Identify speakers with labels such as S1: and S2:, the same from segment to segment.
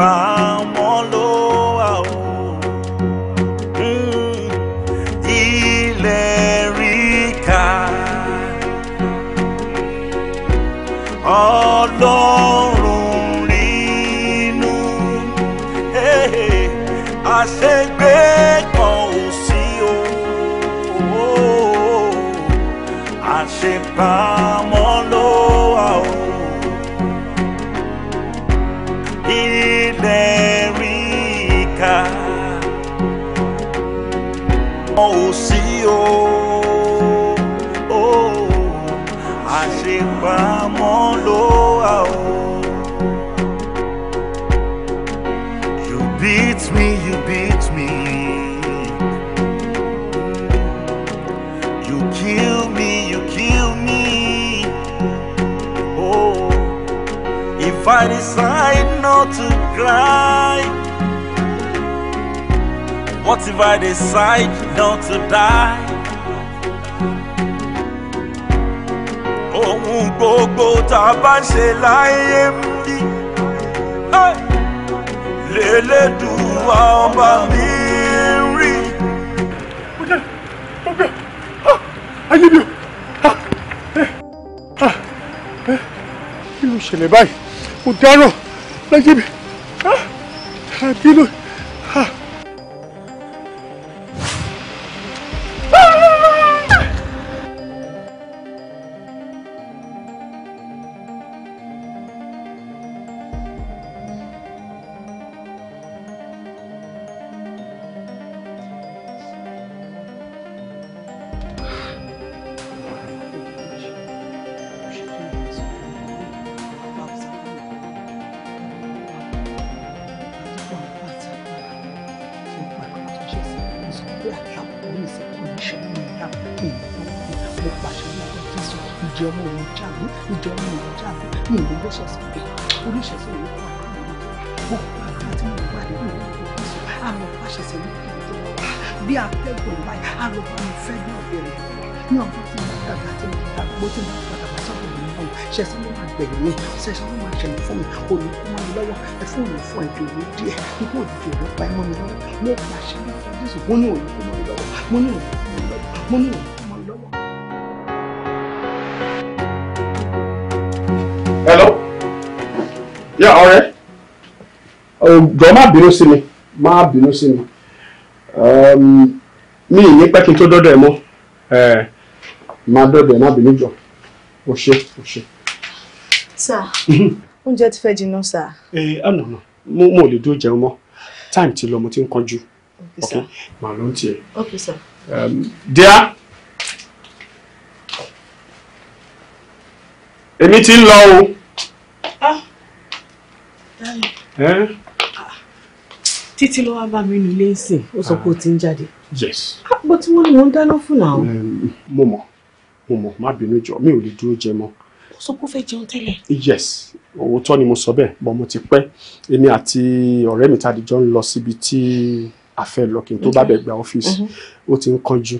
S1: gbà wọ́n ló wà o. Hmm, ilẹ̀ rí ká ọlọ́run rínú àṣegbè kan ò sí o oh, àṣepá. to cry. What if I decide not to die? Ohun gbogbo tá a bá ń ṣe láyé ń bí. Lélẹ́dùn ọba mi rí. Ah! Ayé mi o! Ah!
S2: Eh! Ah! Eh! Kí ló ṣẹlẹ̀ báyìí? Mo dáràn lọ síbi. bínú sí mi má bínú sí mi mi ì ní pẹ́ kí n tó dọ́dọ̀ ẹ̀ mọ́ má dọ́dọ̀ ẹ̀ má bínú jọ o ṣe o ṣe.
S3: sà oúnjẹ ti fẹ́ jinná sà.
S2: ẹ ọ̀nà ah, ọ̀nà mo mo lè dúró jẹun mọ́ time ti lọ mo ti ń kánjú ok màá ló ń tiẹ̀. ok sà. díà èmi ti ń lọ o. ah. Eh?
S3: títí ló wá bá mi nílé ìsìn ó sọ pé ó ti
S2: ń jáde. yes.
S3: àpò tí wọ́n ní wọ́n ń dáná fún náà.
S2: mo mọ̀ mo mọ̀ má bínú jọ mi ò lè dúró jẹ mọ́. ó
S3: sọ pé ó fẹ́ jẹun tẹ́lẹ̀.
S2: yes òótọ́ ni mo sọ bẹ́ẹ̀ bọ́ mo ti pẹ́ èmi àti ọ̀rẹ́ mi tàdí jọ ń lọ síbi tí a fẹ́ lọ kí n tó bá bẹ̀ gba ọ́fíìsì uh-huh. ó ti ń kánjú.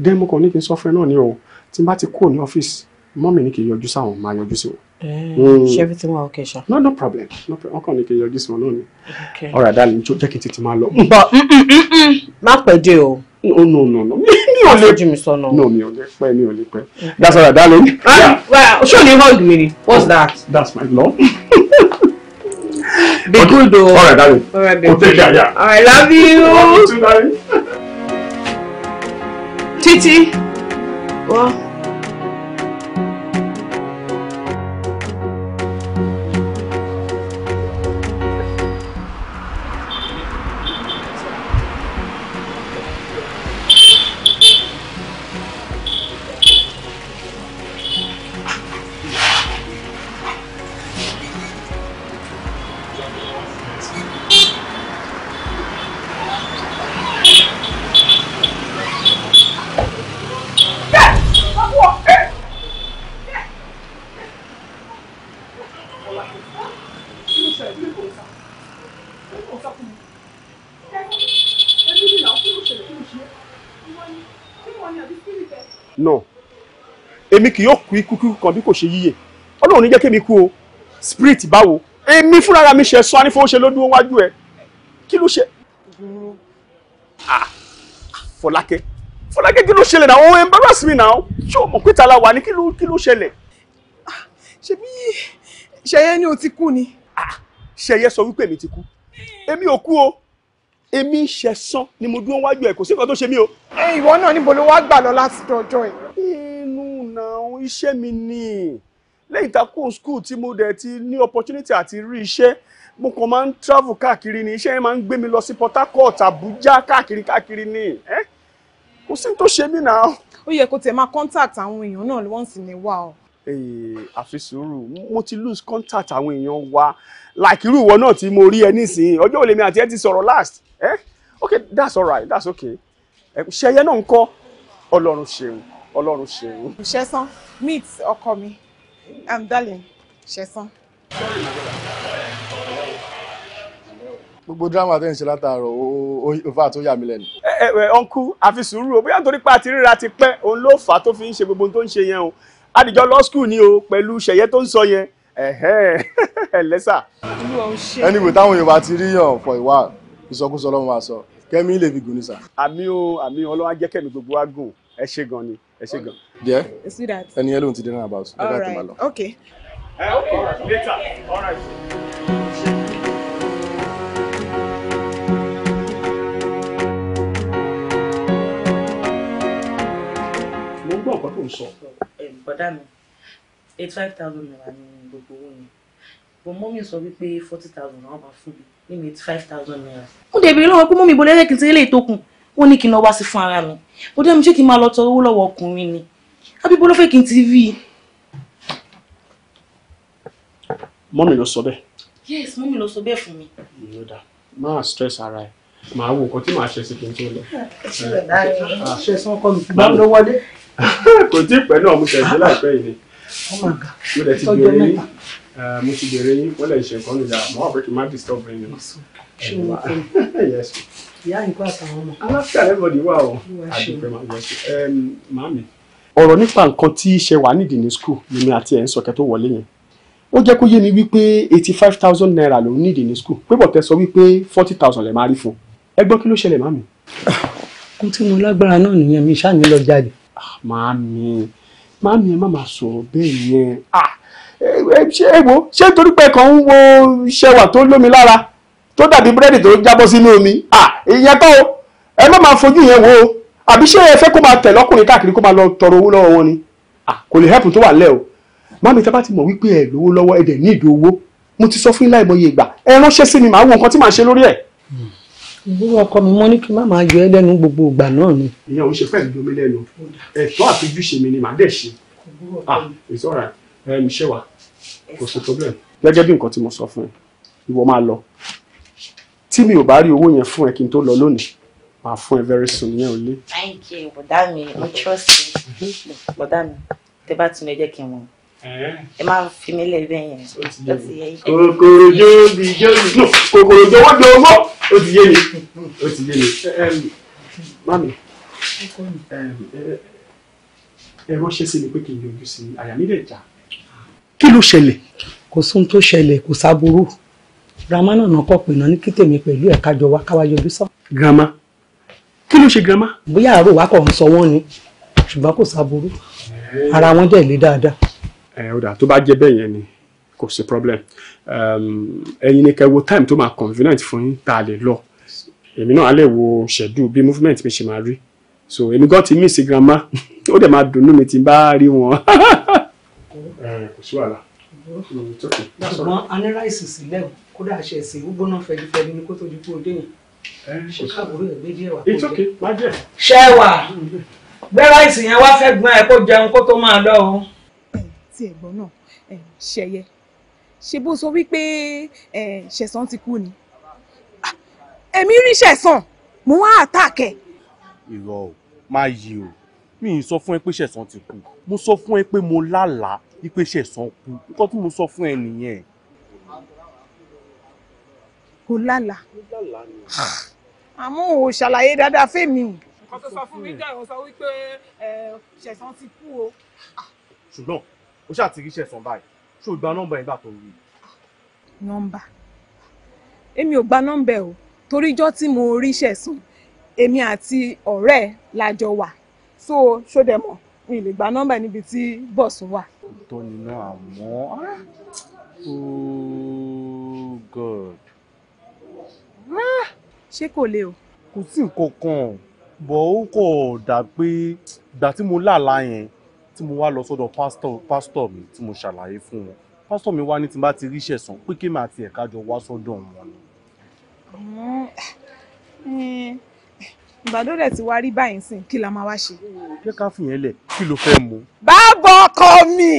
S2: dẹ́mu kan ní kí n sọ fún náà ní o tí n bá ti kúrò ní ọ́fíìsì mọ́mì ní kì í yọjú sáwọn máa yọjú sí wọn. Mm. Mm. ṣé everything wa okay ṣá. no no problem no problem ọkàn ní kí n yọjú sí wọn náà ni. ọ̀rọ̀ àdáni jó jẹ́ kí n tètè máa lọ. Mm. bọ má pẹ́ dé o. no no no no mi ò lè mi sọnà. no mi ò lè pẹ́ mi ò lè pẹ́. that's all right darling. ṣé o ní hug mi ni what's that. that's my love.
S4: be good o. all right darling. all right baby. o take care ya. all right love you. darling. titi. Well.
S2: èmi kì yóò kú ikú kan bí kò ṣe yíyè ọlọ́run ní jẹ́ kémi kú o spirit báwo èmi fúnra mi ṣe sọ anífowó ṣe ló dúró wájú ẹ kí ló ṣe. fọlákẹ́ fọlákẹ́ kí ló ṣẹlẹ̀ náà ó embarrass me now. ṣé o mọ̀ pé tala wà ní kí ló ṣẹlẹ̀. ṣebí ṣẹyẹ ni o ti kú ni. ṣẹyẹ sọ wípé èmi ti kú èmi ò kú o èmi ṣẹ̀san ni mo dúró wájú ẹ kò sí nǹkan tó ṣe mí o. ìwọ náà níbo ló wá gbà lọ láti ọjọ́ ẹ náà iṣẹ́ mi ni lẹ́yìn takò school tí mo dẹ̀ ti ní opportunity àti rí iṣẹ́ mo kàn máa ń travel káàkiri ni iṣẹ́ yẹn máa ń gbé mi lọ sí Port Harcourt Abuja káàkiri káàkiri ni kò sí tó ṣe mí náà. ó yẹ kó tẹ̀ máa contact àwọn èèyàn náà once in a while. àfi sùúrù mo ti lose contact àwọn èèyàn wa like irú ìwọ náà tí mo rí ẹ nísìnyí ọjọ́ òlèmi àti ẹ ti sọ̀rọ̀ last eh? okay that's alright that's okay ṣẹyẹ náà ń kọ́ ọlọ́run ṣeun ọlọ́run ṣeun. ṣẹ́sán meet ọkọ mi i'm darling ṣẹ́sán. gbogbo drama tẹ́ ń ṣe látàárọ̀ òfà tó yà mí lẹ́nu. ẹ ẹ ọ̀nkú àfi sùúrù o bóyá nítorí pé àti ríra ti pẹ́ òun ló fà á tó fi ń ṣe gbogbo tó ń ṣe yẹn o àdìjọ law school ni o pẹ̀lú ṣẹ̀yẹ tó ń sọ yẹn ẹ lẹ́sà. ẹni wò táwọn yorùbá ti ríyàn for a while ìsọkúsọ lọ́wọ́ wa sọ kẹ́mi lè fi gùn ní sà. àmì o àmì ọlọ́wà jẹ́ kẹ́mi gbogbo wa gùn ẹ ṣe gan ni ẹ ṣe gan jẹ ẹni yẹn lóun ti dé náà about ẹ ká tó okay. okay. later all right. mo ń gbọ́ nǹkan tó ń sọ.
S3: bọ̀dá mi eighty five thousand naira ni gbogbo owó yẹn bọ̀ mọ́mí sọ wípé forty thousand naira máa fún mi nínú eighty five thousand naira. mo dẹ̀ bèrè lọ́wọ́ pé mọ́mí ìbọn lẹ́yìn kìí ṣe eléyìí tó kù ó ní kí n lọ wá sí fún ara mi bọ́dá mi ṣé kí n máa lọ tọrọ owó lọ́wọ́ ọkùnrin ni àbí bó ló fẹ́ kí n ti rí i.
S2: mọ́mì ló sọ bẹ́ẹ̀.
S3: yes mọ́mì ló sọ
S5: bẹ́ẹ̀ fún mi.
S2: ló mm, dáa máa stress ara ẹ màá wo nǹkan tí màá ṣe sí kí n tó lọ.
S5: Ah, ṣe sọ ọkọ mi bá ló wọlé.
S2: kò tí ì pẹ́ náà mo ṣẹ̀ṣẹ̀ láìpẹ́ yìí ni oh mo dẹ̀ ti bèrè yín eh, mo ti bèrè yín wọ́n lè ṣe nǹkan nìyà mo wà pé kí n má disturb yín. ṣé o ní kí n ìyá nǹkan àtàwọn ọmọ. aláfíà ah, everybody o àdìpẹ́ máa yọ sí màámi. ọ̀rọ̀ nípa nǹkan tí ṣe wà nídìí ní school lèmi àti ẹ̀ ń sọ̀kẹ́ tó wọlé yẹn ó jẹ́ kó yé mi wípé eighty five thousand naira lòún nídìí ní school pé bọ̀tẹ́ sọ wípé forty thousand lè máa rí fún un ẹ gbọ́ kí ló ṣẹlẹ̀ màámi. kó tí mo lágbára náà nìyẹn mi ṣáà ní lọ jáde. Ah, màámi màámi ẹ má máa sọ̀rọ̀ bẹ́ẹ̀ yẹn ah, ṣé ẹ wo ṣé torí pé ń wo ṣẹwà tó lómi lára tó dàbí búrẹ́dì tó jábọ́ sínú omi ìyẹn tó ẹ má máa fojú yẹn wo àbí ṣé ẹ fẹ́ kó máa tẹ̀ lọ́kùnrin káàkiri kó máa lọ tọrọ owó lọ́wọ́ wọn ni kò lè hẹ́pù tó wà lẹ́ o mami tá bá ti mọ̀ wípé ẹ lówó lọ́wọ́ ẹ dẹ̀ ní ìdó owó mo ti sọ fún yín láìmọye ìgbà ẹ ránṣẹ́ sí mi màá wo nǹkan tí màá ṣe lórí ẹ̀. ìgbówó ọkọ mi mo ní kí n má máa yọ ẹ lẹ́nu gbogbo ìgbà náà ni. ìyá òun ṣe fẹ́ ìlú mi ah it's alright ṣé wa kò sí problem gẹ́gẹ́ bí nǹkan tí mo sọ fún tí mi ò bá rí owó yẹn fún ẹ kí n tó lọ lónìí màá fún ẹ very soon yẹn
S5: ò lé.
S3: thank you bọ̀dá mi mo trust you bọ̀dá mi tẹ bá tún lè jẹ́ kí n mọ̀ ẹ máa fi mí lẹ bẹ́ẹ̀ yẹn ló ti yẹ yìí. kòkòrò jóòbí jóòbí
S2: no kòkòrò jọwọ́ jọwọ́ ó ti yé mi ó ti yé mi. mami ẹ ránṣẹ́ sí mi pé kí n yọjú sí i àyà mi lè jà. kí ló ṣẹlẹ̀. kò sóhun tó ṣẹlẹ̀ kò sábúrú grandma náà náà kọ́ pè náà ní kí tèmi pẹ̀lú ẹ̀ kájọ wá káwá yọjú sọ. grandma kí ló ṣe grandma. bóyá àárò wa kọ̀ ń sọ wọ́n ni ṣùgbọ́n kò sáburú eh. ara wọn dẹ̀ lé dáadáa. ẹ ẹ ọ̀dà tó bá jẹ́ bẹ́ẹ̀ yẹn ni kò sí problem ehm, ẹ̀yin ni kẹ́ time tó máa convenient fún yín tá a lè lọ èmi náà á wo schedule bí movement mi ṣe máa rí so èmi gan ti miss grandma ó dẹ̀ máa dùnnú mi ti bá rí wọn. Eh, kò sí wàhálà. ṣùgbọ́n a sílẹ̀ o kódà àṣẹ ẹ̀sìn gbogbo náà fẹ̀dífẹ̀dí ni kó tó ju kú òde yẹn ṣe káàbùrú ẹ̀ gbé díẹ̀ wá. it's okay má jẹ. ṣẹ́wà gbẹ́rọ ìsìn yẹn wá fẹ́ gbọ́n ẹ kó jẹun kó tó máa lọ o.
S4: tí ẹ̀gbọ́n náà ṣẹyẹ ṣe bó sọ wípé ṣẹ̀sán ti kú ni ah, èmi rí ṣẹ̀sán mo wá àtàkẹ́.
S2: irọ́ o máa yí o mi ì sọ fún ẹ pé ṣẹ̀sán ti kú mo sọ fún ẹ pé mo lálàá wípé ṣẹ̀sán kú nǹkan tí mo sọ fún ẹ nìyẹn
S6: ó lálà. àmọ́ ò ṣàlàyé dáadáa fẹ́mi o. kan tó sọ fún mi jẹ́
S4: ìwọ̀n sọ wípé ṣẹ̀sán ti kú o. Ah,
S1: ṣùgbọ́n
S2: ó ṣáà ti rí ṣẹ̀sán báyìí ṣó gba nọ́mbà ẹ̀ gbà tó rí i.
S4: nọ́mbà èmi ò gba nọ́mbà o torí ijọ́ tí mo rí ṣẹ̀sán èmi àti ọ̀rẹ́ la lájọ wà so ṣó dẹ̀ mi lè gba nọ́mbà níbi tí bọ́ọ̀sù wà.
S2: tó nínú àmọ́ ah, oh god
S4: Ah, ṣé kò le o.
S2: kò sí nǹkan kan bọ̀ ó kọ̀ dà pé ìgbà tí mo lálà yẹn tí mo wá lọ sọ́dọ̀ pásítọ̀ mi tí mo ṣàlàyé fún wọn pásítọ̀ mi wá ní tí n bá ti ríṣẹ̀ sàn pé kí màá ti ẹ̀ka jọ wá sọ́dọ̀ wọn ni.
S4: Eh, eh, ìbàdàn rẹ̀ ti wá rí báyìí sìn kí la máa wá ṣe. jẹ́
S2: ká fìyẹn lẹ̀ kí ló fẹ́ mu.
S4: bàbá ọkọ mi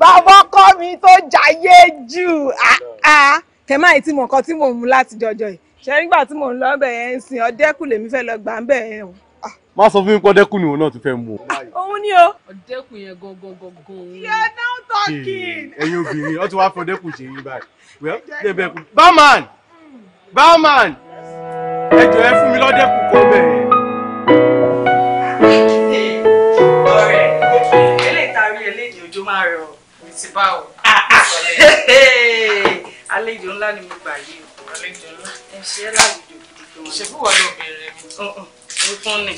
S4: bàbá ọkọ mi tó jayé jù ah, ah. kẹ máa tí mo nǹkan tí mo mú láti jọjọ yìí ṣe nígbà tí mò ń lọ bẹ̀ yẹn ń sin ọ̀dẹ́kùn lèmi fẹ́ lọ gbà ń bẹ̀ yẹn o.
S2: má sọ fún mi pé ọ̀dẹ́kùn ni òun náà ti fẹ́ mu o.
S4: òun ni o. ọ̀dẹ́kùn yẹn gangan gangan. you're now
S2: talking. obìnrin ọ ti wá fún ọ̀dẹ́kùn ṣe yín báyìí. báman báman ẹ jọ̀ọ́ ẹ fún mi lọ́dẹ́kùn kó bẹ̀rẹ̀.
S3: ọ̀rẹ́ eléyìí tá a rí eléyìí ojú máa rẹ̀ ọ́ mi ti bá ọ àlejò ńlá ni mo gbà yìí o.
S4: àlejò ńlá. ẹ ṣe é láwùjọ gidi gan. ìṣèkú wà lọ bẹ̀rẹ̀ mi. mo fún ni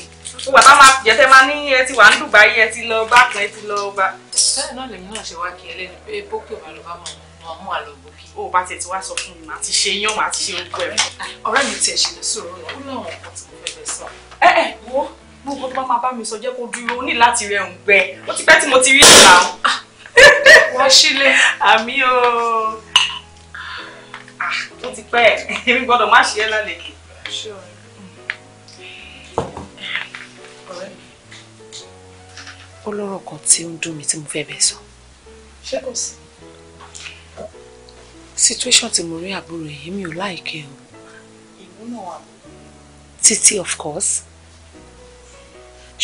S4: bàbá máa jẹ́ tẹ́ máa ní ẹ ti wà ń dùgbà yìí ẹ ti lọ bá kan ẹ ti lọ bá. bẹ́ẹ̀ náà lèmi náà ṣe wá kí ẹlẹ́ni pé bókè bá lọ bá mọ̀ mọ̀ mú àlọ́ bókè. o bá tiẹ̀ ti wá sọ fún mi màá ti ṣe yán màá ti ṣe orúkọ ẹ̀. ọ̀rẹ́ mi tiẹ̀ ṣe lè sọ̀rọ̀ ó láwọn nǹkan tí mo fẹ́ fẹ́ sọ. ẹ ẹ wo
S3: gbogbo tó bá máa bá mi sọ jẹ́ kó dúró ó ní láti rẹ̀ ń gbẹ ó ti pẹ́ tí mo ti rí àgbà. wọ́n ṣílẹ̀. àmì ooo. Ah, ó ti
S4: pẹ́ èmi gbọ́dọ̀ má ṣe é lálejò. ó lọ́rọ̀ kan tí ó ń dùn mí tí mo fẹ́ bẹ̀ sọ. ṣé kò sí. situation tí mo rí àbúrò yìí mi ò
S5: láìkẹ́ o. ìlú náà wà. títí of course.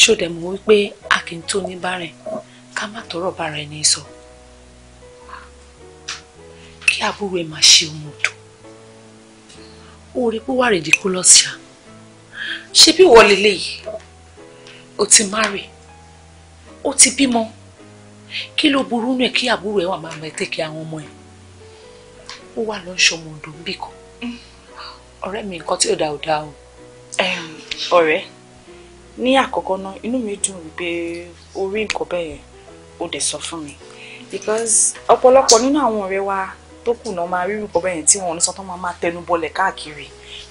S5: ṣó dẹ̀ mọ̀ wípé a kì í tó ní bá rìn ká má tọrọ bára ẹni sọ. So àbúrò ẹ̀ máa ṣe ọmọ odò orí pé wà rèdí kó lọ́sà ṣé bí ìwọ lélẹ́yìí o ti márì o ti bímọ kí ló burú nù ẹ kí àbúrò ẹ wà máa máa àwọn ọmọ ẹ ó wà lọ ń ṣọmọ odò ń kan
S4: ọ̀rẹ́ mi nǹkan tí ò dá ò dá o. ọ̀rẹ́ ní àkọ́kọ́ náà inú mi dùn wípé o nǹkan bẹ́ẹ̀ o dẹ̀ sọ fún mi
S3: because ọ̀pọ̀lọpọ̀ nínú àwọn ọ̀rẹ́ wa tó kù náà máa rírù kọ́ bẹ́yẹn tí wọ́n ní sọ́tọ́ máa máa tẹnu bọlẹ̀ káàkiri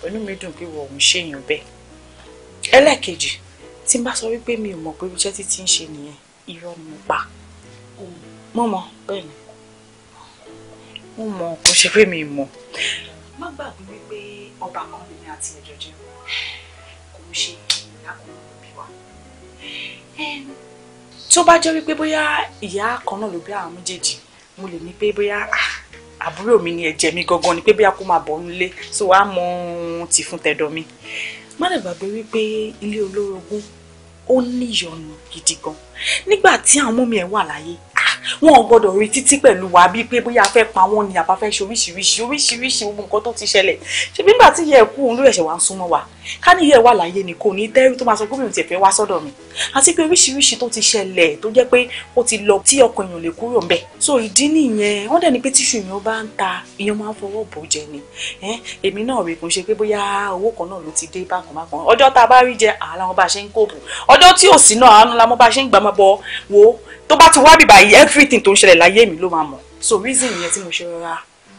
S3: inú mi dùn pé wọ́n ń ṣèyàn bẹ́ẹ̀. ẹlẹ́ẹ̀kejì tí n bá sọ wípé mi ò mọ̀ pé iṣẹ́ títí ń ṣe nìyẹn irọ́ mo pa
S5: mo mọ̀ bẹ́ẹ̀ ni mo mọ̀ kò ṣe pé mi mọ̀.
S3: má gbàgbé wípé ọba kan nìyẹn àti ẹ̀jọ̀ jẹ́ kò ń ṣe ìyàkùnrin bí wa tó bá jẹ́ wípé bóyá ìyá kan náà ló bí àwọn méjèèjì mo lè ní pé bóyá ah àbúrò mi ni ẹ̀jẹ̀ mi gangan ni pé bí a kó máa bọ̀ nílé so a mọ ohun tí fún tẹ̀dọ̀ mi má lè gbàgbé wípé ilé olórogún ó níyọnu gidi gan nígbà tí àwọn mọ́mí ẹ̀ wà láyé ah, wọn ò gbọdọ̀ rí títí pẹ̀lú wa bíi pé bóyá a fẹ́ pa wọ́n ni àbá fẹ́ ṣe oríṣiríṣi oríṣiríṣi gbogbo nǹkan tó ti ṣẹlẹ̀ ṣe bí nígbà tí ìyá ẹ̀ kú òun ló ẹ̀ṣẹ̀ wá ń súnmọ́ wa ká ní ìyá ẹ̀ wà láyé ni kò ní tẹ́rù tó máa sọ gómìnà tiẹ̀ fẹ́ wá sọ́dọ̀ mi àti pé oríṣiríṣi tó ti ṣẹlẹ̀ tó jẹ́ pé ó ti lọ tí ọkọ èèyàn lè kúrò ńbẹ̀ so ìdí nìyẹn wọ́n dẹ̀ ni pé tíṣù èèyàn bá ń ta èèyàn máa ń fọwọ́ bò jẹ ni èmi náà rè kò ṣe pé bóyá owó kan náà ló ti dé bákan bákan ọjọ́ tá a bá rí jẹ àlà wọn bá ṣe ń kóòbù ọjọ́ tí ò sí náà àánú la mọ́ bá ṣe ń gbàmọ́ bọ wo tó bá ti wá bìbà yìí everything tó ń ṣẹlẹ̀ láyé mi ló máa mọ̀ so reason yẹn tí mo ṣe rọra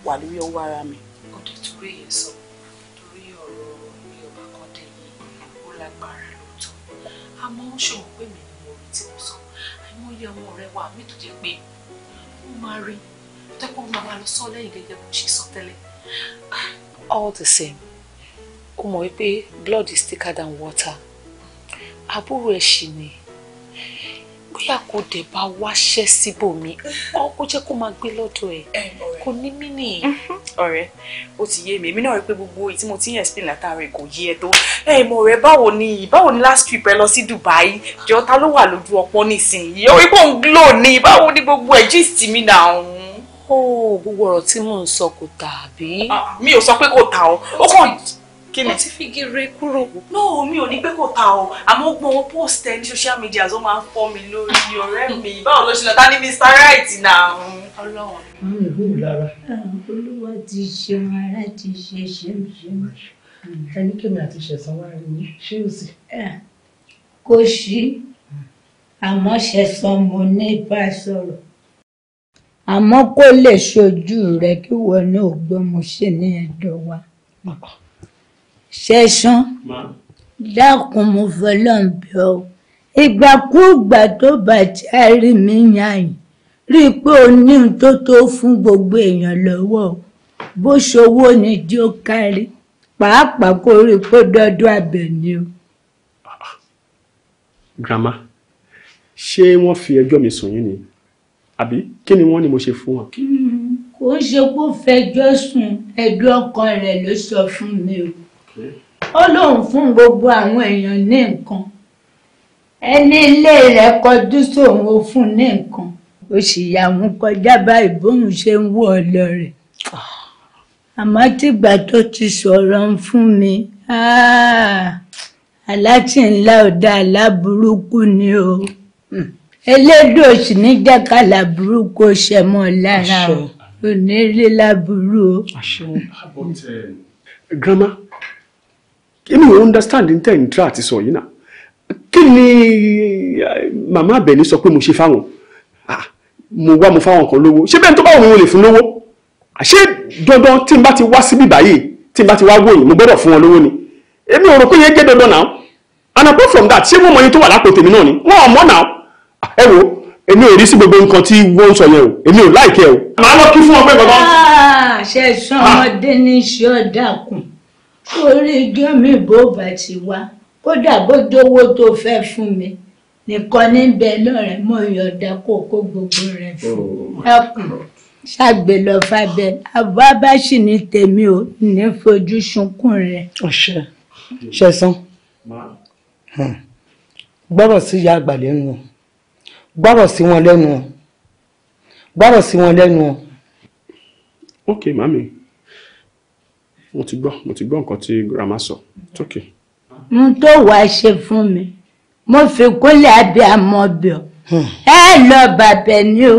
S3: wà lórí ọwọ́ ara mi. ọdún tó rí yẹn
S4: sọ wọ́n ṣòwò pé mi ni mo rí tí mo sọ àìmọye àwọn ọ̀rẹ́ wa mi tó jẹ́ pé mo máa rí tẹ́pọ̀ mo máa lọ sọ lẹ́yìn gẹ́gẹ́ bó ṣe sọ tẹ́lẹ̀. all the same ó mọ̀ wípé blood is thicker than water àbúrò ẹ̀ ṣì ni bóyá kò dẹ̀ bá wáṣẹ́ síbòmí
S3: mm-hmm. kó jẹ́ kó máa gbé lọ́dọ̀ ẹ̀ kò ní mí nìyí.
S4: Mm-hmm. ọ̀rẹ́ ó ti yé mi èmi náà rí pé gbogbo èyí tí mo ti ń explain látàrí kò yé ẹ tó ẹ mọ̀ rẹ báwo ni báwo ni last trip ẹ
S3: lọ sí Dubai jọ ta ló wà lójú ọpọ́ nísìnyí orí bò ń glow ni báwo ni gbogbo ẹ̀ gist mi nà ọ̀hún oh, ó gbogbo ọ̀rọ̀ tí mò ń sọ kò tà àbí. Ah, mi ò sọ pé kò tà ọ́ ó kàn kí ni. mo ti fi gire kúrò. náà mi ò ní pé kò ta o àmọ́ gbọ́n wọn post ẹ ní social media tó máa ń fọ́ mi lórí ọ̀rẹ́ mi báwo ló ṣe lọ ta ni Mr. Right
S5: náà. ọlọ́run. àwọn ìlú lára. olúwa ti ṣeun ara ti ṣe ṣeun ṣeun. ẹni kèmí àti ṣẹ̀sán wá rí mi ṣé o sì. kò sí àmọ́ ṣẹ̀sán mo ní bá a sọ̀rọ̀ àmọ́ kó lè ṣojú rẹ kí wọn náà gbọ́ ní ẹ̀dọ̀ wa ṣẹ̀san dákun mo fọlọ́n bí ọ ìgbàkúùgbà tó bàjẹ́ rí mi yàn rí i pé o ní ohun tó tó fún gbogbo èèyàn lọ́wọ́ bó ṣòwò ni jí ó kárí pàápàá kó rí i pé dọ́dún abẹ ni o.
S2: grandma ṣé wọ́n fi ẹjọ́ mi sùn yín ni àbí kí ni wọ́n ní mo ṣe fún wọn.
S5: kò ń ṣe kó fẹjọ́ sùn ẹ̀dùn ọkàn rẹ̀ ló sọ fún mi o ó lóun fún gbogbo àwọn èèyàn ní nǹkan ẹni ilé rẹ̀ kọjú sóun ó fún ní nǹkan ó sì yà wọn kọjá báyìí bóun ṣe ń wọ ọlọ rẹ̀ àmọ́ tìgbà tó ti sọ̀rọ̀ ń fún mi aláti ńlá ọ̀dà aláburúkú ni o hmm. elédùn òsì ní jákàlà burúkú ṣẹmọ lára o ò ní rí láburú o.
S2: grandma èmi ò understand ní tẹ̀yìn tra àti sọ yìí náà kí ni eh, màmá àbẹ̀ní sọ pé mo ṣe fáwọn ah, mo wá mo fáwọn kan lówó ṣé bẹ́ẹ̀ tó bá wọn mo lè fún lówó àṣé ah, dandan tí n bá ti wá síbí báyìí tí n bá ti wá wòyìn mo gbọ́dọ̀ fún wọn lówó ni èmi ò rò pé yẹn jẹ́ dandan náà and apart from that ṣé wọ́n mọ iye tó wà lápò tèmi náà ni wọ́n ò mọ̀ náà ah, ẹ wo èmi ò rí sí gbogbo nǹkan tí wọ́n ń sọ yẹn o èmi ò láìkẹ́ o.
S5: màá lọ kí fún ọ pé bàbá. ṣe sọ ọmọdé ní ṣọ́ọ̀dà kùn sórí ijó mi bó bá ti wá kódà bó dówó tó fẹ́ fún mi nìkan níbẹ̀ lọ́rẹ̀ mọ́ ìyọ̀dá kó kó gbogbo rẹ̀ fún oh ẹkùn ṣàgbé lọ fàbẹ àbá bá sì ní tèmi ò ní fojú sunkún rẹ. ọ̀sẹ̀ ṣẹ̀sán gbọ́rọ̀ sí ìyá àgbà lẹ́nu o gbọ́rọ̀ sí wọn lẹ́nu o
S2: gbọ́rọ̀ sí wọn lẹ́nu o. ok mami mo ti gbọ́ mo ti gbọ́ nǹkan tí grandma sọ tókè.
S5: n tó wàá ṣe fún mi mo fi kúnlẹ̀ abẹ́ àmọ́bíọ̀ ẹ lọ bàbẹ̀ ni o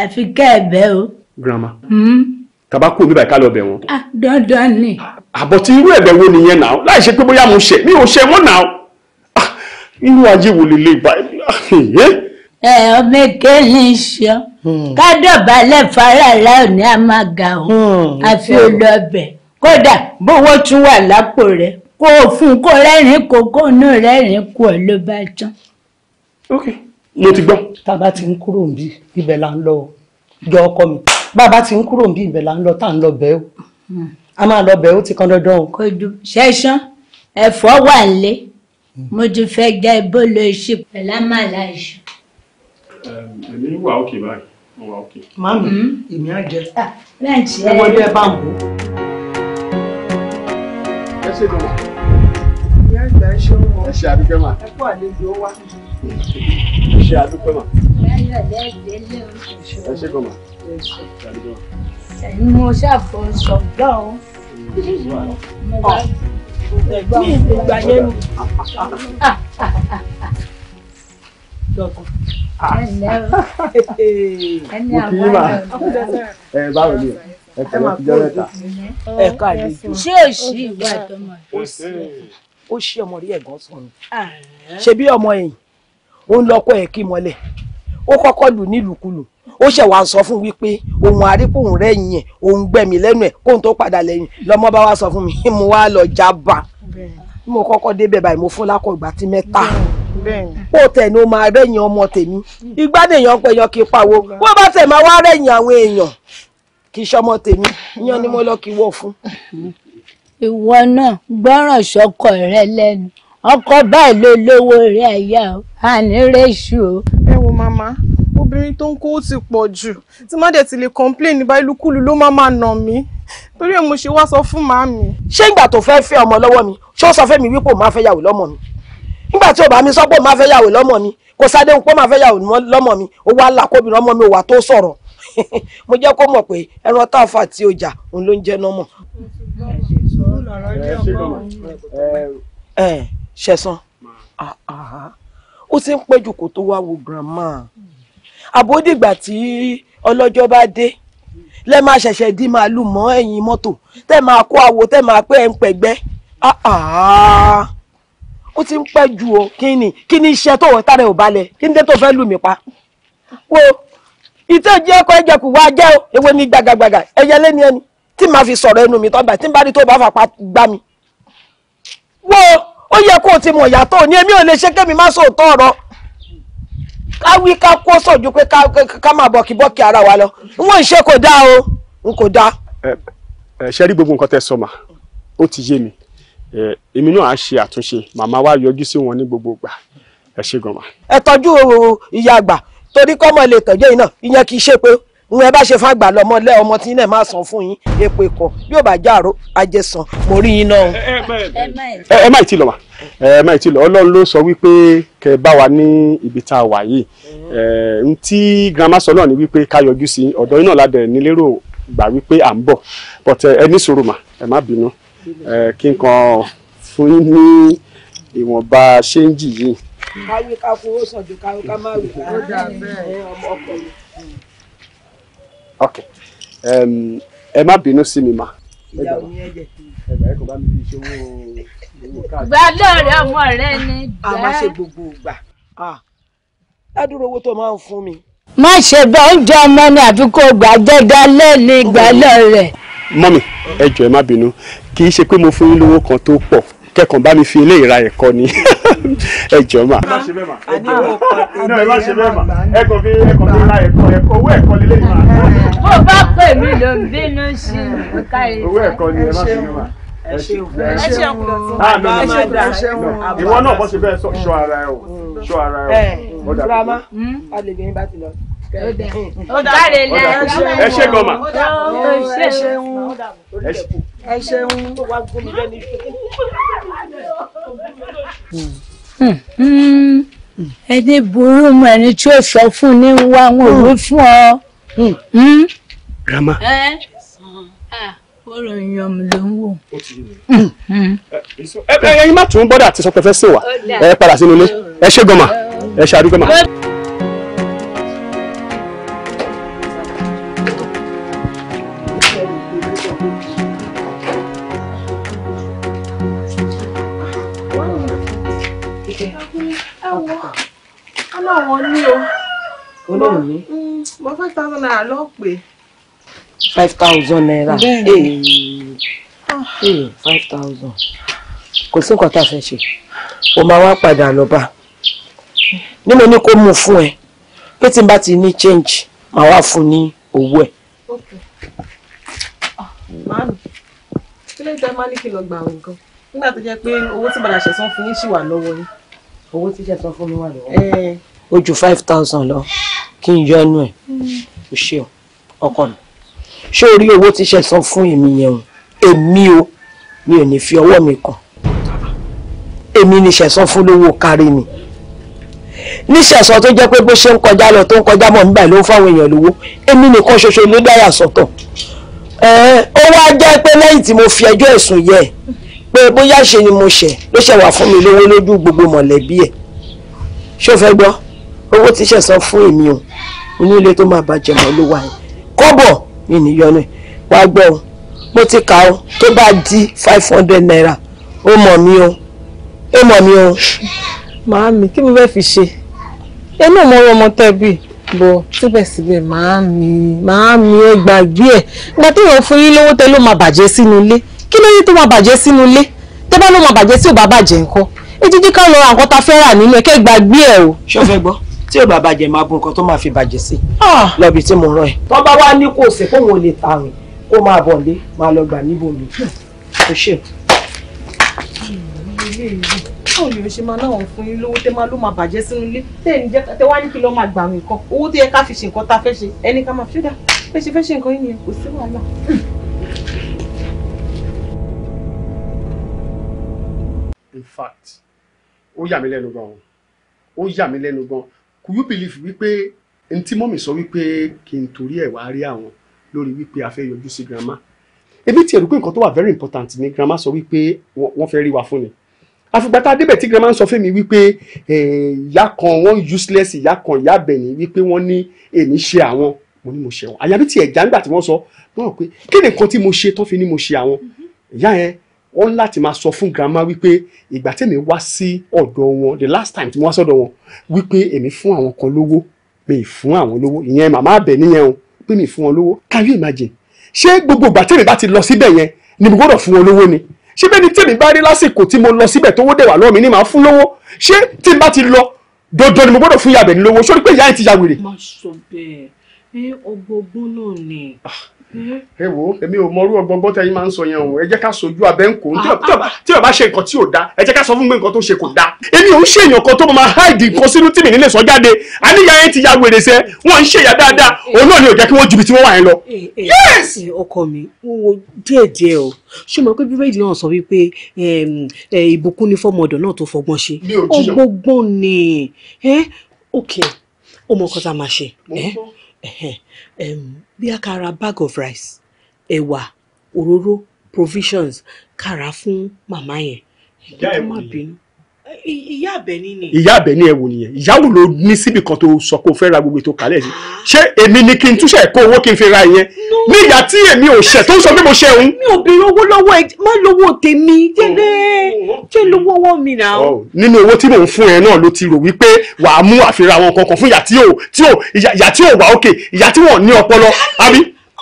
S5: àfi kẹ́ ẹ bẹ́ o.
S2: grandma kàbá kú mi báyìí ká lọ bẹ̀ wọ́n.
S5: Ah, dandan ni.
S2: àbọ̀tí irú ẹ̀bẹ̀ wo nìyẹn náà láì ṣe pé bóyá mo ṣe mi ò ṣe wọ́n náà
S5: ah, inú
S2: ajé wo lè lè báyìí. Eh, eh?
S5: ẹ ọmọ èké ní í Hmm. kádọ̀bálẹ̀ faraàlà ò ní a máa ga òun àfi hmm. olọ́bẹ̀ kódà bówó tún wà lápò rẹ̀ kó o fún kó rẹ́rìn kó kó inú rẹ́rìn kú ọ ló bá tán. ok mo ti gbọ́. tá a bá ti ń kúrò níbí ibẹ̀ là ń lọ jọ ọkọ mi bá a bá ti ń kúrò níbí ibẹ̀ là ń lọ tá à ń lọ bẹ́ẹ̀ o hmm. a máa lọ bẹ́ẹ̀ o ti kan dandan o. kò ju ṣẹ́sán ẹ̀fọ́ wà lé mo ti fẹ́ jẹ́ bó lo iṣu pẹ̀lú àmàlà iṣu. ẹ̀mí wà òkè báyìí. Màmí, hmm?
S2: èmi á jẹ. Ah,
S5: ẹ wọlé eh. ẹ bá ń wò. Ẹ ṣe dùn. Ìyá ìgbà ẹ ṣe ń wọ. Ẹ
S2: ṣe àdúpẹ́ mà. Ẹ
S5: kú àlejò wá.
S2: Ẹ ṣe àdúpẹ́ mà. Ẹ ṣe kọ̀ mà.
S5: Ẹ̀yin mo ṣàfọ̀ sọ̀gbọ́n o. Ẹ̀gbọ́n mi ìgbà yẹn nù. Ah, ah, dọ̀kan. Ah. ẹni àgbà oh,
S7: ẹ báwo ni ẹ tẹ̀lé ọjọ́ mẹ́ta.
S5: ẹ ká àlejò ṣé òṣì ìwà ìtọ́mọ̀ o ṣí ọmọ rí ẹ̀gán sọnù ah. ṣe
S2: bí ọmọ ẹ̀yìn ó ń lọ́kọ́ ẹ̀ kí mọ́lẹ̀ ó kọ́kọ́ lù nílùkulù ó ṣẹ̀ wá sọ fún wípé òun àrípòun rẹ̀yìn ẹ̀ òun gbẹ̀mí lẹ́nu ẹ̀ kóun tó padà lẹ́yìn lọ́mọ bá wá sọ fún mi mo wá lọ jábà mo kọ́kọ́ débẹ̀ báyìí mo fún lákọ̀ọ́gbà tí mẹ́ta. Yeah ó tẹ̀ ní o máa rẹ́yìn ọmọ tèmi igbá nìyàn pẹ̀yàn kì í pawó wọ́n bá tẹ̀ máa wá rẹ́yìn àwọn èèyàn kì í ṣọmọ tèmi yan ni mo lọ kí wọ́
S4: fún.
S5: ìwọ náà gbọ́ràn sọ́kọ rẹ lẹ́nu ọkọ báyìí ló lówó rẹ ẹ̀yà o àní rẹ̀ṣù o. ẹ wo màmá obìnrin tó
S4: ń
S2: kó ti pọ̀ jù tí má dẹ̀ ti lè complain ní báyìí lúkúlù ló má máa nà mí torí ẹ̀ mo ṣe wá sọ fún màmí. ṣé ìgbà tó fẹ́ fẹ́ ọmọ lọ́wọ́ mi ṣé ó sọ fẹ́ wípé òun máa fẹ́ yàwó lọ́mọ mi nígbà tí ọba mi sọ pé òun máa fẹ́ yàwó lọ́mọ mi kò sáde òun pé máa fẹ́ yàwó lọ́mọ mi ó wá là kóbìnrin ọmọ mi ò wà tó sọ̀rọ̀ mo jẹ́ kó mọ̀ pé ẹran tá a fà tí ó jà òun ló ń jẹ́ nọ́mọ̀. ẹ ṣẹ̀san ó ti ń pẹ́jù kó tó wá wo grandma àbódìgbà tí ọlọ́jọ́ bá dé lẹ máa ṣẹ̀ṣẹ̀ di màálù mọ́ ẹ̀yìn mọ́tò tẹ́ máa kó àwo tẹ́ máa pé ẹ̀ ń pẹ̀gbẹ́. Ah, ah ó ti ń pẹ́ ju o kí ni kí ni iṣẹ́ tó wọ́n tàrẹ ò balẹ̀ kí ni dé tó fẹ́ lù mí pa wo ìtẹ́ ìjẹ́ ẹ̀kọ́ ẹ̀jẹ̀ kù wá jẹ́ o ewé ní gbàgàgbàgà ẹ̀yẹ lẹ́ni ẹni tí màá fi sọ̀rọ̀ ẹnu mi tọ́ bá tí n bá rí tó bá fapá gbá mi wo ó yẹ kó o ti mọ̀ yàtọ̀ ní èmi ò lè ṣe kémi má sòótọ́ ọ̀rọ̀ ká wí ká kó sọ̀jú pé ká máa bọ̀kìbọ̀kì ara wa lọ n wọ́n ń kò dáa o n kò dáa. ẹ ṣe rí gbogbo nǹkan tẹ́ sọ mà ó ti yé mi èmi náà á ṣe àtúnṣe màmá wa yọjú sí wọn ní gbogbo ìgbà ẹ ṣe gan ma. ẹ tọjú ìyá àgbà torí kọ́mọ lè tọ́jú yìí náà ìyẹn kì í ṣe pé wọn bá ṣe fàgbà lọmọ lẹ ọmọ tí ilẹ̀ máa san fún yín epo ikọ̀ yóò bá jàró ajẹsàn mọ rí yín náà. ẹ má ìtì lọ mà ẹ má ìtì lọ ọlọ́run ló sọ wípé kẹ bá wa ní ibi tá a wà yìí n tí grandma sọ náà ni wípé ká yọjú sí ọdọ yín náà ládẹ̀ nílérò gbà wípé à ń bọ̀ but ẹ ní sùúrù mà ẹ má bínú. kí n kan fún yín ní ìwọ̀nba ṣéǹjì yìí.
S5: ká wí ká fowó sàn ju ká wí ká má wí ká ọmọ ọkọ
S2: ok ẹ má bínú sí mi mà. ìyá omi ẹ̀jẹ̀ ẹgbà ẹ kò bá mi fi ṣòwò owó káàdì. gba ọmọ rẹ ni jẹ. a máa ṣe gbogbo ìgbà á dúró owó tó máa ń fún mi.
S5: má ṣe bá oúnjẹ ọmọ ní àdúgbò gbàjẹ́dá lẹ́ni ìgbàlọ́ rẹ̀ mọ́mì ẹ
S2: jọ̀ọ́ ẹ má bínú kì í ṣe pé mo fún yín lówó kan tó pọ̀ kẹ́kàn bá mi fi ilé ìra ẹ̀kọ́ ni ẹ jọ̀ọ́ mà. ẹ má ṣe bẹ́ẹ̀ mà ẹ jọ̀ọ́ mà ẹ kàn fi ẹ̀kọ́ fi ra ẹ̀kọ́ ẹ̀kọ́ owó ẹ̀kọ́ lílé yìí mà. bó bá pè mí ló ń
S5: bínú sí i káyé. owó ẹ̀kọ́ ni ẹ má ṣe bẹ́ẹ̀ mà
S2: ẹ ṣeun ẹ ṣeun ẹ ṣeun ah, ìwọ náà bó ṣe bẹ́ẹ̀ sọ ara ẹ o sọ mm. ara ẹ o. girama eh,
S5: hmm? alèbìnrin bá ti lọ jáde lẹ ẹ ṣe gọmà ẹ ṣeun ẹ ṣeun. ẹni burú mọ ẹni tí ó sọ fún ní wá wọn ò rú fún ọ. Hmm? grandma. ọ̀rọ̀ èèyàn mi ló ń wò. Hmm. Hmm. ẹyin má tún bọ́dà àti sọ pé fẹ́ sè wá
S2: ẹ padà sínú ilé ẹ ṣe gọmà ẹ ṣe àdúgbò mà.
S6: ẹwọ á náà wọn ní o. olóhùn ní. Mm, mo five thousand naira lọ pé.
S4: five thousand naira eh, eh, five thousand kò sí nǹkan tá a fẹ́ ṣe o máa wá
S2: padà lọ bá nínú ní kó mú fún ẹ pé tí n bá ti ní change màá wá fún ní owó ẹ.
S3: Ah, màámi, kí ló dé máa ní kí n lọ gbà àwọn nǹkan nígbà tó jẹ́ pé owó tí bàdà ṣẹ̀sán fún yín ṣì wà lọ́wọ́ yín owó tíṣẹ̀ san fún mi wà lọ́wọ́.
S5: ó five thousand lọ kí n yọnu ẹ̀ hmm. o ṣeun ọkọ mi ṣé o rí owó tíṣẹ̀ san fún èmi yẹn
S2: èmi o mi ò ní fi ọwọ́ mi kàn èmi ni ṣẹ̀san fún lówó kárí ni níṣẹ̀sọ́ tó jẹ́ pé bó ṣe ń kọjá lọ tó ń kọjá mọ̀ nígbà ló fáwọn èèyàn lówó èmi nìkan ṣoṣo ló dáyà sọ́tọ̀ ó wá jẹ́ pé lẹ́yìn tí mo fi ẹjọ́ ẹ̀sùn yẹ pé bóyá ṣe ni mo ṣẹ̀ ló ṣẹ̀ wà fún mi lówó lójú gbogbo mọ̀lẹ́bí ẹ̀ ṣó fẹ́ gbọ́ owó tíṣẹ̀ san fún èmi o inú ilé tó máa bàjẹ́ mọ́ ló wà yẹn kọ́bọ̀ ni nìyọnu ẹ̀ wá gbọ́ o mo ti kà o tó bá di five hundred naira ó mọ̀ mí o ó mọ̀ mí o.
S6: màámi kí mo fẹ́ fi ṣe ẹ náà mo rọ ọmọ tẹ́bí bọ síbẹ̀síbẹ̀
S4: màámi màámi ẹ gbàgbé ẹ̀ gba téèyàn fún yín lówó tẹ ló máa bàjẹ́ sínú ilé kí ló yẹ tó máa bàjẹ́ sínú ilé tẹ́ bá ló máa bàjẹ́ tí ò bá bàjẹ́ nǹkan ejíjí ká lọ ra ta fẹ́ rà nínú ẹ kẹ́ gbàgbé ẹ o. ṣọfẹ gbọ́ tí ò bá bàjẹ́
S2: máa bu nǹkan tó máa fi bàjẹ́ sí ah! lọ́bi tí mo rán ẹ. tó bá wá ní kò sí kóun ò lè ta rìn kó máa bọ̀ lé máa lọ gbà níbo mi kò ṣe.
S3: báwo ni o ṣe máa náwọn fún yín lówó tẹ máa ló máa bàjẹ́ sínú ilé tẹ wá ní kí lọ́ọ́ máa gbà nǹkan owó tó yẹ ká fi ṣe nǹkan ta fẹ́ ṣe ẹni ká máa fi dá fẹ́
S2: fact ó yà mí lẹ́nu gan ó yà mí lẹ́nu gan could you believe wípé n tí mọ́mì sọ wípé kí n torí ẹ̀ wá rí àwọn lórí wípé a fẹ́ yọjú sí grandma ebi tiẹ̀ rú pé nǹkan tó wà very important ni grandma sọ wípé wọ́n fẹ́ rí wa fún ni àfìgbà tá a débẹ̀ tí grandma ń sọ fún mi wípé ìyá kan wọ́n useless ìyá kan ìyá bẹ̀ni wípé wọ́n ní èmi ṣe àwọn mo ní mo ṣe àwọn àyàbí tiẹ̀ jágbà tí wọ́n sọ wọ́n rò pé kí ni nǹkan tí mo ṣe tó fi ní mo ṣe àwọn mm-hmm. ìyá yẹn ó ń láti máa sọ fún grandma wípé ìgbà tèmi wá sí ọ̀dọ̀ wọn the last time tí mo wá sọ́dọ̀ wọn wípé èmi fún àwọn kan lówó mi ì fún àwọn lówó ìyẹn màmá àbẹ̀ níyẹn o pé mi ì fún wọn lówó can you imagine ṣé gbogbo ìgbà tèmi bá ti lọ síbẹ̀ yẹn ni mo gbọ́dọ̀ fún wọn lówó ni ṣé bẹ́ẹ̀ ni tèmi bá rí lásìkò tí mo lọ síbẹ̀ tówó dẹ̀ wà lọ́wọ́ mi ni màá fún lówó ṣé tí n bá ti lọ dandan ni mo gbọ́dọ̀ fún yàbẹ̀ ní lówó sórí pé ìyá ẹ̀ ti ya wèrè. má sọ bẹ́ẹ̀ ọgbọgbọn náà ni ah, ẹ wo èmi ò mọrú ọgbọgbọ tẹyin máa ń sọ yẹn o ẹ jẹ́ ká sojú abẹ ń kó tí o bá ṣe nǹkan tí ò da ẹ jẹ́ ká sọ fún mi nǹkan tó ṣe kò da èmi ò ń ṣe èèyàn kan tó máa háìdì nǹkan sínú tí mi nílé sọ jáde àníyá yẹn ti ya wèrè sẹ wọn ń ṣèyà dáadáa òun náà ni ò jẹ́ kí wọn ju ibi tí wọn wà yẹn lọ.
S3: Eh, eh, yẹ́ẹ̀sì ọkọ mi wo díẹ̀ díẹ̀ o ṣé mo pé bíbélì náà sọ wípé eh, ìbùkún ni fọmọdọ náà tó fọgbọ́n ṣe ọgbọgbọn ni ok ó mọ ọkọ tá a máa ṣe bí a ká bag of rice ẹ̀wà òróró provisions kara rà á fún màmá yẹn kí wọ́n má bínú
S5: ìyá àbẹ̀ní ni.
S2: ìyá àbẹ̀ní ẹ wò nìyẹn ìyàwó ló ní síbi kan tó sọ pé o fẹ́ ra gbogbo ètò kálẹ̀ sí ah. ṣé èmi ni kí n túṣẹ̀ kó owó kí n fi ra ìyẹn ní ìyá tí èmi ò ṣẹ̀ tó ń sọ pé mo ṣe òun. mi ò béèrè owó lọ́wọ́ ẹ má lówó tèmi jẹ́lẹ́ oh. jẹ́ lówó ọwọ́ mi nà. Oh. nínú owó tí mò ń fún ẹ náà ló ti rò wípé wàá mú àfihàn àwọn kankan fún ìyá tí ò wà òkè ìyá tí wọ́n ní ọpọlọ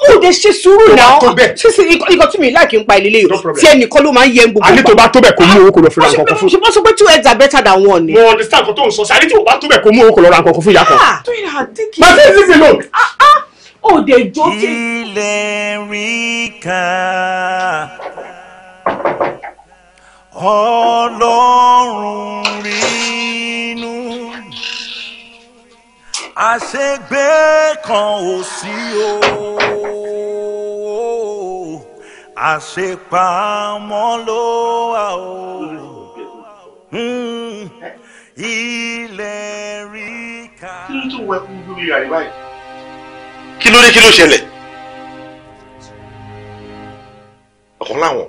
S2: ó de ṣe sùúrù náà ṣíṣe ikọ̀ tí mi láì kí n pa ìlélẹ̀ yìí tí ẹnìkan ló máa ń yẹ ń gbogbo. àní tó bá tó bẹ̀ kó mú owó kó lọ fi ra nǹkan fún. ṣùgbọ́n sọ pé two heads are better than one ni. mo understand nǹkan tó ń sọ sí àní tí o bá tó bẹ̀ kó mú owó kó lọ ra nǹkan fún ìyá kan. màá fi ṣíṣe lò.
S1: ó de jó sí. ilé rí ká ọlọ́run rínú àṣegbé kan ò sí o àṣepamọ́ ló wà o hmm. ilẹ̀ rí ká. kí ló tún wẹ kú lórí àríwá yìí.
S2: kí ló dé kí ló ṣẹlẹ̀. ọ̀kan láwọn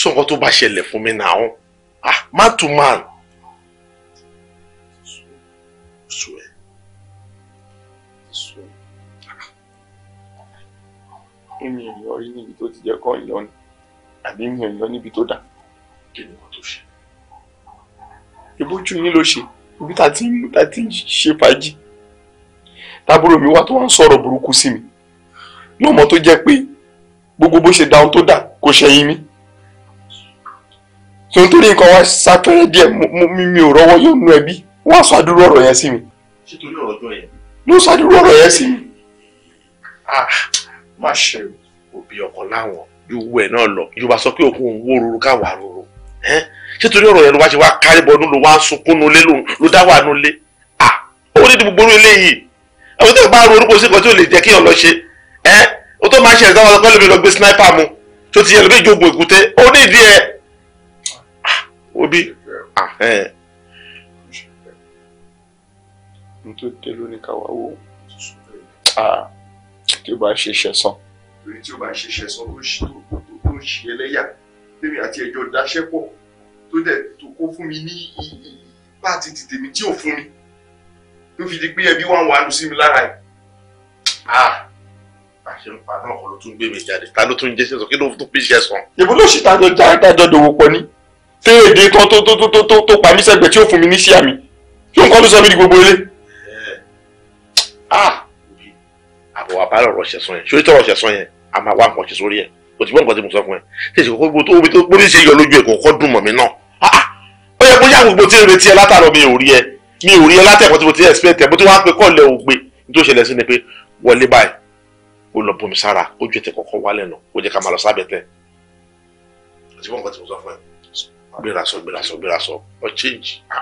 S2: sọ nǹkan tó bá ṣẹlẹ̀ fún mi náà ah man to man. swear. ní èèyàn rí níbi tó ti jẹ́ kọ́ èèyàn ni àbí ní èèyàn níbi tó dà kí ni wọ́n tó ṣe. ìbójú mi ló ṣe ibi tá a ti ń ṣe fàájì tábúrò mi wá tó wá ń sọ̀rọ̀ burúkú sí mi lọ́mọ tó jẹ́ pé gbogbo bó ṣe da ohun tó dà kò ṣẹ̀yìn mi tó ń torí nǹkan wá sáfẹ́rẹ́ díẹ̀ mi ò rọ́wọ́ yóò nu ẹbí wọ́n á sọ àdúrú ọ̀rọ̀ yẹn sí mi. ṣé torí ọ̀rọ̀ ọjọ́ yẹn. ló sọ àdúrú ọ̀rọ̀ yẹn sí mi. Ah má ṣe òbí ọkọ láwọn yúwú ẹ náà lọ yorùbá sọ pé òkun òun wó roro káwa roro ṣé torí ọ̀rọ̀ yẹn ló wá ṣe wá kárí bọdún ló wá ń sunkún nulẹ̀ ló dá wà nulẹ̀ à owó dídí gbogbo eléyìí àwọn tó bá ro orúkọ sí nǹkan tí ò lè jẹ́ kéèyàn lọ ṣe ẹ́ o tó máa ṣe ẹ̀dá wọn lọ́pẹ́ lọ gbé sniper mu tó ti yẹ lómi ìjógun èkúté ó ní ìdí ẹ̀ obi n tó dé lónìí káwa wò tí ó bá ṣe ṣẹ̀san.
S7: torí tí ó bá ṣe ṣẹ̀san tó
S2: ń ṣe ẹlẹ́yà tèmi àti ẹjọ́ daṣẹ́ pọ̀ tó dẹ̀ tó kó fún mi ní páàtì ti tèmi tí ò fún mi tó fi di pé ẹbí wà ń wà lù sí mi lára ẹ̀. àṣẹ ń pa náà kọ́ ló tún gbé mi jáde ta ló tún jẹ́ ṣẹ̀san kí ló tún fi ṣẹ̀san. ìbò ló ṣì tájọ já tájọ dòwò pọ̀ ní téèdè tó tó tó tó tó pa mí sẹ́gbẹ̀ẹ́ tí ò fún mi ní síàmì tí òun kọ́ ló sọ mí di gbogbo ilé. wàá lọ rọṣẹ sọ yẹn ṣòrí tọrọ ọṣẹ sọ yẹn a máa wá nǹkan ṣe sórí ẹ o ti gbọ́ nǹkan tí mo sọ fún ẹ tètè kókó gbogbo omi tó gbóni ṣe yọ lójú ẹ kò kọ́ dùn mọ̀ mí náà ah, ah. ó yẹ kó yá gbogbo tí ń retí ẹ látàrọ mi ò rí ẹ mi ò rí ẹ látẹ̀kọ́ tí mo ti expect ẹ bó ti wá pé kọ́ lẹ ò gbé tó ṣẹlẹ̀ sí ni pé wọlé báyìí ó lọ bomi sára ó ju ètè kọ̀ọ̀kan wálẹ̀ nù ó jẹ́ ká máa lọ sábẹ́ tẹ́ o ti gbọ́ nǹkan tí mo sọ fún ẹ gbéra sọ gbéra sọ gbéra sọ ọ change ah,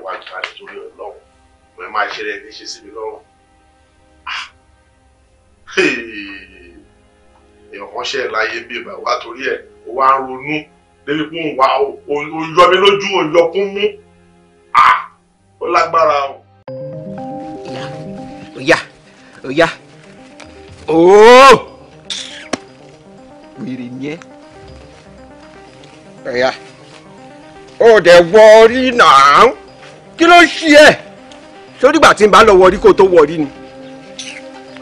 S2: ẹ wá gbà ẹ máa ṣe rẹ ní ṣe sí mi lọ́rùn ah! èèyàn kan ṣe láyé bí ìgbà wá torí ẹ ó wá ronú débi pé òun wá ó yọ lójú ó yọ mú ah! ó lágbára o.
S7: ọ̀yà ọ̀yà
S1: ooo wèrè ni ẹ ọ̀yà ó dẹ̀ wọ náà kí ló ṣe ẹ́
S2: sórí tí n bá lọ wọrí kó tó wọrí ni.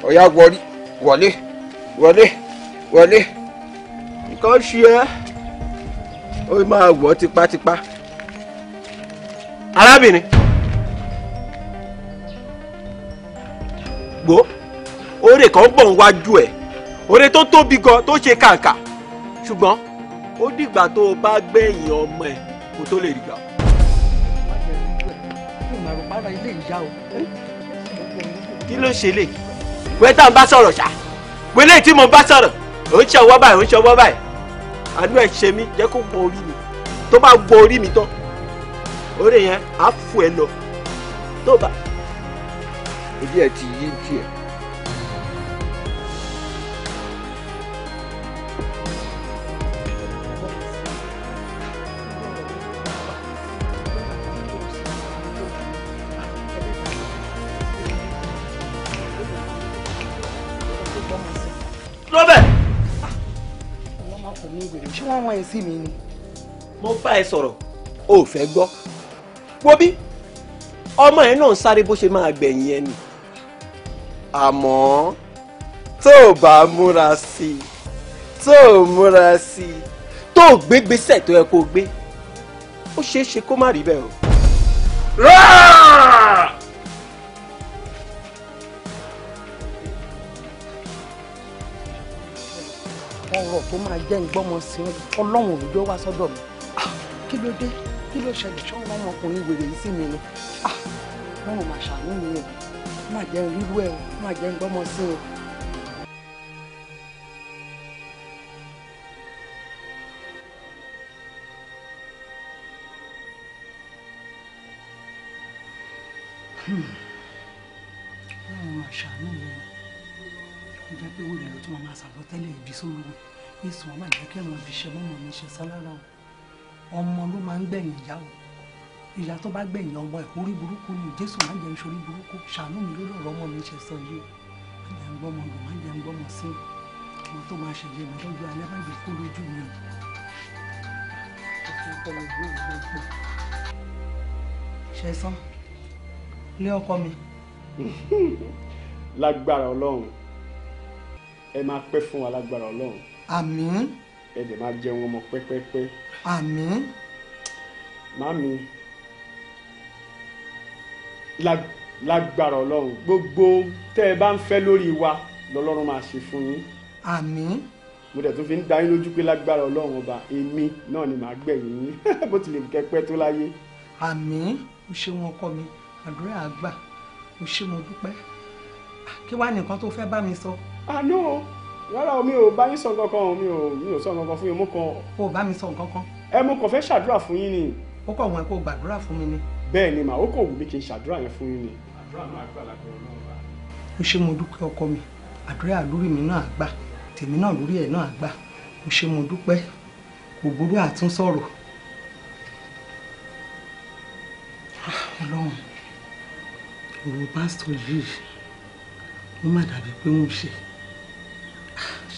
S2: ọ̀yá wọrí wọlé wọlé wọlé. nǹkan ṣe ẹ́ ó máa wọ̀ tipátipá. arábìnrin gbó oore kan bọ̀ wájú ẹ̀ oore tó tóbi gan tó ṣe kàǹkà ṣùgbọ́n ó dìgbà tó o bá gbẹ̀yìn ọmọ ẹ̀ kó tó lè rí gbà ara ilé ìyá o. kí ló ń ṣe lè wẹ́n tá à bá sọ̀rọ̀ ṣá wẹ́lẹ́ tí mo bá sọ̀rọ̀ ò ń ṣe ọwọ́ báyìí ò ń ṣe ọwọ́ báyìí àánú ẹ̀ ṣe mí jẹ́ kó gbọ́ orí mi tó bá gbọ́ orí mi tán orí yẹn á fò ẹ lọ tó bá. ojú ẹ ti yí díẹ̀. wọ́n wọ́n sí mi ni. mo bá ẹ sọ̀rọ̀ o ò fẹ́ gbọ́ wo bí ọmọ ẹ náà sáré bó ṣe máa gbẹ̀yìn ẹ nì àmọ́ tó o bá múra sí i tó o múra sí i tó o gbégbésẹ̀ tó yẹ kó o gbé ó ṣeé ṣe kó má rí bẹ́ẹ̀ o.
S8: ráà.
S2: ọ̀rọ̀ tó máa jẹ́ ìgbọ́mọ sí ọlọ́run òjò wá sọ́dọ̀ mi ah. kí ló dé kí ló ṣẹlẹ̀ ṣọ́wọ́n ọmọkùnrin wèrè yìí sí mi ni ah, ọlọ́run máa ṣàánú o má jẹ́ rírú ẹ̀ o má jẹ́ ìgbọ́mọ sí o.
S6: Hmm. ọlọ́run máa ṣàánú o ìjẹ́ pé wọ́n lè lọ tí wọ́n máa sàlọ́ tẹ́lẹ̀ nísìnyí wọn máa jẹ́ kí ẹ̀ràn ibiṣẹ́ mọ́mọ́ mi ṣe sálára o ọmọ ló máa ń gbẹ̀yìn ìyá o ìyá tó bá gbẹ̀yìn ọmọ ẹ̀ orí burúkú ni jésù máa ń jẹ́ ìṣorí burúkú ṣàánú mi lórí ọ̀rọ̀ ọmọ mi ṣe sọ yìí o máa jẹ́ ń gbọ́mọ lò máa jẹ́ ń sí ọmọ tó máa ṣèyẹ mi lọ́jọ́ alẹ́ má gbé kó lójú mi ṣe sán
S2: lé ọkọ mi. lágbára ọlọ́run ẹ máa pẹ́ fún wa lágbára ọlọ́run àmín. ẹ dẹ̀ máa jẹun ọmọ pẹ́pẹ́pẹ́. àmín. màmí lágbára ọlọ́run gbogbo tẹ́ ẹ bá ń fẹ́ lórí wa lọ́lọ́run máa ṣe fún yín. àmín. mo dẹ̀ tún fi ń dá yín lójú pé lágbára ọlọ́run ọba èmi náà ni màá gbẹ̀yìn yín bó tilẹ̀ kẹ́pẹ́ tó láyé. àmín o ṣeun ọkọ mi àdúrà àgbà o ṣe mo dúpẹ́ ah, kí wàá nìkan tó fẹ́ bá mi sọ. àná. Ah, no rárá mi ò bá yín sọ nǹkan kan mi ò mi ò sọ nǹkan kan fún yín mo kàn. o bá mi sọ nǹkan kan. ẹ mo kàn fẹ́ ṣàdúrà fún yín ni. ó kàn wọn kó o gbàdúrà fún mi ni. bẹ́ẹ̀ ni màá ó kàn wù mí kí n ṣàdúrà yẹn fún yín ni. àdúrà náà gbà lágbára náà
S6: bá. ṣe mo dúpẹ́ ọkọ mi àdúrà lórí mi
S2: náà gbà tèmi náà lórí ẹ̀ náà gbà o ṣe mo dúpẹ́ ògbóró àtúnsọ̀rọ̀ ah, ọlọ́run
S6: òrùn pásítọ̀ yìí ó má dàbí pé wọ́n ṣe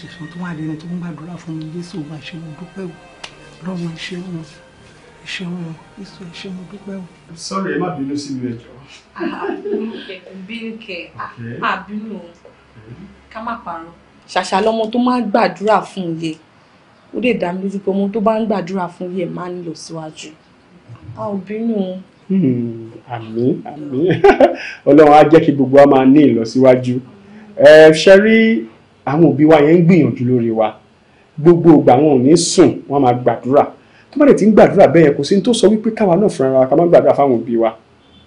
S6: ṣẹ̀ṣọ́ tó wà lẹ́nu tó ń gbàdúrà fún mi Jésù wa ṣe mo dúpẹ́ o lọ́run ṣe wọn ṣe wọn Jésù ẹ ṣe mo dúpẹ́ o.
S2: sọ́ọ̀rì ẹ má bínú sí mi ẹjọ́.
S3: Ah, ah, bínú kẹ máa ah, bínú o ká má parọ́. ṣàṣà lọmọ tó máa ń gbàdúrà fún iye ó lè dá mi lójú pé ọmọ tó bá ń gbàdúrà fún iye máa ń lọ síwájú a ò bínú o
S2: hmm, àmín àmín ọlọ́run á jẹ́ kí gbogbo wa máa ní ìlọsíwájú ṣe rí àwọn òbí wa yẹn ń gbìyànjú lórí wa gbogbo ìgbà wọn ò ní sùn wọn máa gbàdúrà tó bá dẹ̀ ti ń gbàdúrà bẹ́ẹ̀ yẹn kò sí ní tó sọ wípé káwa náà fúnra wa ká má gbàdúrà fáwọn òbí wa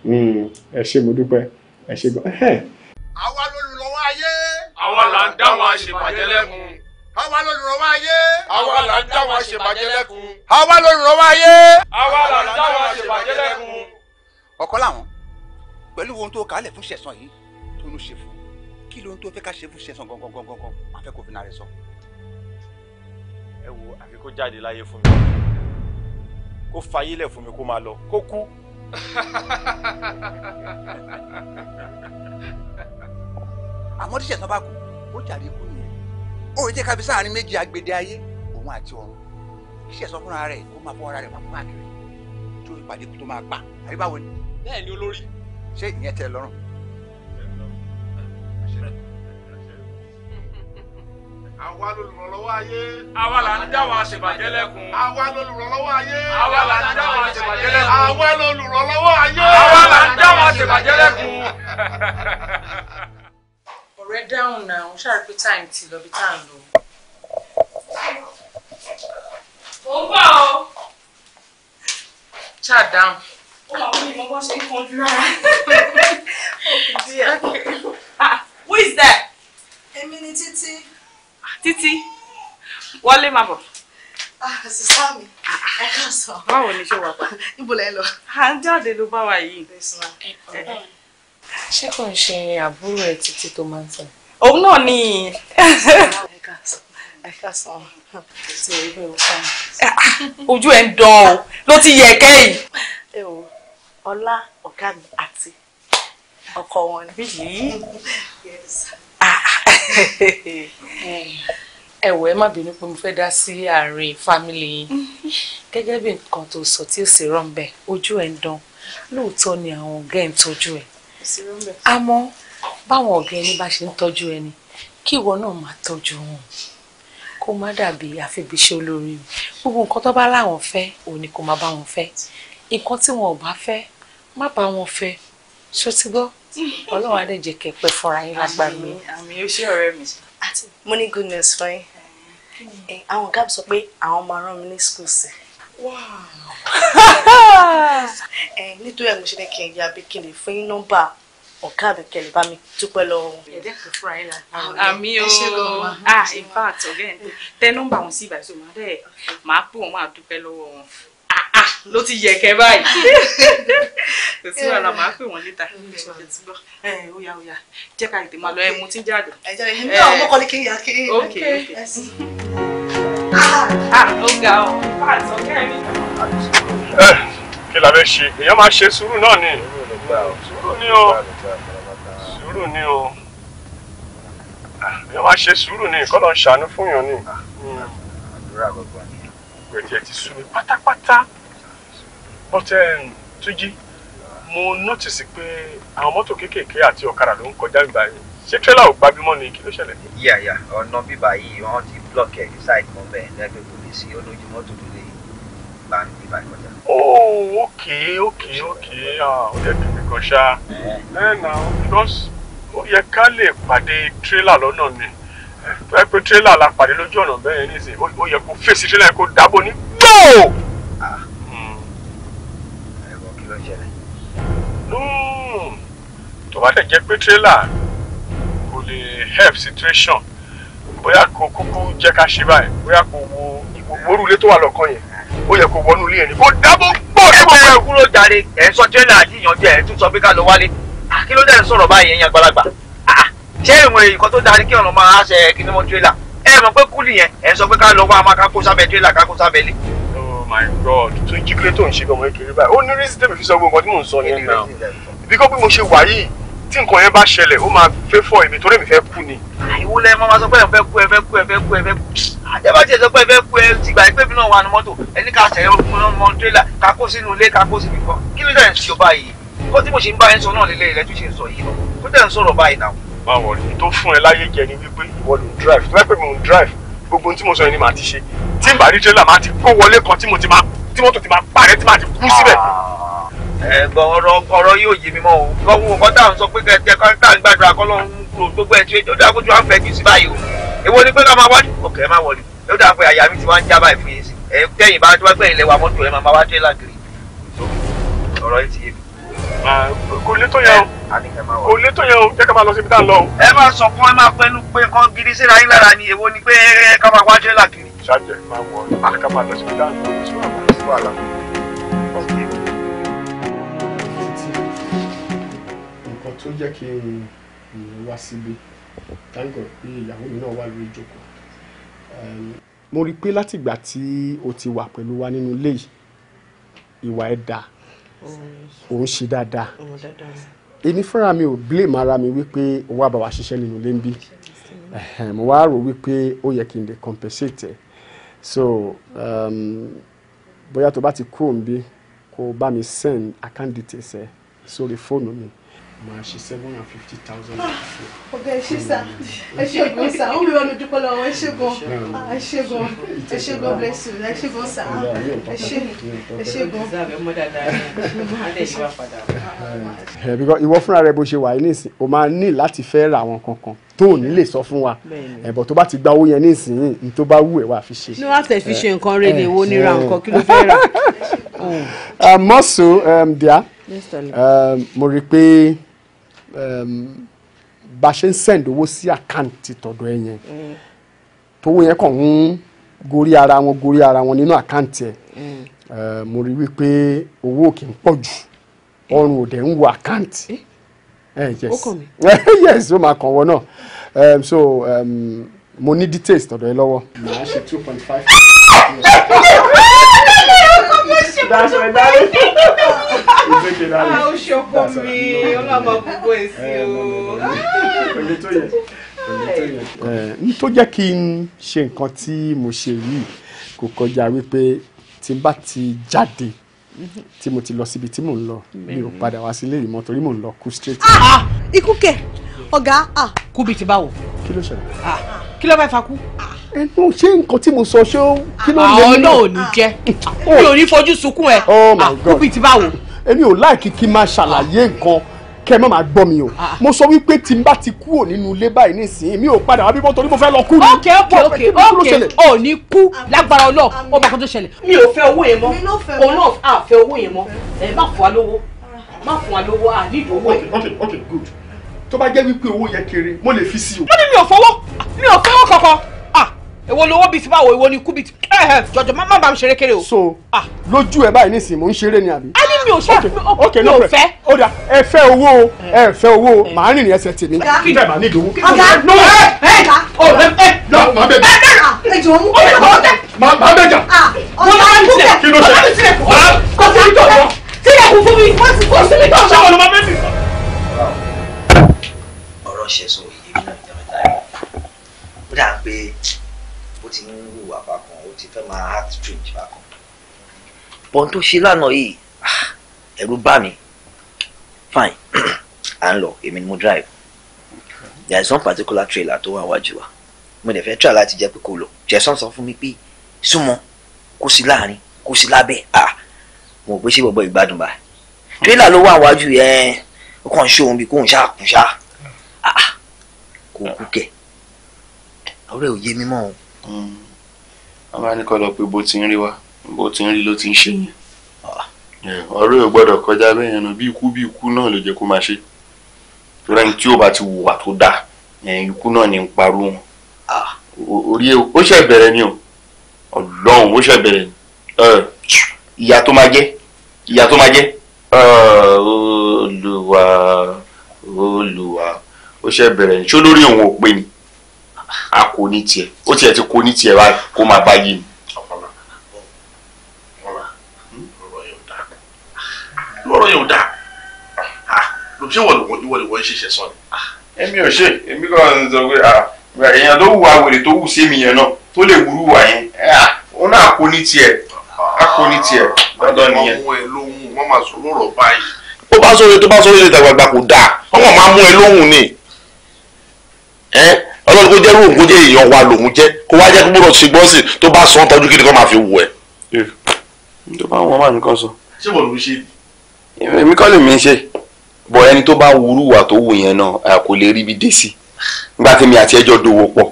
S2: hmm, ẹ ṣé mo dúpẹ́ ẹ ṣé gan.
S9: àwa lolùrànwọ́ ayé. àwa là ń dá àṣebàjẹ́ lẹ́kun. àwa lolùrànwọ́ ayé. àwa là ń dá àṣebàjẹ́ lẹ́kun. àwa lolùrànwọ́ ayé. àwa là ń dá àṣebàjẹ́ lẹ́kun.
S1: ọ̀kọ́
S10: làwọn pẹ̀lú ohun tó kálẹ̀ fún ṣẹ̀sán yìí tó ń ṣe fún kí ló ń tó fẹ́ ká ṣe fún ṣẹ̀sán gangan gangan gangan máa fẹ́ kó fi náà rẹ sọ. ẹ wo àfi kó jáde láyé fún mi
S2: kó fayílẹ̀ fún mi kó máa lọ kó kú.
S10: àmọ́ tí ṣẹ̀sán bá kú ó jàre kú nìyẹn ó jẹ́ ká fi sáàrin méjì agbede ayé òun àti ọ̀run ṣẹ̀sán fúnra rẹ̀ ó máa fọ́ ara rẹ̀ máa fún àkìrẹ́ tó fi pàdé kó tó máa pa àbí ni. bẹ́ẹ̀ ni olórí. ṣé ìyẹn tẹ́ lọ́rùn.
S9: àwa lolùrànlọ́wọ́ ayé. àwa là ń dá wa ṣèbàjẹ́ lẹ́kun. àwa lolùrànlọ́wọ́ ayé. àwa là ń dá wa ṣèbàjẹ́ lẹ́kun. àwa lolùrànlọ́wọ́ ayé. àwa là ń dá wa ṣèbàjẹ́
S6: lẹ́kun.
S4: ọ̀rẹ́ dáhùn náà ń ṣàrò pé táìmù ti lọ bí tá à ń lọ. ò ń bọ̀ o. ṣáà dáhùn. ó máa wọ́n mi mọ́ ṣe ń kanjú rárá. ó
S3: kì í díẹ̀. Ah, who is that? èmi ni títí. Titi, wọlé má bọ̀. sísá ah, mi ẹ kàn sọ. báwo ni ṣé wà pa. níbo lẹ lọ. à ń jáde ló bá wa yìí.
S4: ṣé kò ń ṣe àbúrò ẹ títí tó máa ń sọ. òun náà ni. ẹ kàn sọ ẹ kàn sọ tí orí bẹ́ẹ̀ ó fà. ojú
S3: ẹ ń dán o ló ti yẹ kẹ́yìn. ẹ o ọlá ọ̀gá mi àti ọkọ wọn ni.
S4: ẹ̀wọ̀ ẹ má bínú pé mo fẹ́ dá sí àárín fámìlì yín mm-hmm. gẹ́gẹ́
S5: bí nǹkan tó sọ tí ó sì rán bẹ́ẹ̀ ojú ẹ̀ ń dán lóòótọ́ ni àwọn ọ̀gá ẹ̀ ń tọ́jú ẹ̀ àmọ́ báwọn ọ̀gá ẹni bá ṣe ń tọ́jú ẹni kí ìwọ náà máa
S3: tọ́jú wọn kó má dàbí àfibiṣẹ́ olórí o gbogbo nǹkan tó bá láwọn fẹ́ òun ni kó má bá wọn fẹ́ nǹkan tí wọn ò bá fẹ́ má bá wọn fẹ́ ṣó ti gbọ́ ọlọ́run adé jẹ́ kẹ́ pẹ́ fọ́ra yín lágbára mi. àmì ó ṣe ọ̀rẹ́ mi. àti mo ní good news fún yín eh, àwọn gáàbù sọ pé àwọn máa rán mi ní school sí. Eh, nítorí ẹ̀ mo ṣe ní kí n ya bí kí n lè fún yín nọ́mbà ọ̀gá mi kẹlẹ̀ bá mi dúpẹ́ lọ́wọ́ wọn. ẹ̀dẹ́ kò fúnra yín la. àmì o ah in fact ọ̀gá ẹ̀ tẹ nọ́mbà wọn sí ìbàdàn máa dẹ̀ máa pò wọn máa dúpẹ́ lọ́wọ́ wọn ló ti yẹ̀kẹ́ báyìí kò sí wàhálà màá pè wọ́n níta ẹ ó yá ó yá jẹ́ ká tètè máa lọ ẹmu tí ń jáde. ẹ jẹ́ ẹ ní àwọn ọmọkọ ní kí n yà
S2: kí n. ok ok ah, ó ga ọ pàtó kẹrin. kí la fẹ́ ṣe èèyàn máa ṣe sùúrù náà ni
S7: sùúrù
S9: ni o
S2: sùúrù ni o ah, èèyàn máa ṣe sùúrù ni kọ́ ló ń ṣàánú fún yàn ni. Ah, àdúrà ti sú pátápátá but um, Túnjí mo notice pé àwọn mọ́tò kéékèèké àti ọ̀kadà ló ń kọjá ìgbà yìí ṣé tírélà ò gbabi mọ́ ni kí ló ṣẹlẹ̀. yíyá yá
S7: ọ̀nà bíbá yìí wọ́n ti block ẹ̀ ní side kan bẹ́ẹ̀ lẹ́gbẹ̀ẹ́ pòlìsì olójú mọ́tò tó lè gbà bíbá kọjá. oh ok ok ok ah, ó yẹ kí n kàn ṣá
S2: lẹ́nà eh. because ó yẹ ká lè pàdé tírélà lọ́nà ni pé tírélà la pàdé lójú ọ̀nà bẹ́ẹ̀ ní ìsìn ó yẹ kó fèsì tírélà yẹn kó dábò ní
S8: gbòò.
S2: Hmm. tó bá dẹ̀ jẹ́ pé tírélà kò lè help situation bóyá kò kúkú jẹ́ ká ṣe báyìí bóyá kò wo gbogbo orúlé tó wà lọ́kàn yẹn ó yẹ kó wọnú ilé ẹni. kò dábò gbọ́ ní gbogbo ẹ̀ kúrò jàre ẹ̀ sọ tírélà yíyanjú ẹ̀ tún sọ pé ká lọ wálé kí ló dẹ̀ ń sọ̀rọ̀ báyìí ẹ̀yin àgbàlagbà ṣé ìwọ̀n èyíkan tó darí kí ọ̀nà máa ṣe kí ni mo tírélà ẹ̀ mọ̀ pé kúlì yẹn ẹ̀ sọ pé ká lọ wá máa ká kó sábẹ́ tírélà ká kó sábẹ́ lé my god tó jí kílé tó ń ṣe bí ọmọ kékeré báyìí ó ní rísí tèmi fi sọ gbogbo nǹkan tí mò ń sọ yẹn náà bí kò bí mo ṣe wà yìí tí nǹkan yẹn bá ṣẹlẹ̀ ó máa fẹ́ fọ́ èmi torí èmi fẹ́ kú ni. àìwúlẹ̀ mo máa sọ pé ẹ fẹ́ kú ẹ fẹ́ kú ẹ fẹ́ kú ẹ fẹ́ kú àjẹbá tiẹ̀ sọ pé ẹ fẹ́ kú ẹ ti gbà pé mi náà wà ní mọ́tò ẹni ká ṣẹ̀yẹ ogun náà mọ́ tírélà ká kó sínú ilé ká kó síbi kan kí ló dẹ̀ ń ṣe báyìí kó tí mo ṣe ń bá ẹ sọ náà lélẹ̀ ilẹ̀ tó ṣe ń sọ yìí lọ kó dẹ̀ ń sọ̀rọ̀ báyìí náà. báwo ni tó fún ẹ láyé jẹ ni wípé ìwọ ló ń drive tó bá pè mí ò ń drive gbogbo ohun tí mo sọ yẹn ni ti ṣe tí n bá rí tírélà màá ti kó wọlé kan tí mo ti máa tí mọ́tò ti máa parẹ́ tí màá ti kú síbẹ̀. Ah. ọ̀rọ̀ ọ̀rọ̀ yóò yé mi mọ́ o gbọ́wọ́
S7: nǹkan tá à ń sọ pé kẹ́kẹ́ kọ́ńtà ń gbàdúrà kọ́lọ́run kúrò gbogbo ẹ̀ tí ó dáa kójú à ń fẹ́ kí sí báyìí o èwo ni pé ká máa wájú ọ̀kẹ́ má wọlé ó dáa pé àyà mi ti wá ń já báyìí fún yẹn sí kò lé tó yẹn
S2: o jẹ́ ká máa lọ síbi tá a lọ o. ẹ
S7: máa sọ fún ẹ máa pẹnu pé kan gidi síra yín
S2: lára ni èwo ni pé ká máa wá tírélà
S9: kiri. ṣáàjẹ máa wọ ẹ máa lọ síbi tá a lọ sí wàhálà sí
S8: wàhálà.
S2: nǹkan tó jẹ́ kí n wá síbi thank God ìyàwó mi náà wà lórí ìjókòó mo rí i pé látìgbà tí o ti wà pẹ̀lú wa nínú ilé yìí ìwà ẹ̀ dáa ò ń ṣe dáadáa èmi fúnra mi ò blame ara mi wípé ó wá bá wa ṣiṣẹ́ nínú ilé ń bí mo wá rò wípé ó yẹ kí n lè compensate ẹ̀ so um, bóyá tó bá ti kúrò ń bí kó bá mi send account details ẹ̀ sórí fóònù mi máa ṣe seven and fifty thousand.
S3: ọ̀gá ah, ẹ sá ẹ ṣe sá ó mi wọ́n mi dúpọ́ lọ́wọ́ ẹ ṣe gan ẹ ṣe ah, gan ẹ ṣe gan bless you ẹ ṣe gan sá ẹ ṣe ẹ ṣe
S2: gan. because ìwọ fúnra rẹ bó ṣe wà ní ìsìn o máa ní láti fẹ́ ra àwọn kankan tó ò ní lè sọ fún wa ẹ̀bọ̀ tó bá ti gba owó yẹn ní ìsìn tó bá wù ẹ̀ wá fi ṣe. ní wàá
S3: tẹ̀ fi ṣe nǹkan rẹ̀ ni èwo ni ra nǹkan kí ló fẹ́ rà.
S2: Uh, mọ́sù um, díà um, mo rí i pé. Um, bá ṣe ń send owó sí àkáǹtì tọ̀dọ̀ ẹ yẹn tówó yẹn kàn ń gorí ara wọn gorí ara wọn nínú àkáǹtì ẹ mm. um, mo rí wípé owó kì í pọ̀ jù ọrùn òde ń wo àkáǹtì eh? Eh, yes ó máa kàn wọ náà um, so um, mo ní details tọ̀dọ̀ ẹ lọ́wọ́. màá ṣe two point five.
S4: daṣọ ẹ dálé. ó ṣọkọ mi ọlọ́mọ
S2: púpọ̀
S1: èsì o. oye tó yẹ oye tó yẹ.
S2: Eh, n tó jẹ́ kí n ṣe nǹkan tí mo ṣe yìí kò kọjá wípé tí n bá ti jáde tí mo ti lọ síbi tí mò ń mi ò mm-hmm. padà wá sílé ìmọ̀ torí mò ń lọ kú straight. Ah! ikú kẹ̀ ọ̀gá. kú bíi ti báwo. kí ló ṣẹlẹ̀. kí ló fẹ́ fa kú. ẹnu ṣé nǹkan tí mo sọ ṣé ó kí ló lè nínú. àwọn náà ò ní jẹ́ mi ò ní fojú sunkún ẹ oh kú bíi ti báwo. èmi ò láìkí kí n máa ṣàlàyé nǹkan kẹ má máa gbọ́ mi o mo sọ wípé tí n bá ti kúrò nínú ilé báyìí nísìnyí mi ò padà wá bíbọ́ torí mo fẹ́ lọ kú ni.
S4: ókè ókè ókè ókè
S2: ò ní kú lágbára ọlọ́ọ̀ ó bá kan tó ṣẹlẹ̀. mi ò fẹ́ owó yẹn mọ́ òun náà á fẹ́ owó yẹn mọ́ ẹ má fún wa lówó má fún wa lówó à nídìí owó yẹn. okay okay okay good tó bá jẹ́ wípé owó yẹn kéré mo lè fi sí o. wọ́n ní mi ò fọwọ́ mi ò fọwọ́ kankan ah èwo lowó bíi ti báwo èwo ni kú bíi ti ẹ ẹ jọjọ má má bá mi ṣeré kéré o. so lójú ẹ báyìí nísìnyí mò ń ṣeré ni àbí. a ní mi ò ṣe mi ò fẹ́. ó dà ẹ fẹ́ owó ẹ fẹ́ owó màá rìnrìn ẹsẹ̀ tèmi. kí tẹ̀ bá nílò owó. ọ̀gá ló ẹ ẹ ọ̀ ẹ ẹ lọ màá bẹ̀ jà.
S9: ẹ jọ̀ọ́ mú kí ló bọ̀ ọ́
S2: màá bẹ̀ jà. ọ̀gá ń tilẹ̀ kí ló ṣe kò sí ìtọ́jú. tilẹ̀kùn fún mi kò sí ìtọ́jú ránṣẹ́ sọ èyí mi náà jẹ́mẹ́ta rẹ̀ ó
S7: dà ń pé ó ti ń hùwà bákan ó ti fẹ́ máa heart change bákan. bọ́n tó ṣe lánàá yìí ah, ẹ̀rù bá mi fine à ń lọ èmi ni mo drive there is one particular trailer tó wà wájú wa mo dẹ̀ fẹ́ try láti jẹ́ pé kò lọ jẹ̀sán sọ fún mi pé súnmọ́ kó sí láàrin kó sí lábẹ́ ah mo gbé sí gbogbo ìgbádùn bá trailer ló wà wájú yẹn ó kàn ń ṣóhun bí kóhun ṣáà kù ṣáà kò kú kẹ̀ ọ̀rẹ́ ò yé mi mọ́ o.
S4: wọ́n hmm. bá ní kọ́ lọ pé bó ti ń rí wa bó ti ń rí ló ti ń
S2: ṣe hmm. yẹn ọ̀rẹ́ ò gbọ́dọ̀ kọjá bẹ́ẹ̀ yẹn bí ikú bí ikú náà ló jẹ́ kó máa ṣe torí ẹni tí ó bá ti wùwà tó dáa ikú náà ní ń parú wọn ah. orí ó ṣe bẹ̀rẹ̀ ni o ọlọ́run ó ṣe bẹ̀rẹ̀ ni ìyá tó máa jẹ́ ìyá tó máa jẹ́ ah. olùwà olùwà ó ṣe bẹ̀rẹ̀ ní ṣó lórí òun ò pé ni a kò ní tiẹ̀ ó tiẹ̀ ti kó ní tiẹ̀ báyìí kó máa bá yé mi. lọ́rọ̀ yóò dáa ló ṣe wọ̀lùwọ̀n ìwọ̀lùwọ̀n ṣiṣẹ́ sọ ni. èmi ò ṣe èmi kàn ń sọ pé èèyàn tó wùwà wèrè tó wù sẹ́mi yẹn náà tó lè wúrú wà yẹn òun náà kò ní tiẹ̀ a kò ní tiẹ̀ dandan nìyẹn. wọ́n mú ẹ lóhùn wọ́n máa sọ lọ́rọ̀ báyìí. ó bá sọ oye tó bá sọ oye lè dàgbàgbà kò dáa wọ́n máa mú ẹ lóhùn ni ọlọ́run kó jẹ́rú òun kó jẹ́ èèyàn wa lòun jẹ́ kó wá jẹ́ kó gbọ́dọ̀ ṣe gbọ́sìn tó bá sọ tọ́jú kí ni kó máa fi wù ẹ́. tó bá wọn máa nìkan sọ. ṣé wọn ló ń ṣe. èmi kọ́ lè mi ṣe bọ̀ ẹni tó bá wúrú wà tó wù yẹn náà kò lè rí ibi dé sí nígbà tí mi àti ẹjọ́ dowó pọ̀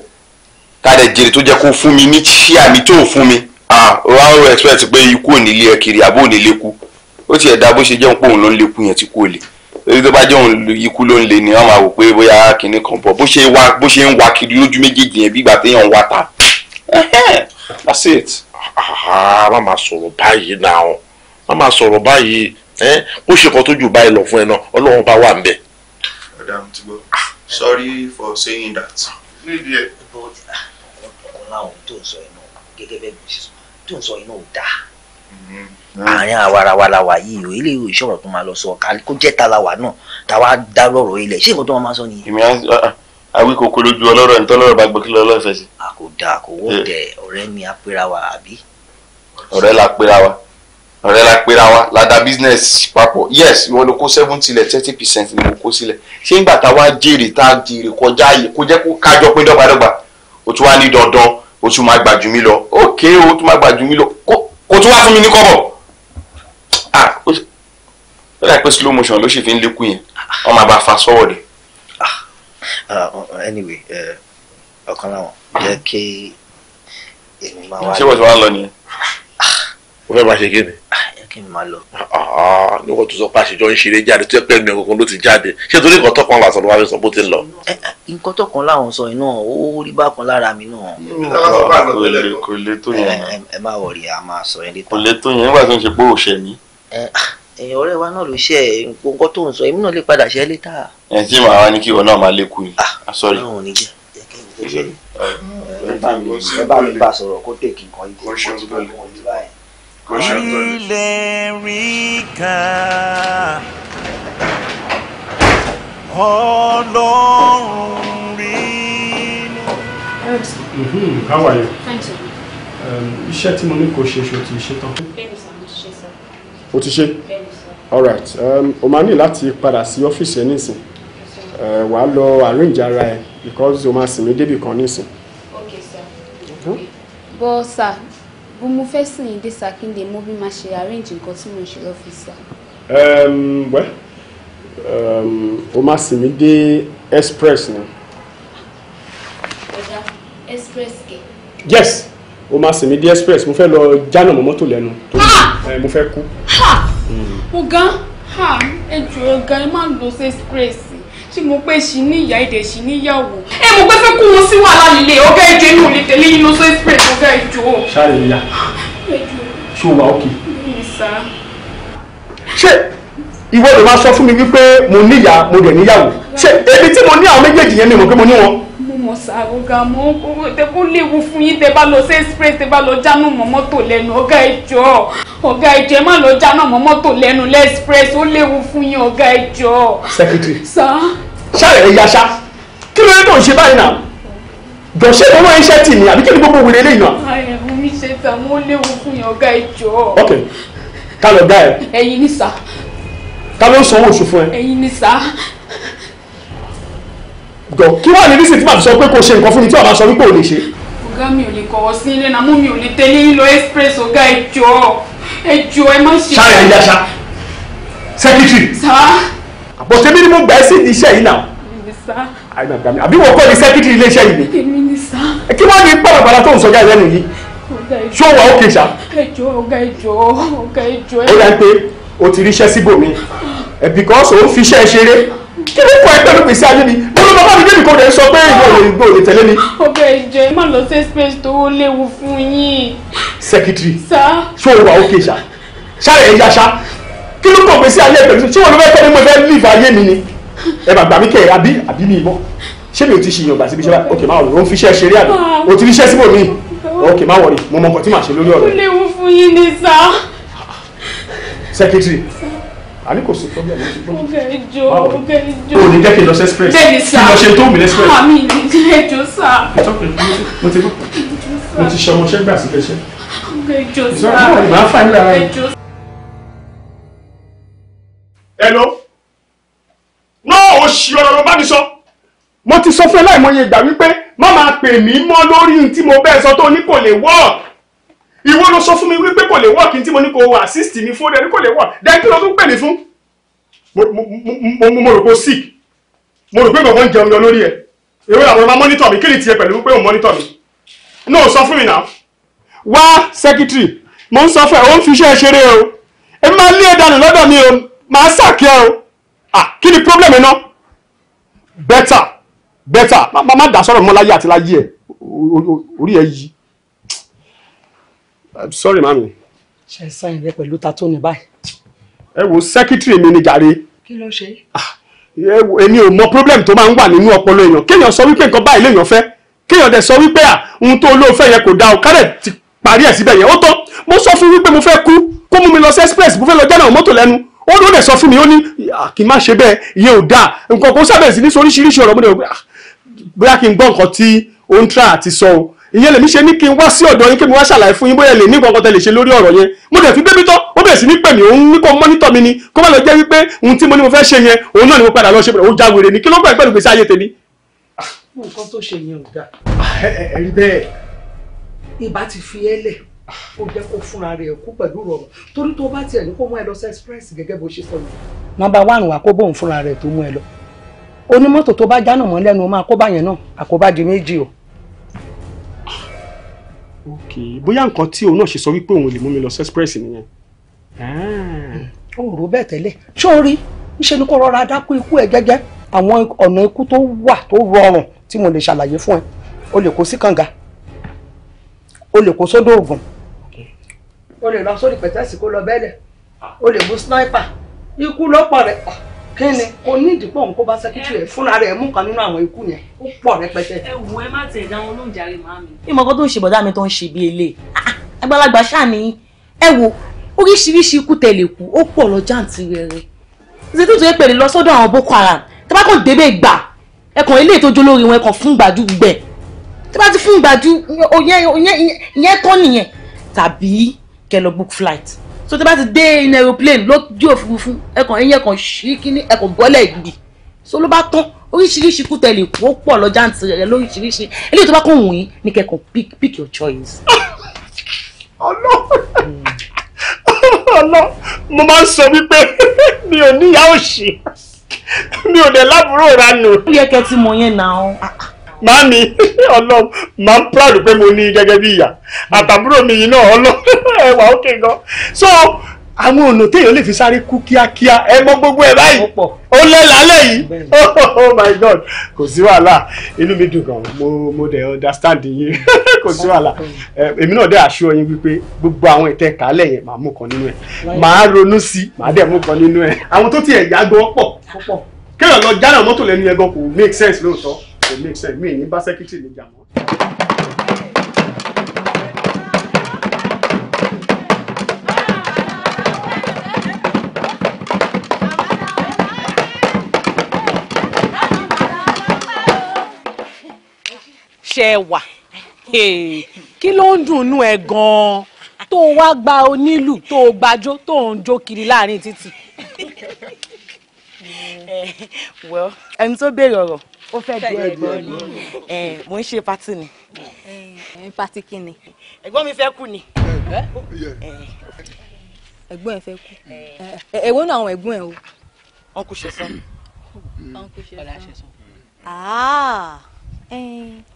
S2: tàdé jèrè tó jẹ́ kó fún mi ní ṣíà mi tó fún mi wà á expect pé ikú ò ní lé ẹ kiri àbó ò ní lékú ó tiẹ̀ dá bó ṣe jẹun pé òun ló ń lékú yẹn tí kú ò lè èyí tó bá jẹ́ ikú ló ń le ni wọ́n máa wò pé bóyá kinní kan bọ̀ bó ṣe wá bó ṣe ń wá kiri lójú méjèèjì yẹn bí ìgbà téèyàn wá ta that's it. má máa sọ̀rọ̀ báyìí náà má máa sọ̀rọ̀ báyìí ó ṣe kan tó jù báyìí lọ fún ẹ náà ọlọ́run bá wà ń bẹ̀.
S7: madam tigbo sorry for saying that. nídìí ẹ. ọkùnrin làwọn tó ń sọ iná gẹ́gẹ́ bẹ́ẹ̀ bí tó ń sọ iná ò dáa. Mm-hmm àárín àwarawa la wà yìí òye lè ìṣòro tó máa lọ sọ kó jẹ́ ta la wà náà ta wá dá lọ́rọ̀ ilẹ̀ ṣé nǹkan tó máa sọ nìyẹn. èmi ah, ah, àwí kò kolójú ọlọ́rọ̀ ní tọ́lọ́rọ̀ bá gbókè lọ́lọ́ ìfẹ́ sí. a kò dáa kò wó eh. tẹ ọ̀rẹ́ ni a wa àbí.
S2: ọ̀rẹ́ la pera wa
S7: ọ̀rẹ́ la pera wa la
S2: business papọ̀ yes ìwọ ló kó seventy lẹ̀ thirty percent ni mo kó sílẹ̀ ṣé ńgbà tá a wá jèrè tá a jèrè kọjá yìí kó jẹ́ kó kájọ pé dọ́gbadọ́gba o tún wá ah ó dà pé slow motion ló sì fi ń lékún yẹn wọ́n máa bá
S7: fast forward. anyway eh, ọ̀kan láwọn jẹ́ kí èmi máa wá. ṣé wọ́n ti wá lọ nìyẹn. o ah. fẹ́ máa ṣe kí ni.
S2: Ah, kí ni máa lọ. Ah, ní wọ́n tún sọ pé àṣejọ ń ṣeré jáde tó yẹ pé ẹnu ẹ̀kọ́kan ló ti jáde ṣé torí nǹkan tọkàn làṣọ ló wá fi sọ bó ti ń lọ. Eh,
S7: eh, nǹkan tọkàn láwọn sọ iná ó rí bákan lára mi náà. kò lè tó yẹn. ẹ má wọrí a máa sọ yẹn létà. kò lè tó yẹn nígbà tó ń ṣe pé òṣèlú ẹ̀yìn ọ̀rẹ́ wa náà ló ṣe ẹ̀ nǹkan tó ń sọ èmi náà lè padà ṣe é létà. ẹ tí màá wá ní
S2: náà máa lékù ni sọrí. ọlọ́run ò
S7: ẹ bá mi bá sọ̀rọ̀ kó tèkì nǹkan yìí kó ṣe tó lè wọlé báyìí.
S1: ilé rí ká ọlọ́run rí.
S2: How are you? Fine, sir. Iṣẹ́ tí mo ní kò ṣe ṣo ti ṣe tán o ti ṣe alright um, o máa ní láti padà sí ọ́fíìsì ẹ nísìn wà á lọ arrange ara ẹ because o máa sìn mí débì kan nísìn. sir
S4: bọ́ sà bó mo fẹ́ sìn yín dé sà kí n lè mọ bí máa ṣe arrange nǹkan tí mo ń ṣe lọ́fíìsì sà.
S2: Um, wẹ́ um, o máa sìn mí dé express ni.
S5: ọ̀dà express kẹ̀.
S2: yes o máa sìn mí dé express mo fẹ́ lọ jánà mọ́ mọ́tò lẹ́nu tó eh, mo fẹ́ kú.
S4: ọ̀gá hmm. ẹ jù ọ̀gá ẹ máa lọ sí express tí mo pé ṣì ní ìyá èdè ṣì níyàwó. ẹ mo pẹ́ fẹ́ kó wọn sí wàhálà líle ọ̀gá ẹ̀jẹ̀ inú lè tẹ̀lé yín lọ sí express ọ̀gá ẹ̀jọ̀.
S2: ṣáàlì ìyá ṣé o wà ókè. ṣé ìwọ ló máa sọ fún mi wípé mo níyà mo dẹ̀ níyàwó ṣé ebi tí mo ní àwọn méjèèjì yẹn ni mo pé mo ní wọn
S4: mọ̀ sá ọ̀gá mọ̀ kó léwu fún yín tẹ́ bá lọ sí express tẹ́ bá lọ jáná mọ́ mọ́tò lẹ́nu ọ̀gá ẹjọ́ ọ̀gá ẹjọ́ ẹ má lọ jáná mọ́ mọ́tò lẹ́nu lẹ́ ó léwu fún yín ọ̀gá ẹjọ́. secretary sá.
S2: sáré ẹ yá sá kí ló dé tó ń ṣe báyìí náà jọ̀ṣẹ́ ló rán iṣẹ́ tì ní àbí kí ni gbogbo wèrè lè yàn.
S4: àyẹ̀wò mi ṣe tà mo léwu fún yín ọ̀gá ẹjọ́. ok ká lọ gbá ẹ. ẹ̀yin ni sá.
S2: ká ló ń sanwó oṣù fún ẹ. ẹ̀yin ni sá jọ kí wàá ní nísìsiyìí tí màá fi sọ pé kò ṣe nǹkan fún mi tí wàá bá sọ wípé ò lè ṣe.
S4: ọ̀gá mi ò lè kọ̀wọ́ sí ilé náà mú mi ò lè tẹ̀lé yín lọ express ọ̀gá ẹ jọ̀ọ́ ẹ jọ̀ọ́ ẹ má ṣe. ṣáà yẹn yáṣá sẹ́kítírì. sá. àbọ̀ṣe mi ni mo gbà ẹ́
S2: sí ìdí iṣẹ́ yìí náà. àbí wọ́n kọ́ ni sẹ́kítírì iléeṣẹ́ yìí ni.
S4: èmi ni sá. kí wọ́n ní pàràpàrà tó
S2: ń sọ jáde lẹ́nu yìí.
S4: ṣé ó wà ó kéṣà. ẹ jọ̀ọ́ ọ̀gá ẹ jọ̀ọ́ ẹ
S2: o ti ríṣẹ́ síbòmí
S4: kí ló kọ́ ẹ pẹ̀lú gbèsè
S2: ayé ni bá mi débi kò dé sọ pé ìwọ lè gbò lè tẹ̀lé mi.
S4: ọbẹ̀ ìjẹ́ má lọ sí express tó léwu fún yín. secretary ṣó
S2: o wà ókè ṣá ṣáà ẹ̀yà ṣá kí ló kọ̀ pé sí ayé ẹ̀pẹ̀lú ṣé wọn ló fẹ́ tẹ́lẹ̀ mo fẹ́ leave ayé mi ni ẹ bàgbà mi kẹ́ ẹ àbí àbí mi mọ́ ṣé mi ò ti ṣe ìyàngbà síbi iṣẹ́ báyìí ok máa wọ̀ ó ń fi iṣẹ́ ṣeré àná o ti ríṣẹ́ síbò míì ok máa wọ̀ ni mo mọ nǹkan tí màá ṣe lórí ọ̀rọ̀. ó
S4: léwu fún yín ni sá.
S2: secretary a ní kò sí problem ní ṣùgbọ́n. mo
S4: fẹ́ jó mo fẹ́ jó. o ní jẹ́ kí n lọ sí express. bẹ́ẹ̀ni sá kí lọ ṣe tó mi lẹ́spress. àmì ìdílé jó sá. mo ti mo ti ṣe ọmọṣẹ́ gbà sí fẹsẹ̀. mo fẹ́ jó sá. màá fà nílẹ̀ ara rẹ̀.
S2: hello náà o ṣì ọ̀rọ̀ ló bá mi sọ. mo ti sọ fún ẹ láìmọye ìgbà wípé má máa pè mí mọ́ lórí ohun tí mo bẹ́ẹ̀ sọ tó ní kò lè work ìwọ ló sọ fún mi wípé kò lè wọ́ọ̀kì tí mo ní kó o assist mi fún ẹni kò lè wọ́ọ̀ dẹ́n kí ló tún pè mí fún. mo rò pé sick mo rò pé gbọ̀ngàn jẹun yọ lórí ẹ èrò làwọn máa mọ́nítọ̀ mi kí ni tiẹ̀ pẹ̀lú pé òun mọ́nítọ̀ mi. náà sọ fún mi náà wá secretary mo ń sọ fún ẹ ó ń fi iṣẹ́ ṣeré o ẹ máa lé ẹ dànù lọ́dọ̀ mi o máa sàkí ẹ o ah kí ni problem iná better better má má dà sọ̀rọ̀ mọ́ láyé àti láyé ẹ orí ẹ yìí i'm uh, sorry mami.
S6: ṣe sáyìn rẹ pẹ̀lú
S2: tató ní báyìí. ẹ wo sẹ́kítírì mi ni jàre. kí ló ṣe. Ah, èmi ò mọ problem tó máa ń wà nínú ọpọlọ èèyàn kéèyàn sọ wípé nǹkan báyìí lèèyàn fẹ́ kéèyàn dẹ̀ sọ wípé ah, ohun tó olóòfẹ́ yẹn kò dáa ọ̀kadẹ̀ ti parí ẹ̀ síbẹ̀ yẹn ó tán mo sọ fún wípé mo fẹ́ kú kó mú mi lọ sí express mo fẹ́ lọ jẹ́nà mọ́tò lẹ́nu ó ló dẹ̀ sọ fún mi ó ní ah, kí n má ṣe bẹ́ẹ̀ ìyẹn ò dáa nǹkan kó sábẹ̀ sí ní sọ oríṣiríṣi ọ̀rọ̀ mo dẹ̀ bóyá kí n gbọ́ nǹkan tí ó ń tra àti sọ o ìyẹn lèmi ṣe ní kí n wá sí ọ̀dọ̀ yín kí mi wá ṣàlàyé fún yín bóyá lè ní kankan tẹ lè ṣe lórí ọ̀rọ̀ yẹn mo dẹ̀ fi bébí tán ó bẹ̀rẹ̀ sí ní pè òun ní kó mọ́nítọ̀ mi ni kó má lọ jẹ́ wípé ohun tí mo ní mo fẹ́ ṣe yẹn òun náà ni mo padà lọ ṣe bẹ̀rẹ̀ ó jáwèrè ni kí ló ń bẹ̀rẹ̀ pẹ̀lú gbèsè ayé tèmi.
S6: nǹkan tó ṣe yẹn ò dáa. ẹ
S2: rí bẹ́ẹ̀. ìbá ti fi ẹ́ ó jẹ́ kó fúnra rẹ̀ kú pẹ̀lú rọrùn torí tó bá tiẹ̀ ní kó mú ẹ lọ sí express gẹ́gẹ́ bó ṣe sọ yìí. nọ́mbà wàn wá kó bóun fúnra rẹ̀ tó mú ẹ lọ onímọ́tò tó bá jánà mọ́ lẹ́nu máa kó báyẹn náà àkóbá di méjì o ok bóyá nǹkan tí òun náà ṣe sọ wípé òun lè mú mi lọ sexpress nìyẹn. Ah. ó rò bẹ́ẹ̀ tẹ́lẹ̀ ṣé o rí ńṣe ni kò rọra dákú ikú ẹ̀ gẹ́gẹ́ àwọn ọ̀nà ikú tó wà tó rọrùn tí mo lè ṣàlàyé fún ẹ o lè kó sí kànga o lè kó sódò ògùn
S5: o lè lọ sórí pẹ̀tẹ́sì kó lọ
S2: bẹ́lẹ̀ o lè mú sniper ikú ló rẹ̀. Ah kí ni kò ní ìdìpọ̀ òun kó bá sẹ́kítì rẹ̀ fúnra rẹ̀ mú kan nínú àwọn ikú yẹn ó pọ̀ rẹpẹtẹ. ẹ
S4: wò ẹ má tẹ̀ ẹ̀dá wọn ló ń jàre màmí.
S3: ìmọ̀ kan tó ń ṣe bọ̀dá mi tó ń ṣe bí ele ah, ah, àgbàlagbà ṣáà ni ẹ wo oríṣiríṣi
S2: ikú tẹ̀lé kú ó pọ̀ lọ jáǹtì rẹ̀ ṣe tí ìtòyẹ́ pẹ̀lú lọ sọ́dọ̀ àwọn Boko Haram tí wọ́n kàn débẹ̀ gbà ẹ̀kàn ilé ìtọ́jú olórí wọn ẹ̀kàn fún gbàdú gbẹ tí wọ́n ti fún gbàdú
S5: ìyẹn tán nìyẹn tàbí book flight so tí bá ti dé in aeroplane lójú òfurufú ẹkàn eyín ẹkàn ṣí kíní ẹkàn bọ́lẹ̀ gbì so ló bá tán oríṣiríṣi kú tẹ̀lé kó pọ̀ lọ́jà ntì rẹ̀ lóríṣiríṣi eléyìí tó bá kàn wọ̀nyí ni kẹ́kàn pick
S2: pick
S7: your choice.
S2: ọlọ́run ọlọ́run mo máa ń sọ wípé mi ò níyàá òṣì mi ò dẹ̀ lábúrò ranù. ó yẹ kẹ́ ti mọ yẹn náà Mami, ọlọ́run màá ń proud pé mo ní gẹ́gẹ́ bí ìyá àtàbúrò mi yìí náà ọlọ́run ẹwà ókè gan so àwọn ọ̀nà téèyàn lè fi sáré kú kíákíá ẹ gbọ́ gbogbo ẹ báyìí ó lẹ́ lálẹ́ yìí oh my god kò sí wàhálà inú mi dùn gan mo mo dẹ̀ understand yín kò sí wàhálà èmi náà dẹ̀ assure yín wípé gbogbo àwọn ìtẹ́ kálẹ̀ yẹn màá mú kan nínú ẹ̀ màá ronú sí màá dẹ̀ mú kan nínú ẹ̀ àwọn tó tiẹ̀ yá gan pọ̀ kéèyàn lọ jálẹ̀ mọ́tò lẹ́nu yẹn gan kò make sense lóòótọ́ kò make sense mi ní bá sẹ́kítì mi jà mọ́.
S3: ṣe wà kí ló ń dùnnú ẹ gan-an tó wá gba onílù tó gbàjó tó ń jó kiri láàrin títì. Eh, ẹni tó béèrè ọ̀rọ̀ ó fẹ́ di ẹ̀gbọ́n ni mo ń ṣe pati ni.
S5: pati kí ni. ẹ̀gbọ́n mi fẹ́ kú ni.
S11: ẹ̀gbọ́n ẹ fẹ́ kú èwo náà àwọn ẹ̀gbọ́n ẹ o.
S5: ọkùn ṣe sọ. ọkùn ṣe sọ.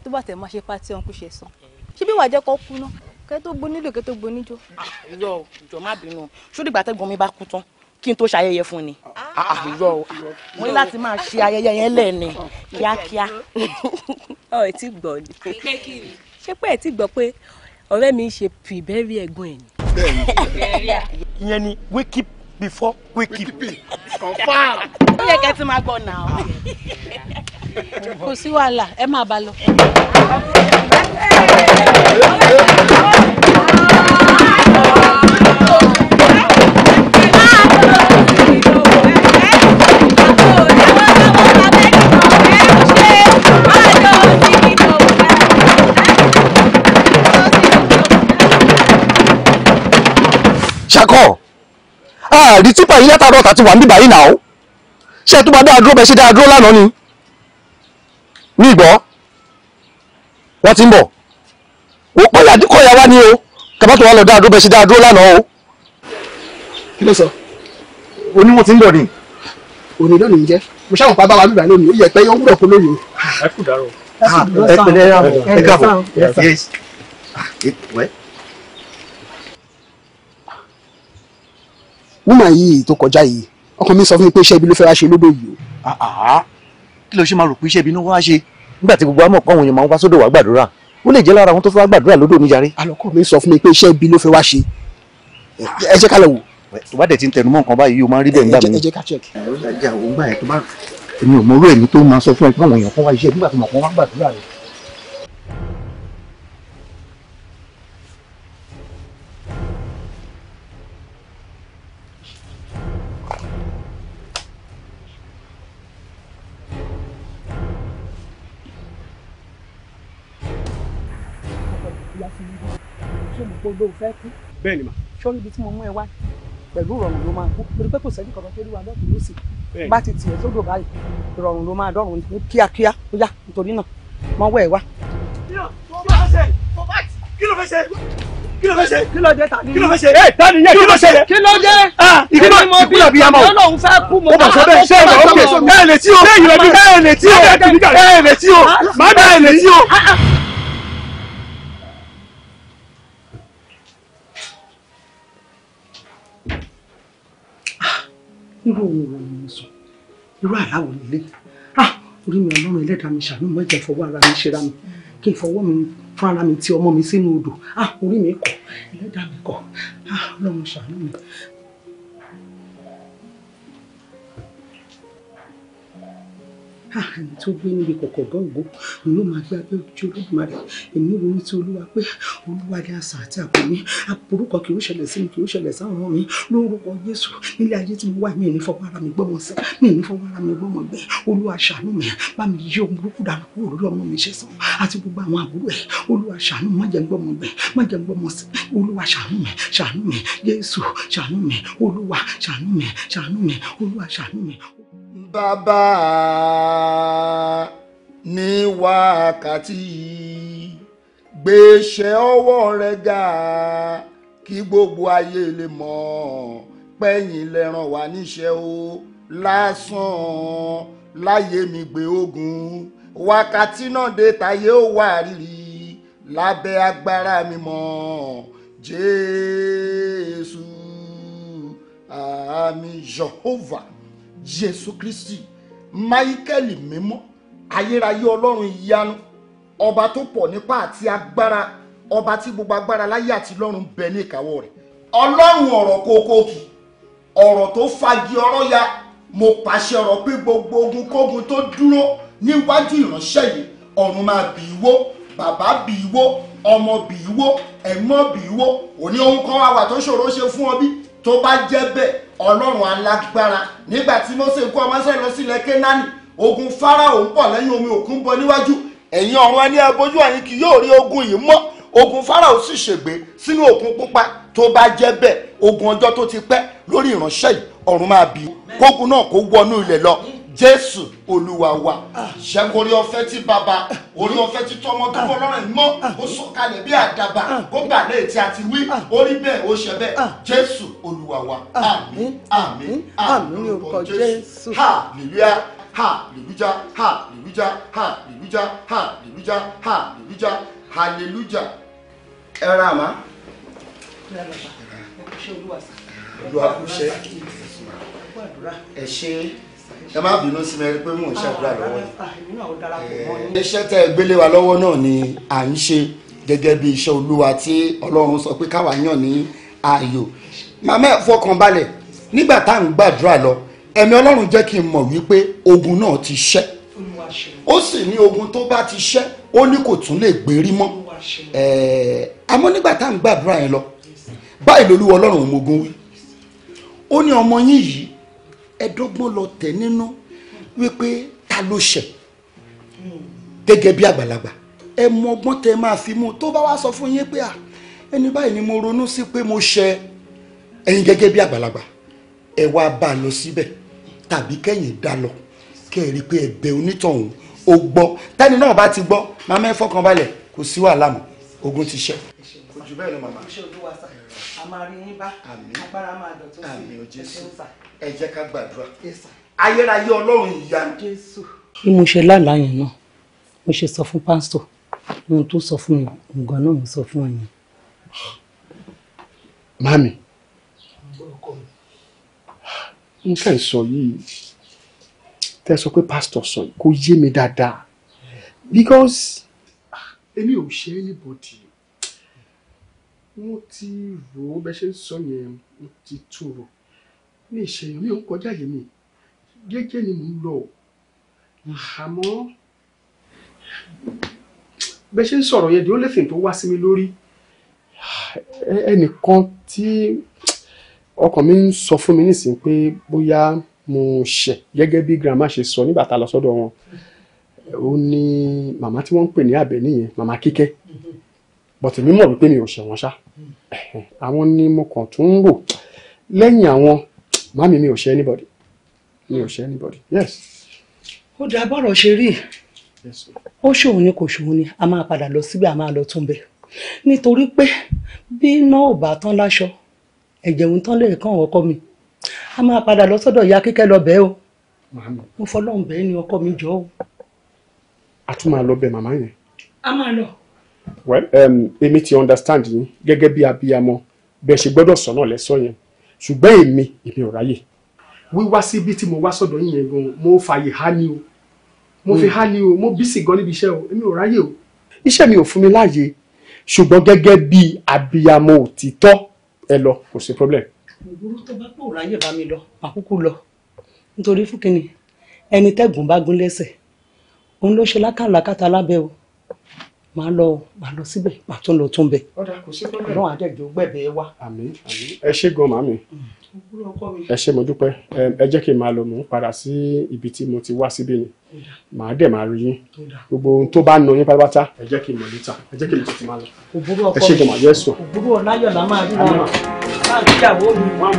S11: tó bá tẹ̀ máa ṣe pati ọkùn ṣe sọ
S3: ṣé bí wàá jẹ́ kó kú náà kẹ́ tó gbónílò kẹ́ tó gbóníjó.
S5: ìjọ ah, ìjọ má bínú
S3: ṣó dìgbà tẹ́gbọ́n mi bá kú tán kí n tó ṣayẹyẹ fún ni
S4: ah. Ah, irọ́ o mo ní láti máa ṣe ayẹyẹ yẹn lẹ́ẹ̀ni kíákíá. ọ ẹ ti gbọ́ ni
S5: ṣé pé ẹ ti gbọ́ pé ọ̀rẹ́ mi ń ṣe pìbẹ́rì ẹ̀gbọ́n ẹ̀ ni. ìyẹn ni wake up before wake up. confam. ó yẹ kẹ́ ẹ ti máa gbọ́ nà ó.
S3: kò sí wàhálà ẹ máa bá lọ.
S2: kọ́ ààrí típà yìí látàrọ̀ tàti wà níbà yìí náà ṣé ẹ tó bá dáa dúró bẹ́ẹ̀ ṣe dáa dúró lánàá ni ní ìgbọ́ wọ́n ti ń bọ̀ ó yà kọ́ ìyá wa ni o kàbá tó wà lọ dáa dúró bẹ́ẹ̀ ṣe dáa dúró lánàá o. kí ló sọ oní wọn ti ń bọ̀ ni. òní lónìí jẹ́ mo ṣáà wọn pa báwa bíbá lónìí ó yẹ pé yóò wúrọ̀ kó lónìí. ẹ kú dàrọ.
S1: ẹ pẹ̀lẹ́ ẹ káàbọ̀ ẹ
S2: káàbọ̀ wúmà yìí tó kọjá yìí ọkàn mi sọ fún mi pé iṣẹ́ ibi ló fẹ́ wá ṣe lódò yìí o. Ah, ah, ah. kí ló ṣe máa rò pé iṣẹ́ ibi ló wá ṣe nígbà tí gbogbo àmọ̀ kọ́hún yẹn máa ń wá sódò wá gbàdúrà ó lè jẹ́ lára àwọn tó fẹ́ wá gbàdúrà lódò níjàre. alọ́kọ̀ mi sọ fún mi pé iṣẹ́ ibi ló fẹ́ wá ṣe ẹ jẹ́ ká lọ wò.
S10: tó bá dẹ̀ ti ń tẹnu mọ́ nǹkan báyìí o máa ń rí bẹ́ẹ̀ nígbà mi. ẹ jẹ́ ká check. èmi ò mọ orú ẹ̀mí tó máa sọ fún
S2: kó ló fẹ́ kú. bẹ́ẹ̀ ni mà. ibi tí mo mú ẹ wá pẹ̀lú ìrọ̀rùn ló máa kú torí pé kò sẹ́jú kankan tó lúwa lọ́tún lọ́sì bá ti tiẹ̀ sódò báyìí ìrọ̀rùn ló máa dọ́rùn ní kíákíá ó yá nítorí náà mọ́ wẹ̀ wá.
S1: kí ló fẹ́ ṣe kí ló fẹ́ ṣe kí ló dé tani kí ló fẹ́ ṣe ẹ tani yẹ kí ló ṣe kí ló dé ìkúmọ̀ ah, ìkúmọ̀ bí yamọ̀ ọlọ́run fẹ́ kú mo bá sọ bẹ́ẹ̀ ṣe é ọ̀kẹ́ ẹ̀ lè tí o ẹ̀ lè tí o ẹ̀ lè tí o má bẹ́ẹ̀ lè tí o
S6: irú òun wo ni sùn irú àláwọ̀ nílé ah, orí mi ọlọ́run ẹlẹ́dàá mi ṣàánú mọ́ ìjà fọwọ́ ara mi ṣera mi kí n mi fún ara mi
S2: ti ọmọ mi sínú odò ah, orí mi kọ̀ ẹlẹ́dàá mi kọ̀ ah, ọlọ́run ṣàánú mi
S6: àrùn tó gbé níbi kọ̀kọ̀ gọ́gbó òun ló máa gbé abẹ́ ojú olódùmarè èmi ronú tí
S2: olúwa pé olúwa ni àṣà àti àbò mi àbúrúkọ kì í ṣẹlẹ̀ sí mi kì í ṣẹlẹ̀ sáwọn mi lórúkọ Jésù nílé ayé tí mo wà ní fọwọ́ mi gbọ́mọ sí ní fọwọ́ mi gbọ́mọ gbẹ olúwa
S6: ṣàánú mi bá mi yí ohun burúkú dànù kúrò lórí ọmọ mi ṣe sàn àti gbogbo àwọn àbúrò ẹ olúwa ṣàánú má jẹ́ gbọ́mọ gbẹ má jẹ́ gbọ́mọ sí olúwa ṣàánú mi ṣàánú mi Jésù ṣàánú mi olúwa ṣàánú mi ṣàánú mi olúwa ṣàánú mi
S2: bàbá ní wákàtí yìí gbèsè ọwọ́ rẹ̀ ga kí gbogbo ayé lè mọ̀ pẹ́yìn lẹ́ràn wá níṣẹ́ o lásán láyé mi gbé ogun wákàtí náà dé tayé ó wà rírì lábẹ́ agbára mi mọ̀ Jésù àmì Jehovah jésù kristi máíkẹ́lì mímọ́ ayérayé ọlọ́run ìyanu ọba tó pọ̀ nípa àti agbára ọba tí gbogbo agbára láyé àti lọ́run bẹ ní ìkáwọ́ rẹ̀ ọlọ́run ọ̀rọ̀ kókókì ọ̀rọ̀ tó fagi ọ̀rọ̀ ya mo pàṣẹ ọ̀rọ̀ pé gbogbo ogun kógun tó dúró níwájú ìránṣẹ́ yìí ọ̀run máa bì í wó bàbá bì í wó ọmọ bì í wó ẹ̀mọ́ bì í wó òní ohun kan wà tó ṣòro ṣe fún ọ bí tó bá jẹ́ bẹ́ẹ̀ ọlọ́run alágbára nígbà tí Mósè kó ọmọ Ísírẹ́lì lọ sílẹ̀ Kénáánì ogun Fáráò ń pọ̀ lẹ́yìn omi òkun bọ níwájú ẹ̀yin ọ̀run ẹni ẹbójú ẹ̀yin kì yóò rí ogun yìí mọ́ ogun Fáráò sì ṣègbè sínú òkun pupa tó bá jẹ́ bẹ́ẹ̀ ogun ọjọ́ tó ti pẹ́ lórí ìránṣẹ́ yìí ọ̀run máa bì í kógun náà kó wọnú ilẹ̀ lọ jésù olúwa wa ṣẹ́gun tí baba orí ọ̀fẹ́ tí tọmọ tó fọlọ́rìn mọ́ ó sọ̀kalẹ̀ bí àdàbà ó gbà lẹ́yìn tí a ti wí orí bẹ́ẹ̀ ó ṣe bẹ́ẹ̀ jésù olúwa wa àmín àmín àmín orúkọ jésù hallelujah hallelujah hallelujah hallelujah hallelujah hallelujah hallelujah ẹ ra àmá. olúwa kò ṣe ẹ ṣe ẹ má bínú sí mi pé mò ń ṣàdúrà lọ́wọ́ yìí. Ah, eh, iṣẹ́ tẹ́ ẹ gbélé wa lọ́wọ́ náà ni à ń ṣe gẹ́gẹ́ bí iṣẹ́ olúwa tí ọlọ́run sọ pé káwa yàn ní ààyò màmá ẹ̀ fọkàn balẹ̀ nígbà tá à ń gbàdúrà lọ ẹ̀mí ọlọ́run jẹ́ kí n mọ̀ wípé ogun náà ti ṣẹ́ ó sì ní ogun tó bá ti ṣẹ́ ó ní kò tún lè gbérí mọ́ eh, àmọ́ nígbà tá à ń gbàdúrà yẹn lọ báyìí lolúwa ọlọ́run ọmọ ogun wí ó ní ọmọ yín yìí ẹ̀ẹ́dọ́gbọ́n lọ tẹ̀ nínú wípé ta ló ṣẹ̀ gẹ́gẹ́ bí àgbàlagbà ẹ mọ ọgbọ́n tẹ máa fi mú tó bá wá sọ fún yín pé à ẹni báyìí ni mo ronú sí pé mo ṣẹ̀ ẹ̀yin gẹ́gẹ́ bí àgbàlagbà ẹ wá bá a lọ síbẹ̀ tàbí kẹ́yìn dá lọ kẹ́ ẹ rí i pé ẹ̀bẹ̀ onítọ̀hún ó gbọ́ tẹ́ni náà bá ti gbọ́ máa mẹ́ fọkàn balẹ̀ kò sí wàhálà mọ́ ogun ti ṣẹ́ ojú bẹ́ẹ̀ lọ màmá. a máa rí yín bá agbára máa dọ̀tún sí i ẹ̀sìn sá ẹ jẹ́ ká gbàdúrà ayérayé ọlọ́run ìyanu.
S6: bí mo ṣe lálàá yẹn náà mo ṣe sọ fún pásítọ̀ ohun tó sọ fún mi nǹkan
S2: náà mo sọ fún ọ yẹn. mami n tẹ́ ń sọ yìí tẹ́ sọ pé pásítọ̀ sọ yìí kò yé mi dáadáa because ah, èmi ò ṣe anybody mo ti rò ó bẹ́ẹ̀ ṣe ń sọ yẹn mo ti tún rò mi ìṣèyàn mi ò ń yìí mi jẹ́jẹ́ ni mò ń lọ àmọ́ bẹ́ẹ̀ ṣe ń sọ̀rọ̀ yẹn the only thing tó wá sí mi lórí ẹnìkan tí ọkàn mi ń sọ fún mi nísìnyí pé bóyá mo ṣẹ̀ gẹ́gẹ́ bí grandma ṣe sọ nígbà tá a lọ sọ́dọ̀ wọn ó ní màmá tí wọ́n ń pè ní àbẹ̀ nìyẹn màmá kíkẹ́ bọ̀tì mi mọ̀ wípé mi ò ṣẹ̀ wọ́n ṣá àwọn ni mo kàn tún ń rò lẹ́yìn àwọn Mami, mi ò ṣe anybody mi ò ṣe anybody yes. ó dá bọ́rọ̀ ṣe rí ó ṣòun ni kò ṣòun ni a máa padà lọ síbẹ̀ a máa lọ tún bẹ̀ nítorí pé bí iná ò bá tán láṣọ ẹ̀jẹ̀ òun tán lè kàn ọkọ mi a máa padà lọ sọ́dọ̀ ìyá kíkẹ́ lọ bẹ́ẹ̀ o mo fọlọ́run bẹ́ẹ̀ ni ọkọ mi jọ o. a tún máa lọ bẹ̀ màmá yẹn. a máa lọ. well um, èmi um, ti understand yín gẹ́gẹ́ bí abiyamọ bẹ́ẹ̀ ṣe gbọ́dọ̀ sọ náà lẹ́sọ̀ yẹn ṣùgbọ́n èmi èmi ò ráyè wíwá síbi tí mo wá sọ́dọ̀ yín gan mo fààyè há ni o mo fi hmm. há ni o mo bí sì gan níbi iṣẹ́ o èmi ò ráyè o iṣẹ́ mi ò fún mi láàyè ṣùgbọ́n gẹ́gẹ́ bí abiyamọ òtítọ́ ẹ lọ kò sí problem. ìgboro tó bá pòórá yẹ̀ bá mi lọ àkókò lọ nítorí fún kínní ẹni tẹ́gùn bá gún
S6: lẹ́sẹ̀ òun ló ṣe lákàlàkàtà lábẹ́ o máa lọ máa lọ síbẹ̀ máa
S2: tún lọ tún bẹ̀. ọ̀dà kò sí pọ́nbẹ̀. ọlọ́run àjẹjọ́ gbẹ̀bẹ̀ wá. àmín àmín ẹ ṣé gan màmí. ẹ ṣé mo dúpẹ́ ẹ jẹ́ kí n máa lọ mò ń padà sí ibi tí mo ti wá síbí ni màá dẹ̀ máa rí yín gbogbo ohun tó bá ń nà yín pátápátá ẹ jẹ́ kí n mọ̀ níta ẹ jẹ́ kí n tètè máa lọ. ẹ ṣé gan màá yẹ sùn. òbúrò ọláyọ̀ la máa rí wọn láti ìyàwó mi. wọ́n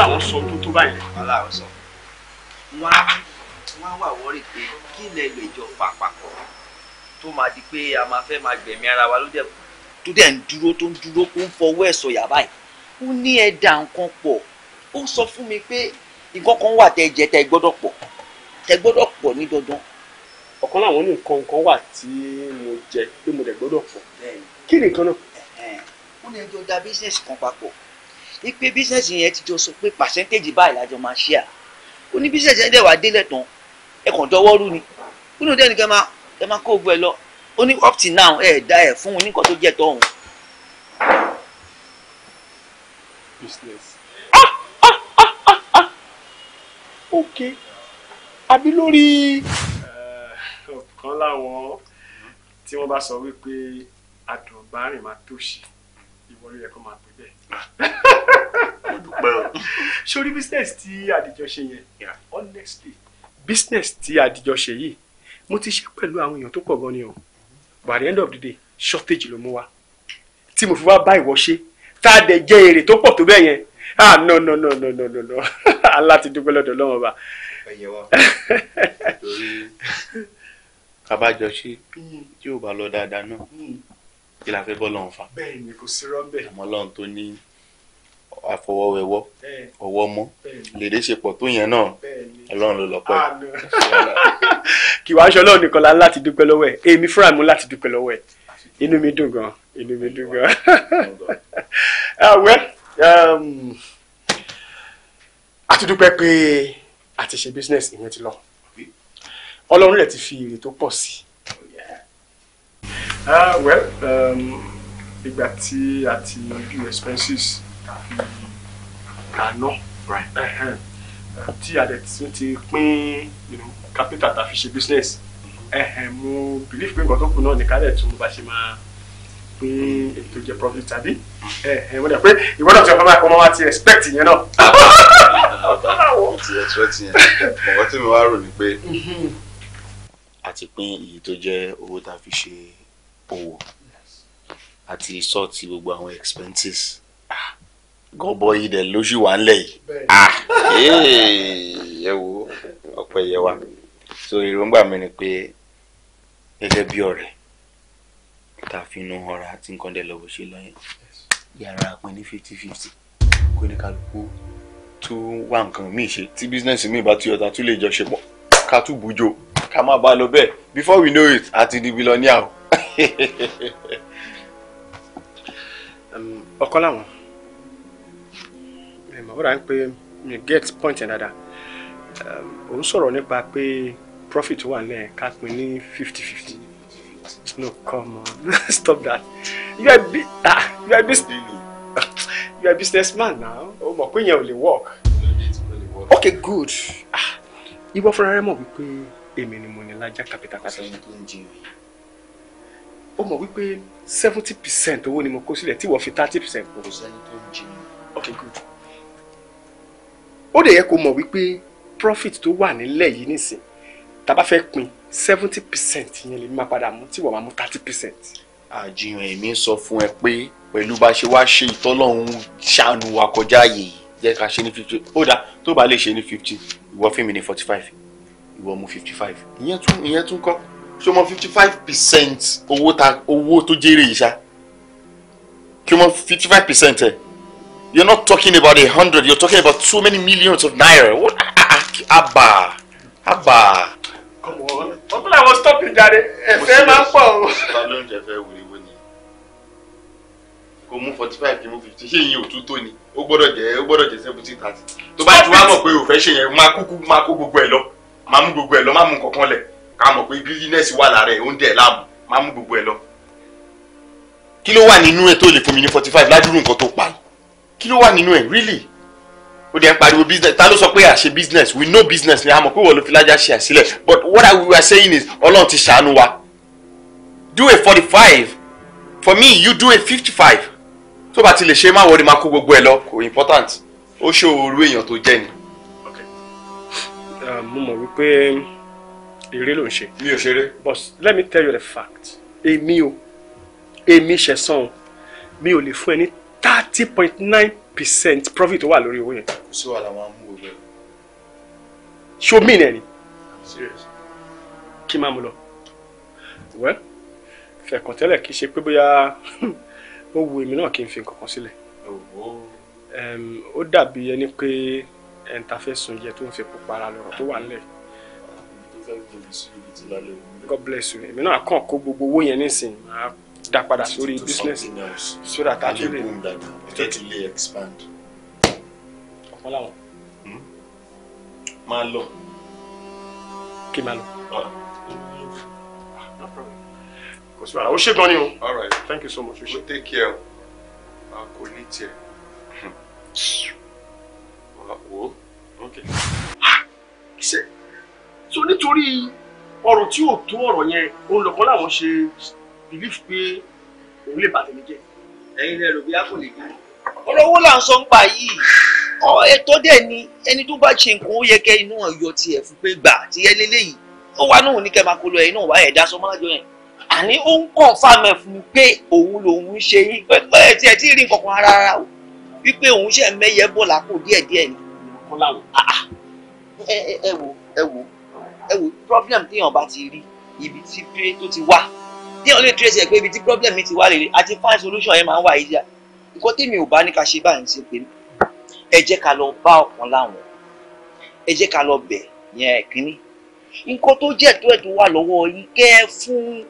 S2: làwọn sọ ọdún tó báyìí.
S7: wọ́n wọ́n á wá wà wọ́rì pé kí ilẹ̀ lè jọ fà papọ̀ tó máa di pé a máa fẹ́ máa gbẹ̀mí ara wa ló dẹ̀ tó dẹ̀ ń dúró tó ń dúró kó ń fọwọ́ ẹ̀ sọ̀yà báyìí ó ní ẹ̀dà nǹkan pọ̀ ó sọ fún mi pé nǹkan kan wà tẹ́ jẹ tẹ́ gbọ́dọ̀ pọ̀ tẹ́ gbọ́dọ̀ pọ̀ ní dandan. ọ̀kan láwọn
S2: ní nǹkan kan wà tí mo jẹ pé mo dẹ̀ gbọ́dọ̀ pọ̀ kí ni nǹkan náà.
S7: ó ní ẹjọ́ da bísíǹsì kan papọ̀ ipe bísíǹsì yẹn ti jọ sọ pé pàṣẹ́ntéèjì báyìí lájọ máa ṣe à ó ní bísíǹsì yẹn dẹ̀ délẹ̀ tán ẹ kàn dọwọ́ rú ni inú dẹ́ni kẹ́ máa kẹ́ máa kó ogun ẹ lọ ó ní up till now ẹ da ẹ fún un ní nǹkan tó jẹ́ tọ́hún.
S2: Ah, ah, ah, ok àbí lórí. Eh, ọ̀kan láwọn tí wọ́n bá sọ wípé àdùnbárìn máa tòṣì ìwọ ló yẹ máa pè bẹ́ẹ̀. mo business tí àdìjọ ṣe yẹn honestly business tí àdìjọ ṣe yìí mo ti ṣe pẹ̀lú àwọn èèyàn tó pọ̀ gan ni o but at the end of the day shortage lo mú wa tí mo fi wá bá ìwọ ṣe tá a jẹ èrè tó pọ̀ tó bẹ́ẹ̀ yẹn ah no no no no no no no ti dúpẹ́ lọ́dọ̀ lọ́wọ́ bá. ẹyẹ wa torí kábàjọ ṣe tí ò bá lọ dáadáa náà hmm. kí la fẹ́ bọ́ lọ́hùn fa. ni àmọ́ lọ́hùn tó ní àfọwọ́wẹ́wọ́ ọwọ́ mọ́ lèrè ṣe pọ̀ tó yẹn náà ọlọ́run ló lọ́pẹ́. kì wá aṣọ ọlọ́run nìkan la ń láti dúpẹ́ lọ́wọ́ ẹ̀ èmi fúnra mi láti dúpẹ́ lọ́wọ́ ẹ̀ inú mi dùn gan inú mi dùn gan. àwẹ̀ ah, um, a dúpẹ́ pé a ti ṣe business ìyẹn ti lọ ọlọ́run rẹ̀ ti fi èrè tó pọ̀ sí oh, Ah, well, um, ìgbà tí a ti do expenses àná tí a dẹ̀ tún ti pín capital tá a fi ṣe business mo believe pé nǹkan tó kù náà ní ká dẹ̀ tún bá ṣe máa pín ètò jẹ profit tàbí mo dẹ̀ pé ìwọ náà ti ọ̀pá máa kọ́ ọmọ wa ti expect yẹn náà. ti expect yẹn ọ̀pọ̀ tí mi wá rò ni pé a ti pín iye tó jẹ́ owó tá a fi ṣe owó àti sọ́ọ̀tì gbogbo àwọn expenses gọbọ yìí dẹ lóṣù wà ńlẹ̀ yìí ah ẹ wo ọpẹ́ yẹ wa so èròǹgbà mi ni pé gẹ́gẹ́ bí ọ̀rẹ́ tá a fi inú ọra tí nǹkan dẹ lọ́wọ́ ṣe lọ yẹn yàrá pin ní fifty fifty kó ní kálukú tún wá nǹkan míì ṣe tí bísínẹ́sì míì bá tún yọta tún lè jọ ṣe pọ̀ ká tún bùjọ ká má bá lọ bẹ́ẹ̀ before we know it a ti di bilọ́níà um, ọkọ làwọn ó rà ń pé mi get point yẹn dáadáa òun sọ̀rọ̀ nípa pé profit wà nílẹ̀ ká pín ní fifty fifty no come on stop that you are bi ah you are business you are businessman now o mọ̀ pé yẹn ò lè work okay good ah ìwọ fúnra rẹ mọ̀ wípé èmi ni mo ní lájà kàpítàkàtà ó mọ̀ wípé seventy percent owó ni mo kó sílẹ̀ tí wọ́n fi thirty percent kó. okay good ó dẹ̀ yẹ kó mọ̀ wípé profit tó wà nílẹ̀ yìí nìsín tá a bá fẹ́ pín seventy percent yẹn lè máa padà mú tí wọ́n máa mú thirty percent. àjiyàn èmi sọ fún ẹ pé pẹ̀lú bá ṣe wá ṣe ìtọ́lọ́hún ṣàánú wa kọjá yìí jẹ́ ká ṣe ní fifty ó dáa tó bá lè ṣe ní fifty ìwọ fún ní forty five ìwọ mú fifty five ìyẹn tún ìyẹn tún kọ́ ṣé o mọ fifty five percent owó ta owó tó jèrè yìí ṣá kí o mọ fifty five percent ẹ̀. You're not talking about a hundred. You're talking about so many millions of naira. What? Ah, ah, Abba, Abba. Come on. Until I was talking Daddy. Ẹ̀fẹ̀ máa ń pọ̀ o. Ta ló ń jẹ fẹ́ wuli forty five kí mú fifty. Ṣé ìyẹn òtún tó ni? Ó gbọ́dọ̀ jẹ́ ó gbọ́dọ̀ jẹ́ seventy thirty. Tó bá ti wá mọ̀ pé o fẹ́ ṣe yẹn, máa kúkú máa kó gbogbo ẹ̀ lọ. Máa mú gbogbo ẹ̀ lọ, máa mú nǹkankan lẹ̀. Ká mọ̀ pé bísínẹ́sì wà lára ẹ̀, oúnjẹ ẹ̀ láàmú. Máa mú gbogbo ẹ̀ lọ. Kí ló wà nínú ẹ̀ tó lè fún mi ní forty five ládùúrú nǹkan tó pa yìí? kí ló wà nínú ẹ̀ really ó dẹ̀ ń pariwo business ta ló sọ pé àṣe business we know business ni a mọ̀ pé wọ́n ló fi lájà ṣe àṣìlẹ̀ but what we were saying is ọlọ́run ti ṣàánú wa do a forty five for me you do a fifty five tó bá ti lè ṣe má wọlé máa kó gbogbo ẹ lọ kò important ó ṣe òru èèyàn tó jẹ́ ni. Ah, mo mọ̀ wípé eré ló ń ṣe. mi ò ṣeré. but let me tell you the fact èmi o èmi ṣẹ̀sán o mi ò lè fún ẹ ní thirty point nine percent profit tó wà lórí owó yẹn. kò sí wàhálà wọn á mú gbogbo ẹ. ṣó mí nẹ ni. kí máa mú lọ. wẹ́ fẹ̀kàn tẹ́lẹ̀ kì í ṣe pé bóyá ó wu èmi náà kí n fi nǹkan kan sílẹ̀. ó dàbí ẹni pé ẹ̀ ta fẹ́ sun jẹ tó ń fi pupa ara lọ́rọ̀ tó wà nílẹ̀. God bless you èmi náà kàn kó gbogbo owó yẹn nísìnyí dá padà sórí business so that a tún lè tètè expand. ọ̀pọ̀ làwọn. Hmm? máa lọ. kí máa lọ. kò sí wàhálà ó ṣe gan ni o. all right thank you so much. we take care a kò ní tiẹ̀. wo ok. Ah! ṣe so nítorí ọ̀rọ̀ tí ò tó ọ̀rọ̀ yẹn òun lọ̀kọ́ làwọn ṣe believe pé òun lè bàtẹ́ mi jẹ́ ẹ̀yin lẹ́rù
S7: bí a kò lè gbé. ọ̀rọ̀ owó là ń sọ ń pa yìí ẹ̀tọ́ dẹ̀ ni ẹni tó bá ṣe nǹkan ó yẹ kẹ́ inú ọ̀yọ́ tiẹ̀ fún pé gbà tí ẹ lélẹ́yìí ó wá náà ní kẹ́ kó lọ ẹ̀yin náà wá ẹ̀dá sọmọ́ àjọ yẹn àní ó ń kàn fáàmẹ̀ fún mi pé òun lòun ṣe yín pẹ́pẹ́ ẹ̀ tí rí nǹkan kan rárá o wípé òun ṣe mẹ́yẹ bọ̀ lápò díẹ̀díẹ̀ ni. Ah, ah. ẹ wo ẹ wo ẹ wo problem téèyàn bá ti rí ibi tí pé tó ti wá tí wọn lè trace ẹ pé ibi tí problem mi ti wá rèé àti find solution yẹn máa ń wà yìí yá nǹkan tèmi ò bá ní ká ṣe báyìí ń ṣe pé ẹ jẹ́ ká lọ bá ọ̀kan láwọn ẹ jẹ́ ká lọ bẹ̀ yẹn kínní nǹkan tó jẹ́ tó ẹ̀ tó wà lọ́wọ́ yín kẹ́ ẹ fún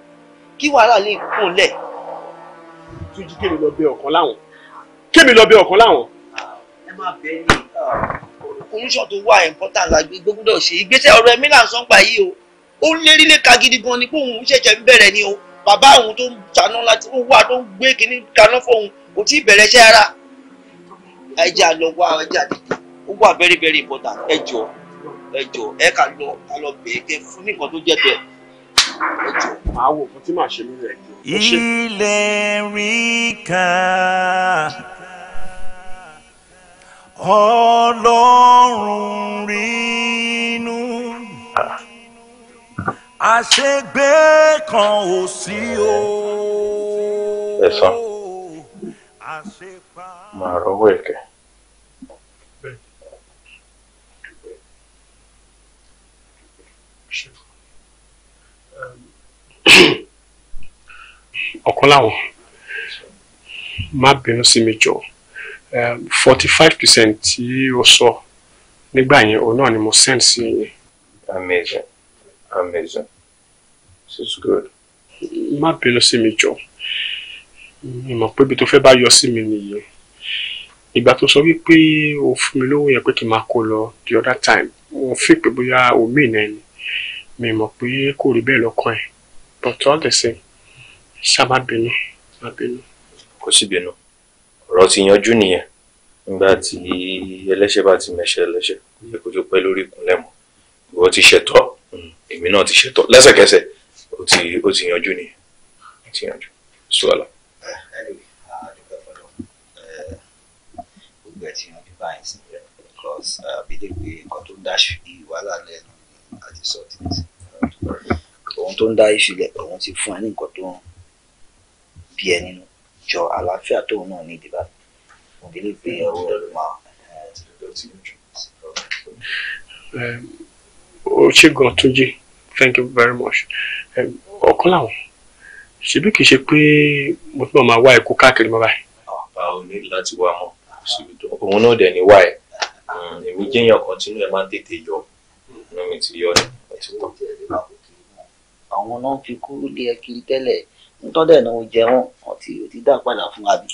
S7: kí wàhálà lè kún lẹ̀. túnjí kémi lọ bẹ ọ̀kan
S2: láwọn kémi lọ bẹ ọ̀kan láwọn.
S7: ẹ má bẹ ní ah, solution tó wà important la gbé gbogbo ṣe ìgbésẹ̀ ọ̀rọ̀ ẹ̀mí là ń sọ́ngbà yìí o ó lérí lè ka gidi gan ni pé òun ṣẹ̀ṣẹ̀ ń bẹ̀rẹ̀ ni o bàbá àwọn tó ń jáná láti ó wà tó ń gbé kínní kaná fóun kò tí ì bẹ̀rẹ̀ iṣẹ́ ara ẹja lọ wá ẹja ó wà very very important ẹjọ ẹjọ ẹ kà lọ kà lọ bẹ̀ẹ́ kẹ fún nìkan tó jẹ́ tẹ̀
S1: ẹjọ máa wò fún tí màá ṣe nínú ẹjọ. ilé rí ọlọ́run rí àṣegbé kan ò sí o. ẹ̀sán màá rọwọ́ ẹ̀kẹ́.
S2: ọ̀kan láwọn má bínú sí mi jọ forty five percent tí o sọ nígbà yẹn òun náà ni mo send sí yẹn. amazing amazing so good. má bínú sí mi jọ mọ̀ pé ibi tó fẹ́ bá yọ sí mi nìyẹn ìgbà tó sọ wípé o fún mi lówó yẹn pé kí n máa kó lọ the other time mo fi pé bóyá omi ìnà ẹni mi mọ̀ pé kò rí bẹ́ẹ̀ lọ́kàn ẹ̀ but all the same ṣá má bínú má bínú. kò sí bínú ọ̀rọ̀ ti yanjú nìyẹn nígbà tí ẹlẹ́ṣẹ̀ bá ti mẹ̀ṣẹ̀ ẹlẹ́ṣẹ̀ kò yẹ kó tó pẹ́ lórí ìkúnlẹ̀ mọ́ ìwọ ti ṣẹ̀tọ́ hmm. èmi náà ti ṣẹ̀tọ́ lẹ́sẹ̀kẹsẹ̀ o ti o ti yanjú ni o ti yanjú ṣùgbọ́n.
S7: gbogbo ẹ̀ ti yanjú báyìí sí rẹ̀ because bídè pé nǹkan tó ń dá ìwàhálà lẹ́nu àti sọ́ọ̀tì òun tó ń dá ìṣẹ̀lẹ̀ òun ti fún ẹ ní nǹkan tó ń bí ẹ nínú jọ àlàáfíà tóun náà ní ìdìbà mo bí lè gbé ọwọ́ rẹ ló máa
S2: ó ṣe gan tó jẹ́
S7: thank you very much
S2: ọ̀kan làwọn ṣebí kìí ṣe pé mo fẹ́ máa wá ikú káàkiri mọ́ báyìí.
S7: ọba ò ní láti wá mọ òun náà dẹ̀ ní wá ẹ̀ hmm, èmi jẹ́yàn kan tínú ẹ̀ máa ń tètè yọ inú mi ti yọ ẹ̀ ti tọ́. àwọn náà fi kú lé ẹ kiri tẹ́lẹ̀ nítọ́dẹ̀ náà jẹ wọ́n ọtí òtí dá padà fún àbí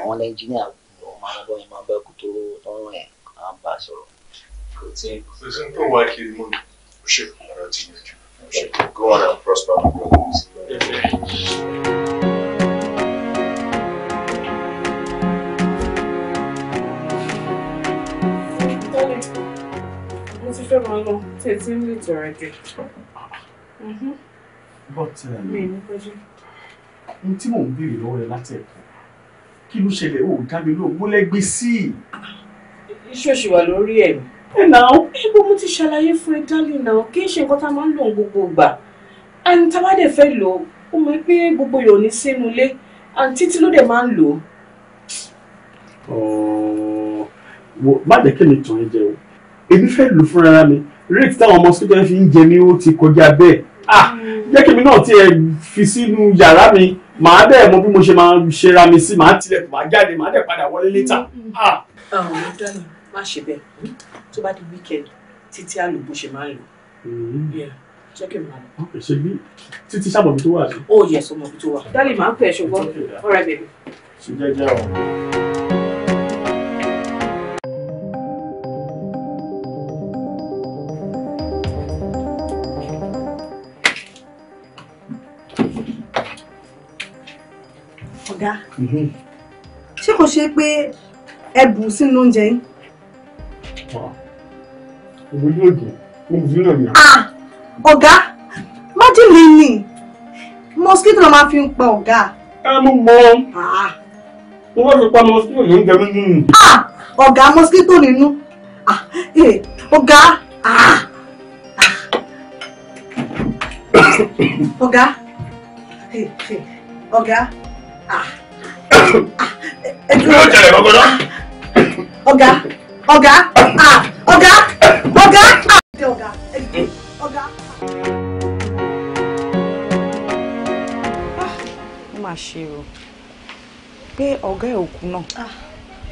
S7: àwọn ẹnjíníà wọn máa ń bọ́ ẹ máa bẹ́ẹ̀ kú tó tọ́rọ̀ ẹ̀ á bá a sọ̀rọ̀. kò tí kò sí tó wá kiri mọ́ mi. Appreciate it. Appreciate it. Go on and prosper, my brothers. Amen.
S4: ti fẹ́ máa lọ tí ẹ ti ń lè tọrọ ẹ̀jẹ̀.
S2: but mi ní pẹ́jọ́. ohun tí mò ń béèrè lọ́wọ́ rẹ láti ẹ̀kọ́ kí ló ṣẹlẹ̀ ó dá mi lóhùn mo sí i. iṣẹ́ òṣì wà lórí ẹ̀. ẹ
S4: náà pé mo ti ṣàlàyé fún ẹ darling náà kì í ṣe nǹkan tá a máa ń lò gbogbo ìgbà ẹni tá a bá dẹ̀ fẹ́ lò ó mọ̀ pé gbogbo yòó ní sínú ilé àǹtí tí ló dẹ̀ máa ń lò
S2: ó. ọ̀ọ́ má jẹ́ kí mi tàn ẹ́ jẹ o èmi fẹ́ lò fúnra mi rate táwọn ọmọ síkẹ́ fi ń jẹ mí ó ti kọjá bẹ́ẹ̀ ah jẹ́ kí mi náà tiẹ̀ fi sínú yàrá mi màá dẹ̀ mọ bí mo ṣe máa ṣera mi sí màá tilẹ̀ màá jáde màá dẹ̀ padà wọlé létà. ọ̀hún dáná má ṣe bẹ́ẹ̀ hmm? tó bá di wíkẹ́ndì títí àlò bó ṣe máa ń lò. ṣé mm-hmm. kí n máa lọ. ṣe bí títí sábàbí tó wà sí. ó oh, yẹ sọmọ bí tó wà. dálì máa ń pẹ ṣùgbọ́n ọ̀rẹ́ bẹ̀rẹ̀. ṣe jẹ́jẹ́ o.
S3: ọ̀gá mm-hmm. ṣé kò ṣe pé ẹ bù sínú oúnjẹ yín
S2: èmi yóò jẹ ah,
S3: ọ̀gá májèlé ni mosquito ló máa fi ń pa ọ̀gá. ẹ mú mọ ah. mo wá fi pa mosquito ló ń jẹ mí nínú. Ah, ọ̀gá mosquito nínú eh, ọ̀gá. ọ̀gá eh, eh, ọ̀gá
S2: ẹ dúró. ẹ dúró ọ̀gá.
S3: Oga ọ̀gá ah, ọ̀gá Oga ọ̀gá. Ah, ah. ó mà ṣe o pé ọ̀gá ẹ̀ òkú náà.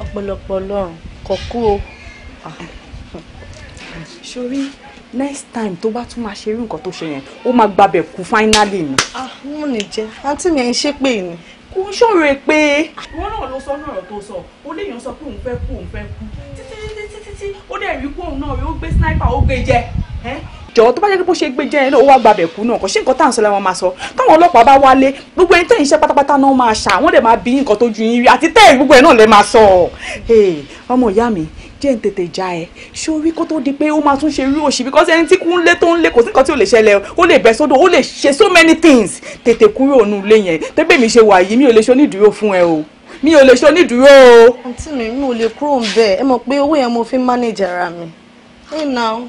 S3: ọ̀pọ̀lọpọ̀ ọlọ́run kò kú o. sori next time tó bá tún máa ṣe irú nǹkan tó ṣe yẹn ó máa gbabẹ̀ kú fáínálì ni. wọn ò ní jẹ àǹtí mi ẹ ń ṣépè ni kò ń ṣòro pé. wọn náà ló sọ náà tó sọ ó léèyàn sọ pé òun fẹ́ kú òun fẹ́ kú títí ó dẹ̀ rí kóun náà rí gbé sniper ó gbé jẹ
S4: jọ̀wọ́ tó bá jẹ́ pé bó ṣe gbé jẹ́ ẹ náà ó wá gbàbẹ̀ kú náà kò sí nǹkan tá à ń sọ
S3: lẹ́wọ̀n máa sọ táwọn ọlọ́pàá bá wálé gbogbo ẹni tẹ̀yìn iṣẹ́ pátápátá náà máa ṣà wọ́n dẹ̀ máa bí nǹkan tó ju yín rí àti
S2: tẹ́ẹ̀ gbogbo ẹ̀ náà lẹ́ máa sọ. ọmọ ìyá mi jẹ́ ń tètè já ẹ ṣé orí kó tó
S4: di pé ó máa tún ṣe irú òṣì bí kọ́sẹ́ ẹni tí kú lé tó ń lé kò sí nǹkan tí ò lè ṣẹlẹ̀ ó lè bẹ́ sódò ó lè ṣe so many things tètè kúrò nù lé yẹn tẹ́gbẹ̀mí ṣe wà yìí mi ò lè ṣe onídùúró fún ẹ o mi ò lè ṣe onídùúró o.
S3: àǹtí mi mi ò lè kúrò ń bẹ̀ ẹ mọ̀ pé owó yẹn mo fi ń manage ara mi. hey now.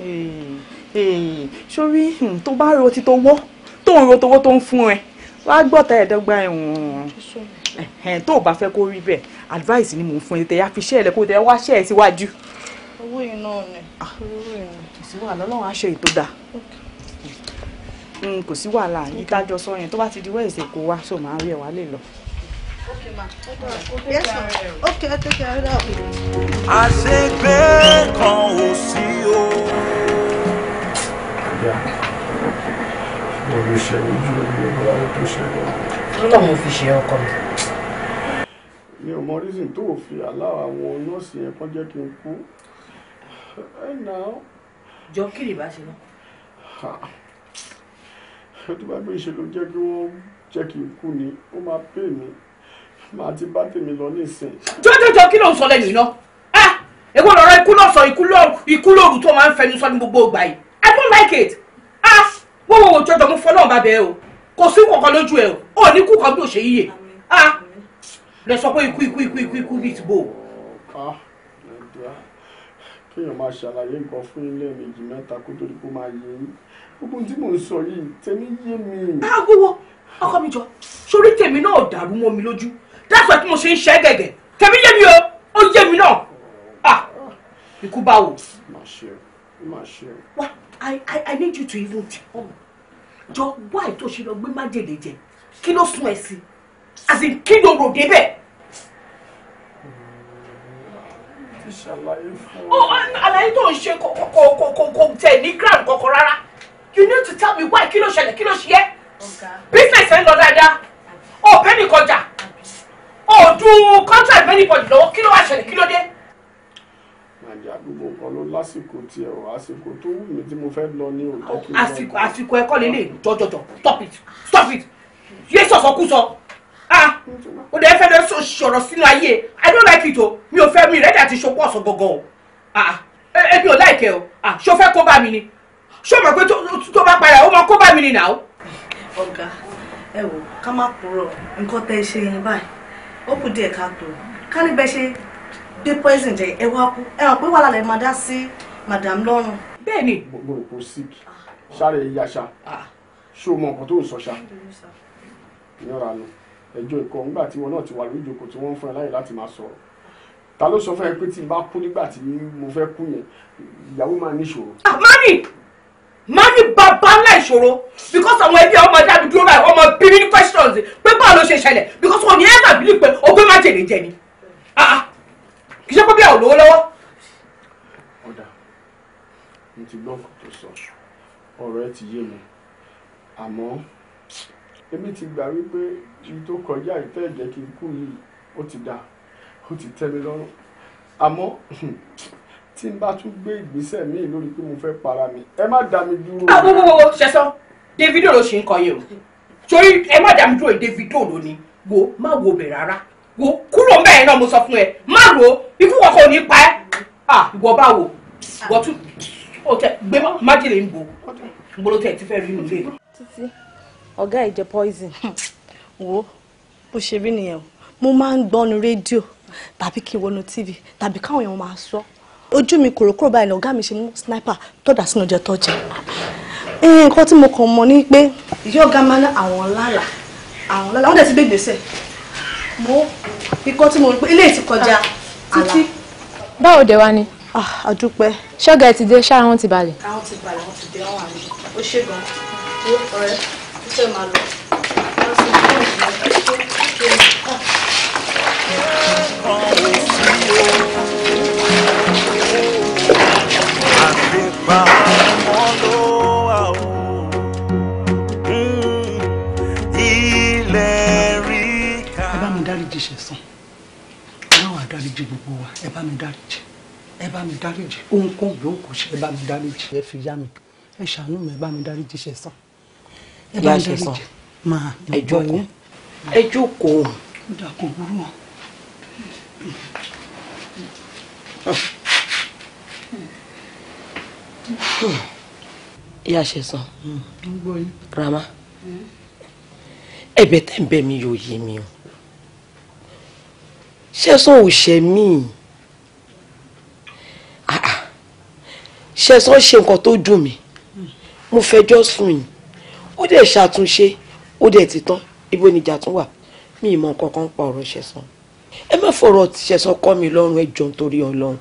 S3: sórí hmm, tó bá ro ti tó wọ́ tó ń ro
S2: tówó tó ń fún ẹ wá gbọ́ta ẹ̀ẹ́dọ́gba ẹ̀wọ̀n tó o bá fẹ́ kó rí bẹ́ẹ̀ advice ni mò ń fún ẹ tẹ̀yà fi ṣẹ́ ẹ̀ lẹ́kọ̀ọ́ tẹ̀yà wá ṣẹ́ ẹ̀ síwájú.
S3: owó yìí náà ni ah. owó yìí náà. kò sí wàhálà ọlọ́run á ṣe ètò dáa hmm, kò sí wàhálà yìí tájọ sọ yẹn tó bá ti di wẹ́ẹ̀sì kó wá sọ máa rí ẹ̀ wá lè lọ
S1: àṣegbé kan ò sí
S8: o.
S2: mo lè ṣe ojú omi ọlọ́run tó ṣe lọ. kí ló mo fi ṣe ọkọ mi. mi ò mọ reason tó o fi aláwọ àwọn nọ́ọ̀sì yẹn kọ́ jẹ́ kí n kú. jọ kí lè bá ṣe lọ. tó bá gbé ìṣèlú jẹ́ kí wọ́n jẹ́ kí n kú ni ó máa pè mí màá ti bá tèmi lọ nísìn. jọjọjọ kí ló ń sọ lẹ́yìn iná
S6: ah èwo lọ̀rọ̀ ikú náà sọ
S2: ikú lóru tó máa ń fẹnu sọ ní gbogbo ìgbà yìí i don't like it ah wọ́wọ́wọ́ jọjọ mo fọ́ náà bá bẹ́ẹ̀ o kò sí kankan lójú ẹ o ò ní kú kan bí ò yíyẹ ah lè sọ pé ikú ikú ikú ikú ikú bíi ti bò. Ah! kéèyàn máa ṣàlàyé nǹkan fún ilé méjì mẹ́ta kó tó di kó máa yé yín gbogbo tí mò ń sọ yìí tèmi yé mi. aago ah, wo ọkọ mi jọ sórí dáfẹ́ tí mo ṣe ń ṣẹ́ gẹ̀gẹ̀ tẹ̀mí yé mi o ó yé mi náà ah ikú bá wò. wá I, I, I need you to even tell me jọ wá ètò ṣe lọ gbé májèlé jẹ kí ló sún ẹ sí àti kí ló rò débẹ̀. Oh,
S4: oh, àlàyé tó ń ṣe kò
S2: tẹ̀ ní grand kankan rárá you need to tell me why kí ló ṣẹlẹ̀ kí ló ṣe é business ẹ̀ ń lọ dáadáa ọ̀bẹ nìkan jà ọdún contract bẹ́ẹ̀ ni bọ̀dì lọ́wọ́ kí ló wá ṣẹlẹ̀ kí ló dé. nàìjíríà gbogbo nǹkan ló lásìkò tiẹ̀ o àsìkò tó wù mí tí mo fẹ́ lọ ní òkè kí n lọ. àsìkò àsìkò ẹ̀kọ́ lélẹ̀ jọjọjọ stop it stop it yé sọ̀sọ̀ kú sọ ah o dẹ̀ fẹ́ lọ sọ̀rọ̀ sínú ayé i don't like it o mi ò fẹ́ mi rẹ́dí àti ṣokú ọ̀sán gangan o ah ebi ò láìkẹ́ o ah ṣo fẹ́ kó bá mi ni ṣé o mọ̀ pé tó bá padà ó mọ kó bá mi ni nà ó.
S3: ọ̀gá ẹ wò ká má kúrò nǹkan tẹ́ ṣe yẹn báyìí ó kù díẹ̀ káàtó ká ní bẹ́ẹ̀ ṣe gbé poison jẹ ẹ wá kú ẹ hàn pé wàhálà lè máa dá sí madam
S2: lọ́rùn. bẹ́ẹ̀ni. gbogbo òpó sick sáré yaṣa ṣó mọ nǹkan tó ń sọ ṣá yọra nu ẹjọ́ ìkọ nígbà tí wọn náà ti wà lórí ìjókòó tí wọn ń fún ẹ láyè láti máa sọ̀rọ̀ ta ló sọ fún ẹ pé tí n bá kú nígbà tí mo fẹ́ kú yẹn ìyàwó máa níṣòro. Ah, mami má ní bàbá ńlá ìṣòro because àwọn ẹbí ọmọ dábì dúró báyìí ọmọ bíbí ní questions pé báwo ló ṣe ṣẹlẹ̀ because wọn ní ẹ̀ka bílí pé ogún má jèrè jẹ ni ah, ah. kì í ṣe pé bí àwọn olówó lọ́wọ́. ọ̀dà mo ti gbọ́ ọ̀rọ̀ ẹ ti yé mi àmọ́ èmi ti gbà wípé ibi tó kọjá ìtẹ́ ẹ̀jẹ̀ kí n kú yìí ó ti da ó ti tẹ́ mi lọ́rùn àmọ́ tí n bá tún gbé ìgbésẹ̀ míì lórí pé mo fẹ́ para mi ẹ má dá mi dúró. àbúrò ah, ṣẹṣọ Davido ló ṣe ń kọ yẹn o torí ẹ má dá mi dúró Davido ló ni wo má wo bẹ̀ rárá wo kúrò ń bẹ̀rẹ̀ náà mo sọ fún ẹ má wo ikú kọkọ ò ní pa ẹ́ ah, ìwọ bá wo ìwọ tún gbé májèlé ń bo ń bolo ti fẹ́ rí nílé.
S3: títí ọ̀gá ìjẹ poison wo bó ṣe rí nìyẹn o mo máa ń gbọ́ nu rédíò tàbí kí n wọnú tv tàbí káwọn èèyàn máa sọ ojú mi kòrókòrò báyìí lọ̀gá mi ṣe mú sniper tọ́dà sínú ọjọ́ tọ́jà nǹkan tí mo kàn mọ̀ ni pé ìyá ọ̀gá máa ń àwọn lára àwọn lára wọ́n dẹ̀ ti gbé gbèsè mo ikọ́ tí mo rò pé ilé ti kọjá títí.
S11: báwo dẹ̀ wá ni. àdúpẹ́. Ah, ṣọ́gà ẹ ti dé ṣáà wọ́n ti balẹ̀.
S3: àwọn ti balẹ̀ wọ́n ti dé àwọn àmì ó ṣe gan-an ó máa lọ. Thank you
S1: àgbégbá wọn ló wà o. Hmm. ilẹ̀ rí ká. ẹ bá mi dáríjì ṣẹ̀san
S2: aláwọ̀ àdáríjì gbogbo wa ẹ bá mi dáríjì ẹ bá mi dáríjì ohunkóhun yóò kò ṣe ẹ bá mi dáríjì ẹ fi yá mi ẹ ṣàánú mi ẹ bá mi dáríjì ṣẹ̀san
S5: máa ẹ jókòó ẹ jókòó. ó dà kó burú o ìyá ṣẹ̀san hmm, rama hmm.
S2: ẹ̀bẹ̀ tẹ́ ń bẹ̀ mí yóò yé mi o
S5: ṣẹ̀san ò ṣẹ̀ mí ah, ah. ṣẹ̀san ṣe nǹkan tó dùn mí hmm. mo fẹjọ́ sùn yìí ó dẹ̀ ṣàtúnṣe
S2: ó dẹ̀ ti tán ibo níjà tún wà mí ìmọ̀ nǹkan kan pa ọ̀rọ̀ ṣẹ̀san ẹ má fọ̀rọ̀ ṣẹ̀san kọ́ mi lọ́rùn ẹ jọ̀ọ́ nítorí Ọlọ́run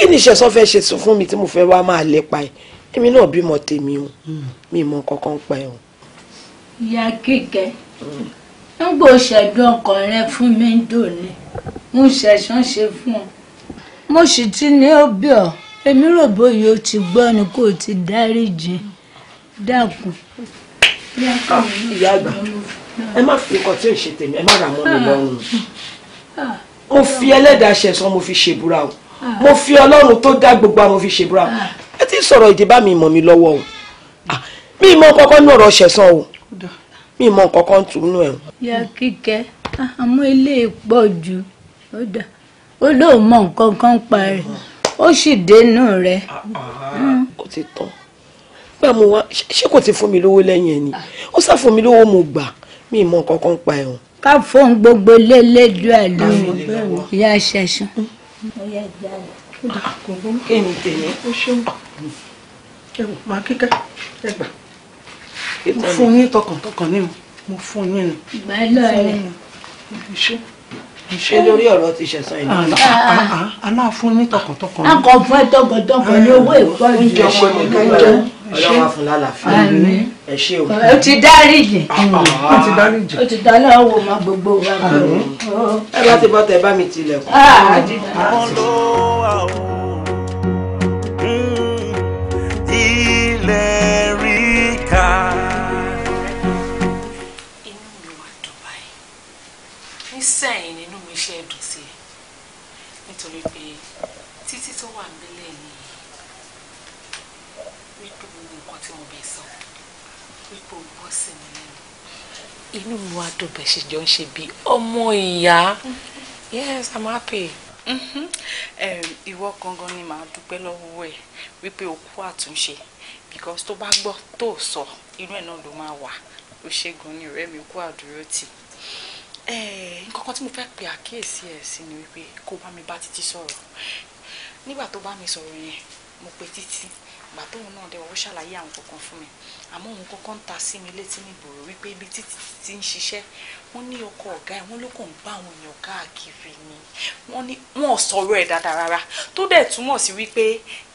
S2: kí ni ìṣẹ̀sọ́ fẹ́ ṣe sùn fún mi tí mo fẹ́ wá máa lépa ẹ̀ èmi náà bímọ tèmi o mi mọ kankan pa ẹ o.
S5: ìyá kíkẹ́ nígbà òṣèlú ọkọ rẹ fún mi ń dùn ni mo ṣẹ̀sán ṣe fún ọ mo sì ti ní òbí ọ èmi rò bóyá o ti gbọ́ ni kò ti dáríjì dákun. ìyá àgbà
S2: ẹ má fi nǹkan tí ò ṣe tèmi ẹ má rà mọ́ mi ah. lọ́rùn mo ah. fi ẹlẹ́dàá ṣẹ̀sán mo fi ṣèbúra o
S8: mo fi ọlọ́run
S2: tó dá gbogbo àwọn fi ṣèbúra ẹ ti sọ̀rọ̀ èdè bá mi mọ̀ mi lọ́wọ́ o ah, mi mọ̀ kọ́kọ́ ní ọ̀rọ̀ ṣẹ̀sán o mi mọ̀ kọ́kọ́ ń tunu ẹ̀.
S5: ya kíkẹ́ ah, àmọ́ ilé pọ̀ ju ó dà ó lóun mọ nǹkan kan pa rẹ̀ ó sì dénú rẹ̀. Ah, ó ti tán gbà mo wá ṣé kò ti fún mi lówó lẹ́yìn ẹ̀ ni ó sá fún mi lówó mo gbà mi mọ̀ nǹkan pa ẹ̀ o. ká fóun gbogbo lélẹ́dùn àlọ́ ìyá ṣẹ̀ṣẹ̀ ọyá ìjà rẹ. ó dà kò gbọ́n kéèmí tèmi ó
S6: ṣeun ẹ wò máa kíkẹ́ ẹ gbà mo fún yín tọkàntọkàn ní o mo fún yín ni. ìgbà ẹ lọ rẹ ṣe lórí
S5: ọ̀rọ̀ ti ṣẹ̀sán ìlú náà. aláàfin ní tọkàntọkàn. a kò fún ẹ tọkàntọkàn ní ah. owó ìfọ́jú. oúnjẹ ọmọ ọlọ́wà fún lálàáfíà ẹ ṣe o. o ti dáríjì o ah, ah, ah. ti dáríjì o ti dáná wo ma gbogbo wa. ẹ bá ti bọ́
S1: tẹ bá mi tilẹ̀kùn.
S4: inú mi wá dùn bẹ́ẹ̀ ṣe jọ ń ṣe bí ọmọ ìyá yes i'm happy. Mm-hmm. ìwọ gangan ni màá dúpẹ́ lọ́wọ́ ẹ̀
S11: wípé o kú àtúnṣe because tó bá gbọ́ tó sọ inú ẹ̀ náà ló máa wà
S4: ó ṣẹ́gun ní ọ̀rẹ́ mi kú àdúró tì eh, nǹkan kan tí mo fẹ́ pe àkíyèsí
S3: ẹ̀ sí ni wípé kó bá mi bá títí sọ̀rọ̀ nígbà tó bá mi sọ̀rọ̀ yẹn mo pe títí ìgbà tóun náà dẹ̀ wọ́n ṣàlàyé àwọn kankan fún mi àmọ́ òun kọ́kọ́ ń ta sí mi létí nígboro wípé ibi títí ti ń ṣiṣẹ́ wọ́n ní ọkọ ọ̀gá ẹ̀ wọ́n ló kàn ń bá àwọn èèyàn káàkiri ni wọ́n ní wọ́n sọ̀rọ̀ ẹ̀ dáadáa rárá tó dẹ̀ túmọ̀ sí wípé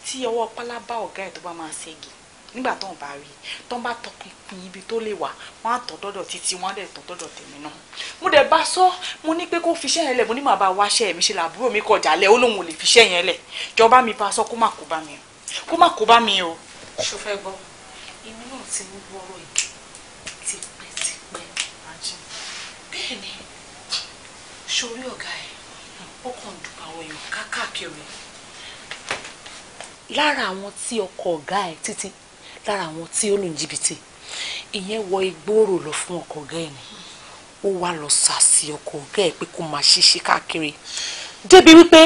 S3: tí ọwọ́ pálábá ọ̀gá ẹ̀ tó bá máa ṣègi nígbà tó ń bá rí i tó ń bá tọpinpin ibi tó lè wà wọ́n á tọ̀ dọ́dọ̀ títí wọ́n á dẹ̀ tọ̀ dọ́dọ̀ tèmi náà mo dẹ̀ bá sọ mo ní pé kó fi iṣẹ́ yẹn lẹ̀ mo ní màá bá wáṣẹ́ mi ṣe làbúrò mi kọjá lẹ̀ ó lóun ò lè fi yẹn lẹ̀ jọba mi bá sọ kó má kó bá mi o
S2: kó má kó bá mi o.
S4: ṣo fẹ́ gbọ́ ti ń gbọ́rọ̀ yìí tipẹ́tipẹ́ bẹ́ẹ̀ ni sórí ọ̀gá ẹ̀ ó kàn dùn àwọn èèyàn kákàkiri lára àwọn tí ọkọ ọ̀gá ẹ̀ títí lára àwọn tí ó lù ní jìbìtì ìyẹn wọ igbóòrò lọ fún ọkọ ọ̀gá ẹ̀ ni ó wá lọ sàsì ọkọ ọ̀gá ẹ̀ pé kó máa ṣiṣẹ́
S3: káàkiri débi wípé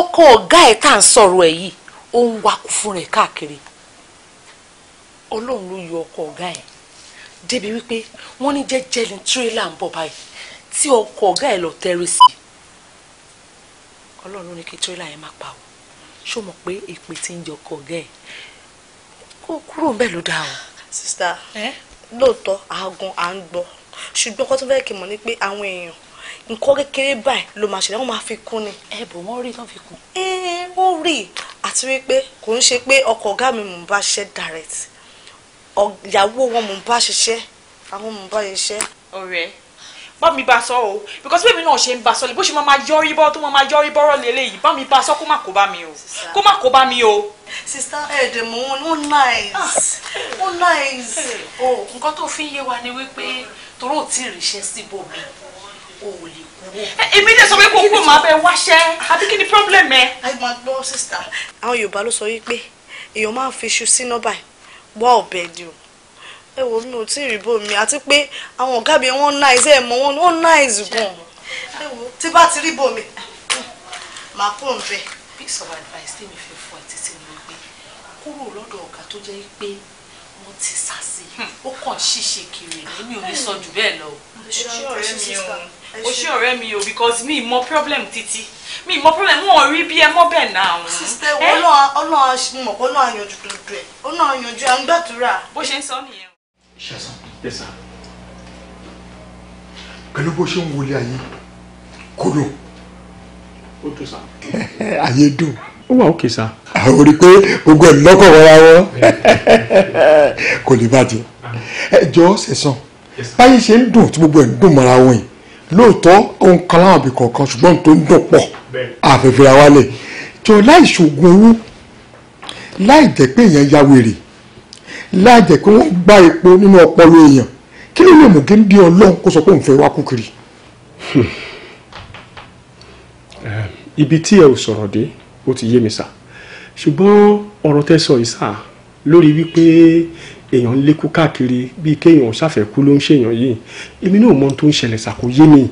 S3: ọkọ ọ̀gá ẹ̀ tá à ń sọ̀rọ̀ ẹ̀ yìí ó ń wakú fún rẹ̀ káàkiri
S4: ọlọ́run ló yọ ọkọ ọ̀gá ẹ̀
S3: débi wípé wọ́n ní jẹ́jẹ́ ni tírélà ń bọ̀ báyìí tí ọkọ ọ̀gá ẹ̀ lọ tẹ́rí sí i ọlọ́run ló ní kí tírélà yẹn má pa o ṣó mọ̀ pé èpè tí ń jẹ ọkọ
S5: ọ̀gá ẹ̀ kó kúrò ń bẹ̀ ló dáa o.
S3: sista lóòótọ́ aagun à ń gbọ́ ṣùgbọ́n kó tó fẹ́ kí mọ̀ ni pé àwọn èèyàn nǹkan kékeré báyìí ló máa ṣẹlẹ̀ wọ́n máa fi kún ni. ẹ bò wọ́n rí tán fi kún. ẹ ó rí àti wípé kò ń ṣe pé ọkọ ọ̀gá mi mò ń bá ṣe direct ìyàwó wọn mò ń bá ṣiṣẹ́ àwọn mò ń bá ṣiṣẹ́. ọ̀rẹ́ bá mi bá sọ o because bẹ́ẹ̀ mi náà ṣe ń bá sọ lè bó ṣe máa yọrí bọ́ tó máa yọrí bọ́rọ̀ lélẹ́yìí bá mi bá sọ kó má kó bá mi o kó má kó bá mi o. sista ẹ̀ẹ́dẹ̀mọ̀ ó nice ó nice o nǹkan tó fi ń yé wa ni wípé toró ò tí ì ríṣẹ́ síbòmí
S5: o ò lè kúrò. èmi lè sọ pé
S3: kó kúrò máa bẹ wáṣẹ́ àbí kí ni problem ẹ. ẹ máa gbọ́ sista. àwọn Yorùbá ló sọ wípé èèyàn máa ń fi iṣu síná báyìí wá ọ̀bẹ ni o ẹ wo mi ò tí ì rí bòmí àti pé àwọn ọ̀gá mi wọ́n nice ẹ mọ wọn wọ́n nice gan ẹ wo tí bá ti rí bòmí màá kó n bẹ. piece of advice tèmi fẹ́ fún ẹ títí ni wípé kúrò lọ́dọ̀ ọ̀gá tó jẹ́ pé wọ́n ti sá sí i ó kàn ṣìṣe kiri èmi ò ní sọ jù bẹ́ẹ̀ lọ. ṣé ọ̀rẹ́ mi ò o ṣé ọ̀rẹ́ mi o because mi mọ problem Titi. mi mọ problem wọn ò rí bí ẹ mọ bẹ́ẹ̀ náà. sísè eh? ọlọ́run mọ̀ kó náà yanjú dúdú ẹ̀ ó náà yanjú ẹ̀ ń gbàdúrà. bó ṣe ń sọ nìyẹn.
S2: ṣàṣà yẹsà pẹ̀lú bó ṣe ń wọlé ayé kó lò. ó dùn sá. ayé dùn. ó wà òkè sá. àwọn orí pé gbogbo ẹ̀ lọ́kọ̀ wọra wọn kò lè bàjẹ́ ah. ẹ jọ ṣẹ̀sán báyìí ṣe ń dùn tí gbogbo ẹ̀ ń dùn mọ́ra wọn yìí lóòótọ́ òun kan láwọn ibì kọ̀ọ̀kan ṣùgbọ́n tó ń dùn pọ̀ àfẹ́fẹ́ ra wálẹ̀ tó láì ṣògùn owó láì jẹ́ pé èèyàn ya wèrè láì jẹ́ pé wọ́n gbá epo nínú ọpọlọ èèyàn kí ló lè mú kí ń di ọlọ́run kó sọ pé òun fẹ́ wá kú kiri. Ehm, ibi tí ẹ ò sọ̀rọ̀ dé ó ti yé mi sá ṣùgbọ́n ọ̀rọ̀ tẹ́ sọ yìí sá lórí wípé èèyàn ń lékú káàkiri bíi kéèyàn ṣàfẹ́kú ló ń ṣèyàn yìí èmi náà mọ ohun tó ń ṣẹlẹ̀ sá kò yé mi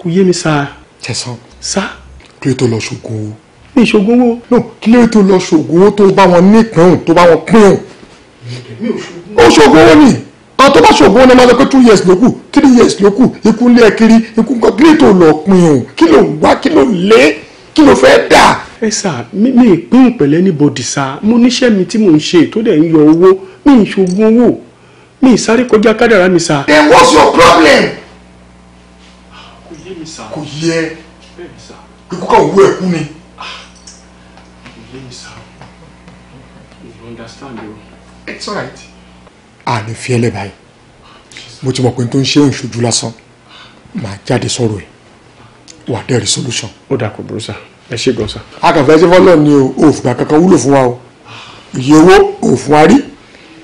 S2: kò yé mi sá. tẹ̀sán sá. kí ló tó lọ ṣoògùn owó. mi ṣoògùn owó. no kí ló tó lọ ṣoògùn owó tó bá wọn nípìn tó bá wọn pín o. ó ṣoògùn owó ni àwọn tó bá ṣoògùn owó ni wọ́n lọ pé two years ló kù three years ló kù ikú ń lé ẹ kiri ikú nǹkan kí ló tó lọ pín o kí ló wá kí ló lé kí ló fẹ́ dà. ẹ sà mi ìpín ìpẹ̀lẹ́ níbo dìsa mo níṣẹ́ mi tí mò ń ṣe tó dẹ̀ ń yọ owó mi ì owó mi ì kọjá kádàrá mi sá. then what's your problem. kò yé mi sá. kò yé ikú kan wú ẹkú ni. Ah. kò yé mi sá you understand o. it's alright. a ní fi ẹlẹ báyìí mo ti mọ̀ pé n tó ń ṣe òǹṣojú lásán màá jáde sọ̀rọ̀ ẹ̀ wà á dẹ́rì solution. ó dà kò burú sá ẹ ṣe gan sá. a kàn fẹ́ ṣe fọ́lọ́ ni o òfìgbà kankan wúlò fún wa o iye owó òfin wa rí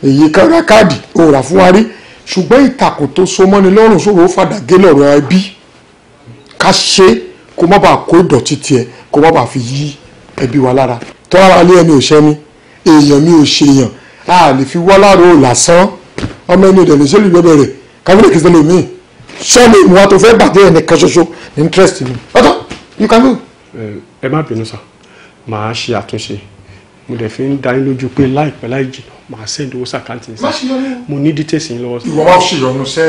S2: èyí kára káàdì òòrà fún wa rí ṣùgbọ́n ìtàkùn tó so mọ́ni lọ́rùn ṣòro ó fàdà gé lọ́rọ̀ ẹbí ká ṣe kó má bàa kó ìdọ̀tí tiẹ̀ kó má bàa fi yí ẹbí wa lára tọ́ra alẹ́ ẹni ò ṣẹ́ni èèyàn mi ò ṣèèyàn a lè fi wá láàrò lásán ọmọ ẹni ìdẹ̀lẹ̀ ṣé lè bẹ̀rẹ̀ kábílẹ̀ kìí sẹ́lẹ̀ míì ṣẹ́ni ìmúwa tó fẹ́ bàjẹ́ ẹni kan ṣoṣo interest mi ọ̀tọ̀ you can go. ẹ má bínú sá màá ṣe àtúnṣe mo dẹ̀ fi ń dá yín lójú pé láìpẹ́ láì jìnnà màá send owó sàkáǹtì sí mo ní details yín lọ́wọ́. ìwọ máa ń ṣèyọnu sẹ́.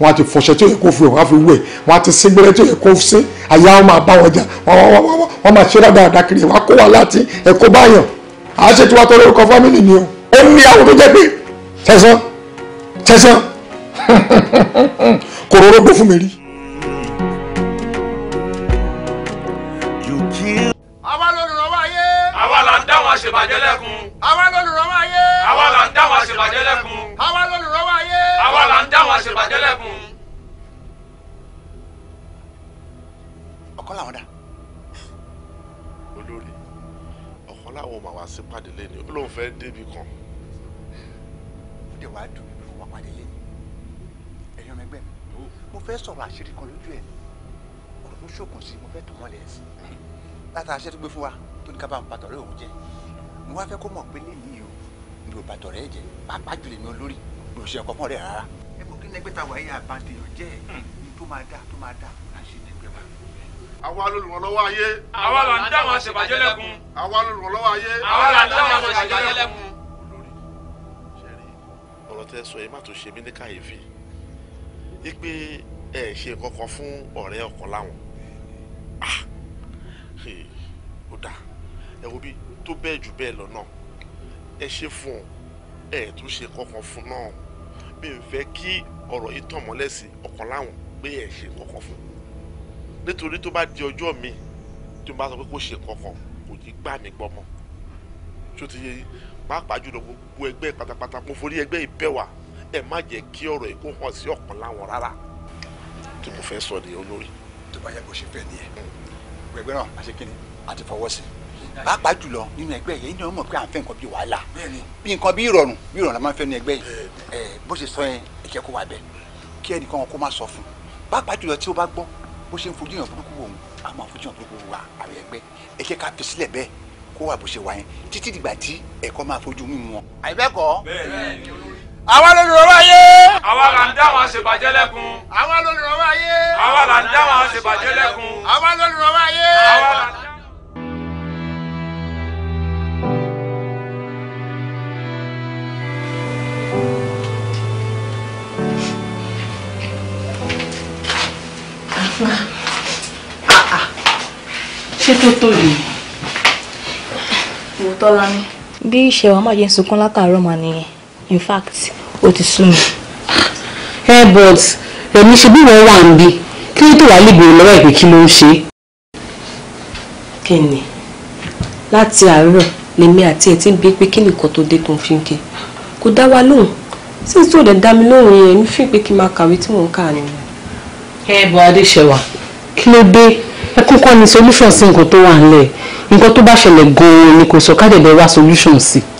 S2: wọ́n á ti fọṣẹ tó yẹ kó fi wọ́n á fi wẹ̀ wọ́n á ti sígbẹ́rẹ́ tó yẹ kó sí àyà wọn máa bá wọn jà wọ́n máa ṣe dáadáa kiri wọ́n á kó wa láti ẹ̀kọ́ báyọ̀ àá ṣètò wa tọrọ orúkọ fámìlì ni o ó ní àwọn tó jẹ́ pé
S1: tẹ̀sán tẹ̀sán kòróró gbé fún mi rí.
S9: àwa lolùrànwọ́ ayé. àwa là ń dá wọn àṣebàjẹ́ lẹ́kun. àwa lolùrànwọ́ ayé. àwa là ń dá
S1: wọn àṣebàjẹ́
S2: lẹ́kun.
S9: àwa lolùrànwọ́ ayé. àwa là ń dá àṣebàjẹ́
S2: lẹ́kun. ọkọ làwọn dà. olórí ọkọ làwọn ò máa wá sípàdé lẹ́nu ó lóun débi kan.
S10: ó dẹ̀ wá dùn. fẹ́ sọ̀rọ̀ àṣírí kan lójú ẹ̀ ọ̀rọ̀ tó ṣòkùn sí mo fẹ́ tó mọ́lẹ̀ sí látara aṣẹ́ tó gbé fún wa tó ní ká bá ń bàtọ̀rẹ́ òun jẹ́ mo wá fẹ́ kó mọ̀ pé léyìí o mi ò bàtọ̀rẹ́ jẹ́ pàápàá jùlọ mi olórí mi ò ṣe ọkọ̀ mọ́rẹ̀ rárá. ẹ mọ̀ kí nẹgbẹ́ta wà yà bàǹtẹ̀ yàn jẹ́ ẹ̀ hmm. tó máa dà tó máa dà kó láṣẹ nẹgbẹ́ wa. àwa lolùrànlọ́wọ́ ayé. àwa là ń dá wọn ṣèbàjẹ́
S9: lẹ́kun. àwa lolùrànlọ́wọ́ ayé. àwa là ń dá wọn ṣèbàjẹ́ lẹ́kun. olórí
S2: ṣẹ́rí ọ̀rọ̀ tẹ́ sọ yìí má tó ṣe mí ní kàyéfì ipe ẹ ṣe kankan fún ọ̀rẹ́ ọkọ láwọn ah, ó dà ẹ wo bí tó bẹ́ẹ̀ jù bẹ́ẹ̀ lọ náà ẹ ṣe fún un ẹ tún ṣe kankan fún náà mi ń fẹ́ kí ọ̀rọ̀ yìí tàn mọ́lẹ̀ sí ọkọ láwọn pé ẹ ṣe kankan fún nítorí tó bá di ọjọ́ mi tí mo bá sọ pé kó ṣe kankan kò ní gbà mí gbọ́ mọ́ tó ti yẹ pàápàá jùlọ gbogbo ẹgbẹ́ pátápátá mo forí ẹgbẹ́ ìbẹ̀wà ẹ má jẹ́ kí ọ̀rọ̀ yìí kó hàn sí ọ̀kan láwọn rárá tí mo fẹ́ sọ ni olórí. tó bá yẹ kó ṣe fẹ́ ni ẹ gbẹgbẹ náà àti kíni àti fọwọ́ sí
S10: pàápàá jùlọ nínú ẹgbẹ́ yẹn ní ọmọ pé à ń fẹ́ nǹkan bí wàhálà bí nǹkan bí ìrọ̀rùn bí ìrọ̀rùn la máa ń fẹ́ ní ẹgbẹ́ yìí bó ṣe sọ yẹn ẹ jẹ́ kó wà bẹ́ẹ̀ kí ẹnìkan kó má sọ fún pàápàá jùlọ tí ó bá gbọ́ bó ṣe ń fojú yàn burúkú wò ó a máa fojú yàn burúkú wò wá àwọn ẹgbẹ́ ẹ jẹ́ ká fi sílẹ̀ bẹ́ẹ̀ kó wà bó ṣe wà yẹn títí dìgbà tí ẹ̀kọ́ máa fojú mímu wọn. àìbẹ́ẹ̀kọ́ bẹ́ẹ̀ ni àwa lolùrànwọ́ ayé. àwa là ń dá wọn ṣèbàjẹ́ lẹ́kun.
S9: àwa lolùrànwọ́ ayé. àwa là ń dá wọn ṣèbàjẹ́ lẹ́kun. àwa lolùrànwọ́ ayé. àwa
S8: là
S6: ṣé tó tó yìí
S11: òótọ́ la ní. bí ìṣẹ̀wọ̀n máa jẹ́ sunkún látàárọ̀ mà nìyẹn in fact
S3: ó ti sú mi. ẹ but Rẹ̀mí ṣe bí wọ́n wà ń bí kí ló tó wàá lè béèrè lọ́wọ́ ìpè kí ló ń ṣe. kí ni
S11: láti àárọ̀ lèmi àti ẹ̀ tí ń bi pé kí nìkan tó dé tó ń fi ń ké kò dá wa lóhùn sí tó dẹ̀ dá mi lóhùn yẹn mi fi pé kí n máa kàwé tí mò ń kà nínú.
S3: ẹ bọ adéṣẹwà kí ló dé ẹkún kọ́ ni solution sí nǹkan tó wà ńlẹ̀ nǹkan tó bá
S2: ṣẹlẹ̀ gan-an ni kò sọ ká dẹ̀ bẹ wá solution sí i.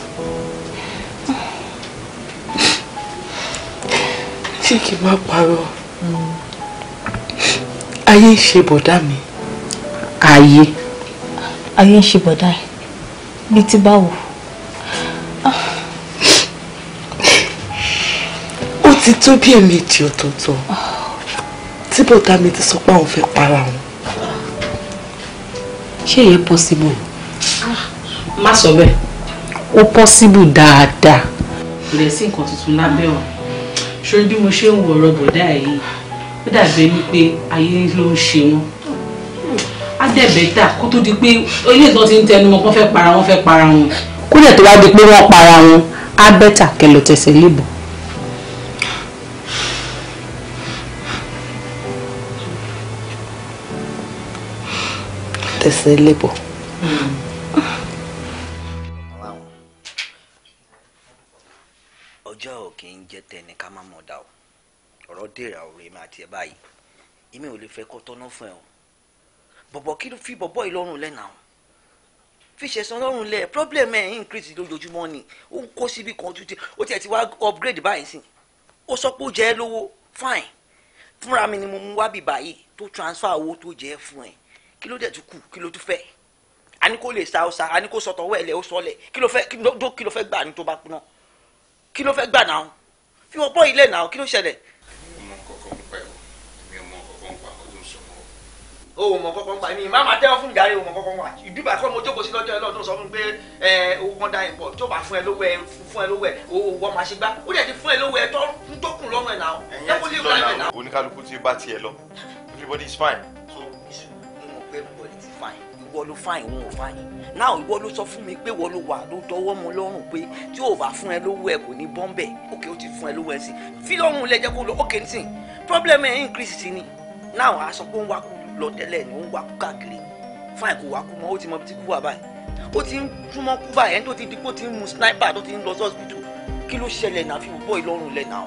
S4: tí kì í má parọ́
S5: ayé ń ṣe bọ̀dá mi ayé. ayé ń ṣe bọ̀dá ẹ̀ bíi ti báwo. Ah.
S2: ó ti tó bí ẹ̀ẹ̀mejì ọ̀tọ̀ọ̀tọ̀ tí bọ̀dá mi ti sọ pé àwọn fẹ́ para wọn. ṣé ìyẹn possible.
S4: Ah. má sọ bẹ́ẹ̀ ó possible dáadáa. kò sí nǹkan tuntun lábẹ́ ọ̀run ṣorí bí mo ṣe ń wo ọ̀rọ̀ bọ̀dá yìí ó dàbí ẹni pé
S3: ayé ló ń ṣe wọn á dẹ̀bẹ̀ tà kó tó di pé ilé ìtàn ti ń tẹnu wọn kó fẹ́ para wọn fẹ́ para wọn. kúlẹ̀ tó bá di pé wọ́n para wọn á bẹ́tà kẹlẹ̀ tẹ̀sẹ̀
S7: lébùn. tẹ̀sẹ̀ lébùn. kì í jẹ́ tẹni ká má mọ̀ dà o ọ̀rọ̀ dèrà ọ̀rẹ́ mi àti ẹ̀ báyìí èmi ò lè fẹ́ kọ́ tọ́ná fún ẹ o bọ̀bọ̀ kí ló fi bọ̀bọ̀ yìí lọ́rùn lẹ́nà o fi ṣẹ̀sán lọ́rùn lẹ̀ problem ẹ̀ increase lójoojúmọ́ ni ó ń kó síbi kan tó ti ó tiẹ̀ ti wá upgrade báyìí sí ó sọ pé ó jẹ́ lówó fine fúnra mi ni mo mú wá bìbà yìí tó transfer owó tó jẹ́ fún ẹ kí ló dẹ̀ tún kù kí ló tún fẹ́ a ní kó lè sa ọ̀sà a ní kó sọ̀tọ̀ wẹ̀lẹ̀ ó sọ̀lẹ̀ kí ló fẹ́ gbà ní tó bá kú náà kí ló fẹ́ gbà náà fi wọn bọ́ ilé náà kí ló ṣẹlẹ̀.
S6: mo kọkọ ń pa ẹ
S10: kọkọ
S2: ń pa ọdún sọmọ.
S7: o ò kọkọ ń pa mi má máa tẹ́wọ́ fún ìdarí o mọ kọkọ ń pa ìdúbà kọ́ mo jókòó
S2: sí lọ́jọ́ ẹ sọ fún pé ẹ owó kan dá tó bá fún ẹ lówó ẹ fún ẹ lówó ẹ owó wọ́n máa ṣe gbá
S7: ó dẹ̀ ti fún ẹ lówó ẹ tó ń dókun lọ́rùn ẹ náà. ẹ̀yin ti tọ́ náà everybody is fine náà ìwọ ló sọ fún mi pé wọ́n ló wà ló tọwọ́ mu lọ́rùn pé tí ò bá fún ẹ lówó ẹ kò ní bọ́m̀bẹ̀ òkè ó ti fún ẹ lówó ẹ sí fi lọ́rùn lẹ́jẹ̀ kó lọ òkè nísìn problem ẹ̀ increase sí ni náà wàá sọ pé ó ń wakú lọ tẹ́lẹ̀ ni ó ń wakú káàkiri fáìn kò wakú mọ́ ó ti mọ bí ti kú wà báyìí ó ti ń túmọ̀ kú báyìí ẹni tó ti di pé ó ti ń mu sniper tó ti ń lọ sí hospital kí ló ṣẹlẹ̀ náà fi bọ́ ìlọrun lẹ̀ náà.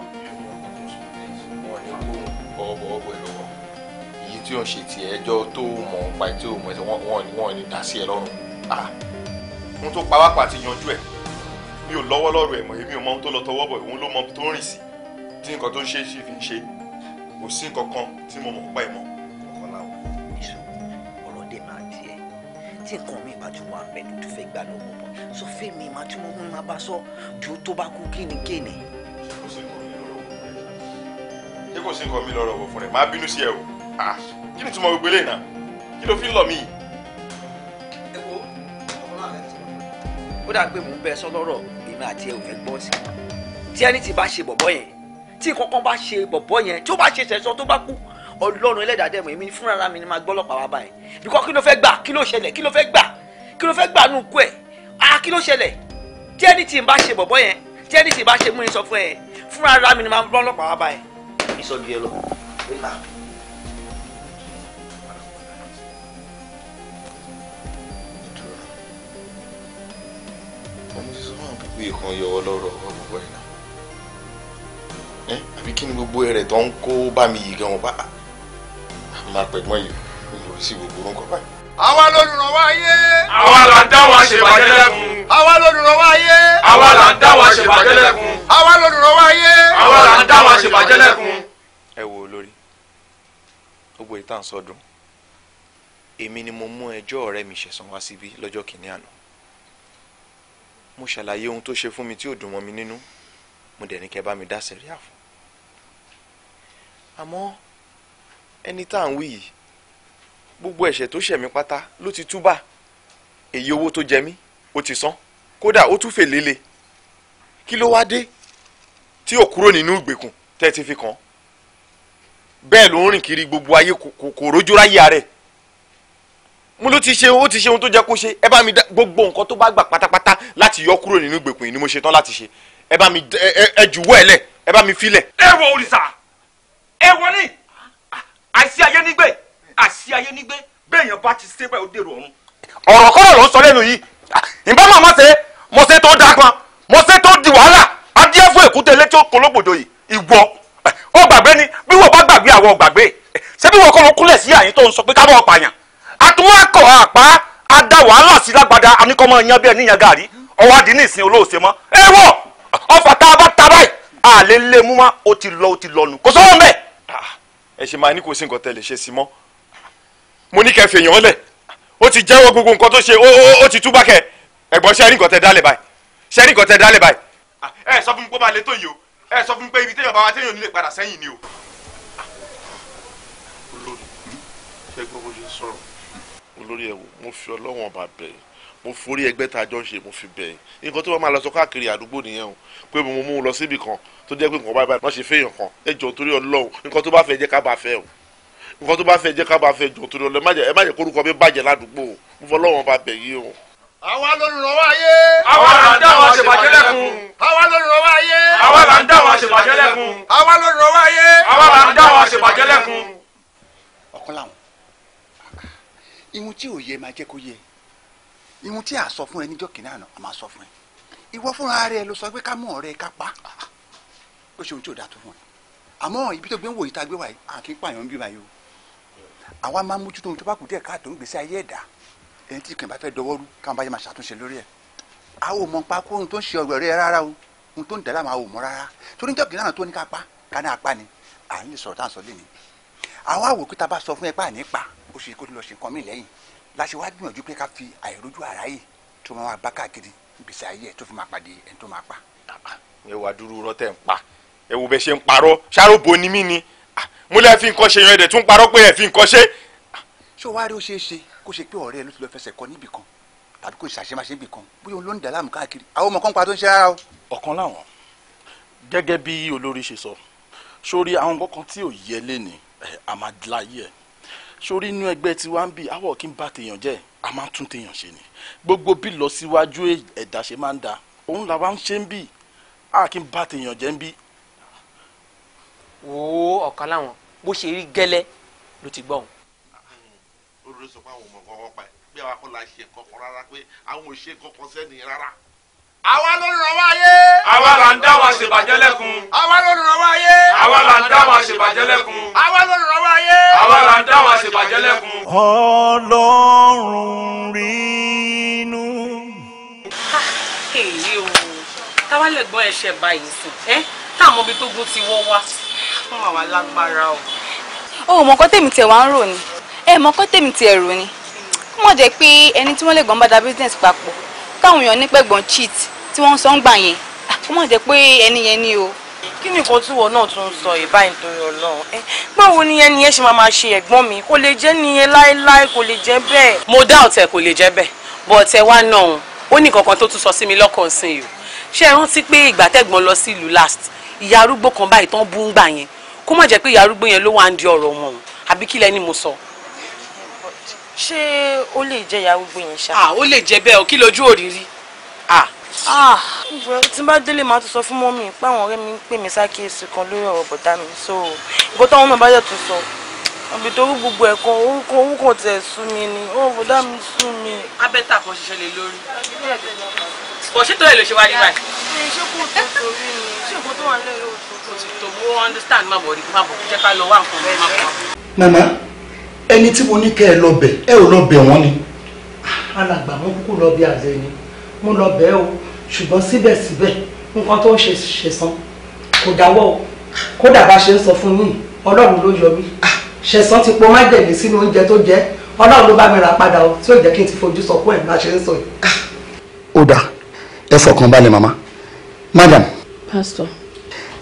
S7: ọ̀bọ̀ọ̀bọ̀
S1: ìlọ́wọ́
S2: tí ó ṣe tiẹ̀ ẹjọ́ tó mọ̀ pa tí wọ́n ní dá sí ẹ lọ́rùn. Ah, ohun tó pa wá pa ti yanjú ẹ̀ mi ò lọ́wọ́ lọ́rọ̀ ẹ̀ mọ̀ èmi ò mọ ohun tó lọ tọwọ́ bọ̀ òun ló mọ tó ń rìn sí tí nǹkan tó ń ṣe sì fi ń ṣe kò sí nǹkan kan tí mo mọ̀ pa
S7: ẹ̀ mọ́. ọ̀kọ́láwọ̀ níṣó ọ̀rọ̀ dé máa di ẹ̀ tí nǹkan mi bá tún wà ń bẹ̀ tó fẹ́ gbà lọ́wọ́ mọ́ sọ fẹ́mi máa tún mọ́ máa bá sọ ju tó bá kú kíni kíni.
S2: ṣé kò sí nǹkan mi lọ́rọ̀ wọ̀ fún rẹ̀ máa bínú sí ẹ o
S7: ah, kí ni tí mo gbélé náà kí ló fi ń lọ mí yìí. ó dà pé mò ń bẹ sọ lọ́rọ̀ èmi àti ẹ ò fẹ́ gbọ́ sí i tí ẹni tí bá ṣe bọ̀bọ̀ yẹn tí kankan bá ṣe bọ̀bọ̀ yẹn tí ó bá ṣe sẹ̀sọ́ tó bá kú ọlọ́run ẹlẹ́dàá dẹ̀mọ̀ èmi fúnra mi ni máa gbọ́ wá báyìí bíkọ́ kí ló fẹ́ gbà kí ló ṣẹlẹ̀ kí ló fẹ́ gbà kí ló fẹ́ gbà nù kú ẹ̀ ah kí ló ṣẹlẹ̀ tí ẹni tí ń bá ṣe bọ̀bọ̀ yẹn tí ẹni tí ń bá ṣe mú ni sọ fún ẹ fúnra mi ni máa gbọ́ wá báyìí. ìsọdìẹ lọ.
S2: bí ìkan yọ ọlọ́rọ̀ ọ̀rọ̀ gbogbo ẹ àbí kí ni gbogbo rẹ̀ tó ń kó bá mi yìí gan bá máa pẹ̀ mọ́ yìí mo sì gbogbo orúkọ báyìí.
S9: àwa lolùrànwọ́ ayé. àwa là
S2: ń dá wa ṣèbàjẹ́ lẹ́kun.
S9: àwa lolùrànwọ́ ayé. àwa là
S2: ń dá wa ṣèbàjẹ́ lẹ́kun.
S9: àwa lolùrànwọ́ ayé. àwa
S2: là ń dá wa ṣèbàjẹ́ lẹ́kun. ẹ wo olórí gbogbo ìtàn sọdún èmi ni mo mú ẹjọ́ ọ̀rẹ́ mi ṣẹ̀san wá síbí lọ́jọ́ kìnínní àná mo ṣàlàyé ohun tó ṣe fún mi tí ò dùn mọ́ mi nínú mo dẹ̀ ní kẹ́ bá mi dá sẹ̀ríà fún àmọ́ ẹni tá à ń wí yìí gbogbo ẹ̀ṣẹ̀ tó ṣẹ̀ mí pátá ló ti túbà èyí owó tó jẹ mí ó ti san kódà ó tún fèlè le kí ló wáá dé tí ò kúrò nínú ìgbèkùn tẹ́ ti fi kàn bẹ́ẹ̀ ló ń rìn kiri gbogbo ayé kò rójú ráyé rẹ̀ mo ló ti ṣe ó ti ṣe ohun tó jẹ kó ṣe ẹ bá mi gbogbo nǹkan tó bá gbà pátápátá láti yọ kúrò nínú ìgbèkùn yìí ni mo ṣe tán láti ṣe ẹ bá mi ẹ jùwọ́ ẹ lẹ̀ ẹ bá mi filẹ̀. ẹ wọ òrìṣà ẹ wọ ní àṣì ayé nígbè àṣì ayé nígbè béèyàn bá ti ṣe báyìí ó dèrò ọ̀run. ọ̀rọ̀ kọ́rọ̀ ló ń sọ lẹ́nu yìí ìbá màmá ṣe mo ṣe tó dáa kan mo ṣe tó di wàhálà adíẹ fún èkúté létí ó yìí ìwọ ó gbàgbé ni bí wọ́n bá gbàgbé àwọn gbàgbé ṣé bí wọ́n kọ́ ló kúnlẹ̀ sí àyín tó ń sọ pé ká bọ́ pààyàn àtúwákọ̀ àpá adá wàhálà sí lágbada àníkọ́mọ yan bí ni yan gàrí ọwọ́ adi ní ìsìn olóòsè mọ́ ẹ wọ̀ ọfà tá a bá ta báyìí àlè lè mú ma ó ti lọ ó ti lọ nù kò sọ́wọ́n bẹ́ẹ̀. Ah, ẹ ṣe máa ní kò sí nǹkan tẹ́ lè ṣe sí mọ́ mo ní kẹ́ fèèyàn lẹ̀ ó ti jẹ́wọ́ gbogbo nǹkan tó ṣe ó ti túbà kẹ́ ẹ̀gbọ́n ṣẹ́rí nǹkan tẹ́ dálẹ̀ báyìí ṣẹ́rí nǹkan tẹ́ dálẹ̀ báyìí. Ah, ẹ sọ fún mi pé ó máa lè tó yìí o ẹ sọ fún mi pé ibi téèyàn bá wa téèyàn nílé padà sẹ́yìn ni o. Ah, olórí ṣẹ́gbọ́n bó ṣe sọ̀rọ̀ lórí ẹ̀ wò mo fi ọlọ́wọ̀n ọba bẹ̀ mo forí ẹgbẹ́ tá a jọ ń ṣe mo fi bẹ̀ nǹkan tó bá máa lọ sọ káàkiri àdúgbò nìyẹn o pé mo mú un lọ síbì kan tó jẹ́ pé nǹkan bá báyìí má ṣe fẹ́yàn kan ẹ jọ torí Ọlọ́run nǹkan tó bá fẹ́ jẹ́ ká bá fẹ́ o nǹkan tó bá fẹ́ jẹ́ ká bá fẹ́ jọ torí Ọlọ́run ẹ má jẹ́ kórúkọ mi bàjẹ́ ládùúgbò mo fọ Ọlọ́run ọba bẹ̀ yìí o
S9: àwa ló ń ràn àwa là wa ṣèbàjẹ́ lẹ́kun. àwa ló ń ràn wá ayé. àwa
S1: là wa ṣèbàjẹ́ lẹ́kun.
S10: àwa ló ń ihun tí ò yẹ máa jẹ́ kó yẹ ihun tí a sọ fún ẹ níjọ́ kìíní àná a máa sọ fún ẹ ìwọ fúnra rẹ ló sọ pé ká mú ọ̀rẹ́ ká pa ó ṣe ohun tí ò dáa tó fún ẹ àmọ́ ibi tó gbé ń wò yìí tá a gbé wà yìí àti pààyàn bí báyìí o àwa máa ń mójútó ohun tó bá kù díẹ̀ káàtó ń gbèsè ayé ẹ̀dá ẹni tí kìí bá fẹ́ dọwọ́ rú káwọn bá yẹ máa ṣàtúnṣe lórí ẹ̀ a ò mọ̀ pa kó ohun tó ń ṣe ọ̀rọ̀ rẹ rárá o ohun tó ń dàlá ni à ó ṣe kó tó lọ ṣe nǹkan míì lẹ́yìn láti wá gbìyànjú pé ká fi àìrójú ara yìí tó máa bá káàkiri gbèsè ayé ẹ̀ tó fi máa pàdé ẹni tó máa pa.
S2: Ah, ẹ wà dúró irọ́ tẹ̀ ń pa ẹ wo bẹ ṣe ń parọ́ ṣàròbó ni mí ni ah, mo lẹ́ fi nǹkan ṣe yan ẹ̀dẹ̀ tún parọ́ pé ẹ̀ fi nǹkan ṣe.
S10: Ah, ṣé o wá rí ó ṣeé ṣe kó ṣe pé ọ̀rẹ́ ẹ ló ti lọ fẹsẹ̀ kọ níbì kan tàbí kó ṣàṣemáṣe níbì kan bóyá òun ló ń dà káàkiri àwọn ọmọ kan pa tó ń o. ọ̀kan láwọn
S2: gẹ́gẹ́ bí olórí ṣe sọ sórí àwọn kọ̀ọ̀kan tí ò yẹ lé sórí inú ẹgbẹ́ tí wàá ń bì àwọ̀ kí n bá tèèyàn jẹ́ a máa tún tèèyàn ṣe ni gbogbo bí lọ síwájú e, ẹ̀dá ṣe máa ń da òun làwa ń ṣe ń bì a kí n bá tèèyàn jẹ́ ń bì. wo ọ̀kan láwọn bó ṣe rí gẹ́lẹ́ ló ti gbọ́ òun.
S10: olùdó sọ pé àwọn ọmọ kan pa ẹ̀ bí àwọn akọ́lá ṣe kọ́kọ́ rárá pé
S9: àwọn ò ṣe kọ́kọ́ sẹ́ni rárá àwa ló ràn wá yé. àwa là ń dá wọn ṣèbàjẹ́ lẹ́kun. àwa ló ràn wá yé. àwa là ń
S2: dá wọn ṣèbàjẹ́ lẹ́kun.
S9: àwa ló ràn wá yé. àwa
S2: là
S4: ń dá wọn ṣèbàjẹ́
S1: lẹ́kun. ọlọ́run rínú.
S4: èyí o táwa lè gbọ́ ẹ̀ṣẹ̀ báyìí sùn ẹ́ táwọn ibi tó gún ti wọ́ wá fún àwa lágbára o.
S11: o mọ̀kọ́ tèmi tiẹ̀ wá ń rò ni ẹ mọ̀kọ́ tèmi tiẹ̀ rò ni kó mọ̀ jẹ́ pé ẹni tí wọ́n lè gbọ́n bá da business papọ̀ káwọn èèyàn nípẹ̀gbọ̀n cheat tí wọ́n sọ ń gbà yẹn ah, kó mọ̀ jẹ́ pé ẹni yẹn ni o.
S3: kí ni nǹkan tí ìwọ náà tún ń sọ ìbá ìtòyè ọlọ́run ẹ eh, báwo ni ẹni yẹn ṣe máa máa ṣe
S4: ẹ̀gbọ́n mi kò lè jẹ́ nìyẹn láéláé kò lè jẹ́ bẹ́ẹ̀. mo dá ọ̀tẹ̀ kò lè jẹ́ bẹ́ẹ̀ bọ̀ ọ̀tẹ̀ wá náà òun ó ní kankan tó tún sọ sí mi lọ́kàn sí i ṣé ẹ rántí pé ìgbà lọ sí ìlú last ìyá arúgbó kan báyìí tán bú ń gbà yẹn kó mọ̀ jẹ́ pé ìyá arúgbó yẹn ló wà ń di ọ̀rọ̀ wọn àbí kílẹ̀ ni mo sọ
S3: ṣé ó lè jẹ́ ìyá gbogbo yẹn ṣá. Ah, ó
S2: lè jẹ bẹ́ẹ̀ o kí lójú òrìrì. Ah.
S3: Ah, tí n bá délé màá tún sọ fún mọ́mì pé àwọn ọ̀rẹ́ mi ń pè mí sákèésì kan lórí ọ̀rọ̀ bọ̀dá mi so nǹkan táwọn náà bá yẹ̀ tún sọ àbìtorí gbogbo ẹ̀kan orúkọ orúkọ tẹ̀ sú mi ni ọ̀rọ̀ bọ̀dá mi sú mi.
S2: abẹ́tà kan ṣiṣẹ́ lé
S4: lórí. kò ṣe tó ẹ̀ ló ṣe wá nígbà yìí. ṣé kò tó torí ni ṣé kò tó wà lẹ́yìn òtútù. kò sì tó mú understand má bọ̀ rí má bọ̀ jẹ́ ká lọ wá nǹkan mẹ́rin.
S2: mama ẹni tí mo ní kẹ́ ẹ lọ bẹ̀ ẹ ò lọ bẹ̀ wọ́n ni.
S6: alàgbà wọn kúkú lọ bí
S2: àzẹ ni mo lọ bẹ̀ o ṣùgbọ́n síbẹ̀síbẹ̀ nǹkan tó ń ṣe ṣe san kò dáwọ́ o kódà bá ṣe ń sọ fún yín ọlọ́run ló yọ mí ṣẹ̀sán ti pọ̀ májèlé sínú oúnjẹ tó jẹ́ ọlọ́run ló bá mi rà padà o tí ò jẹ́ kí n ti fojú sọ fún ẹ̀ bá ṣe ń sọ yìí. ó dáa ẹ fọkàn balẹ̀ màmá madam. pastor.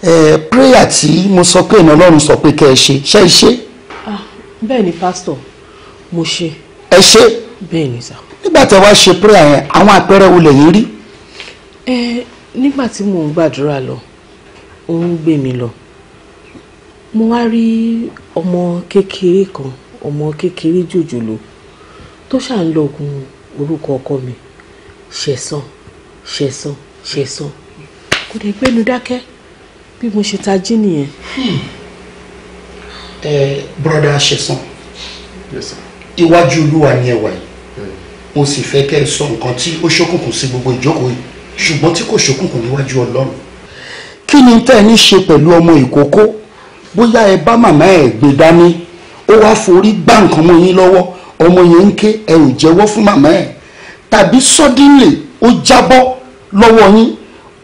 S2: ẹ prayer tí mo sọ pé ìnáwó ọlọ́run sọ pé kẹ́ ẹ ṣe ṣe é ṣe é
S6: bẹ́ẹ̀ pastor, pásítọ̀ mo ṣe. ẹ ṣe. bẹ́ẹ̀ ni sà.
S2: nígbà tí wàá ṣe prayer yẹn
S4: àwọn àpẹẹrẹ wo lẹ́yìn rí. ẹ nígbà tí mò ń gbàdúrà lọ ó ń gbé mi lọ mo wá rí ọmọ kékeré
S6: kan ọmọ kékeré jòjòló tó ṣà ń lọ oògùn orúkọ ọkọ mi
S4: ṣẹ̀sán ṣẹ̀sán ṣẹ̀sán kò dẹ̀ gbénu dákẹ́ bí mo ṣe tají nìyẹn. Hmm broda ṣẹ̀san
S2: iwájú olúwa ni ẹ wà yìí mo sì fẹ́ kẹ́ ẹ sọ nǹkan tí ó ṣókùnkùn sí gbogbo ìjókòó yìí ṣùgbọ́n tí kò ṣókùnkùn níwájú ọlọ́run kí ni tẹ́ ẹ ní ṣe pẹ̀lú ọmọ ìkókó bóyá ẹ bá màmá ẹ gbé dání ó wá forí gbá nǹkan mọ́ yín lọ́wọ́ ọmọ yẹn ń ké ẹ ò jẹ́wọ́ fún màmá ẹ tàbí suddenly ó jábọ́ lọ́wọ́ yín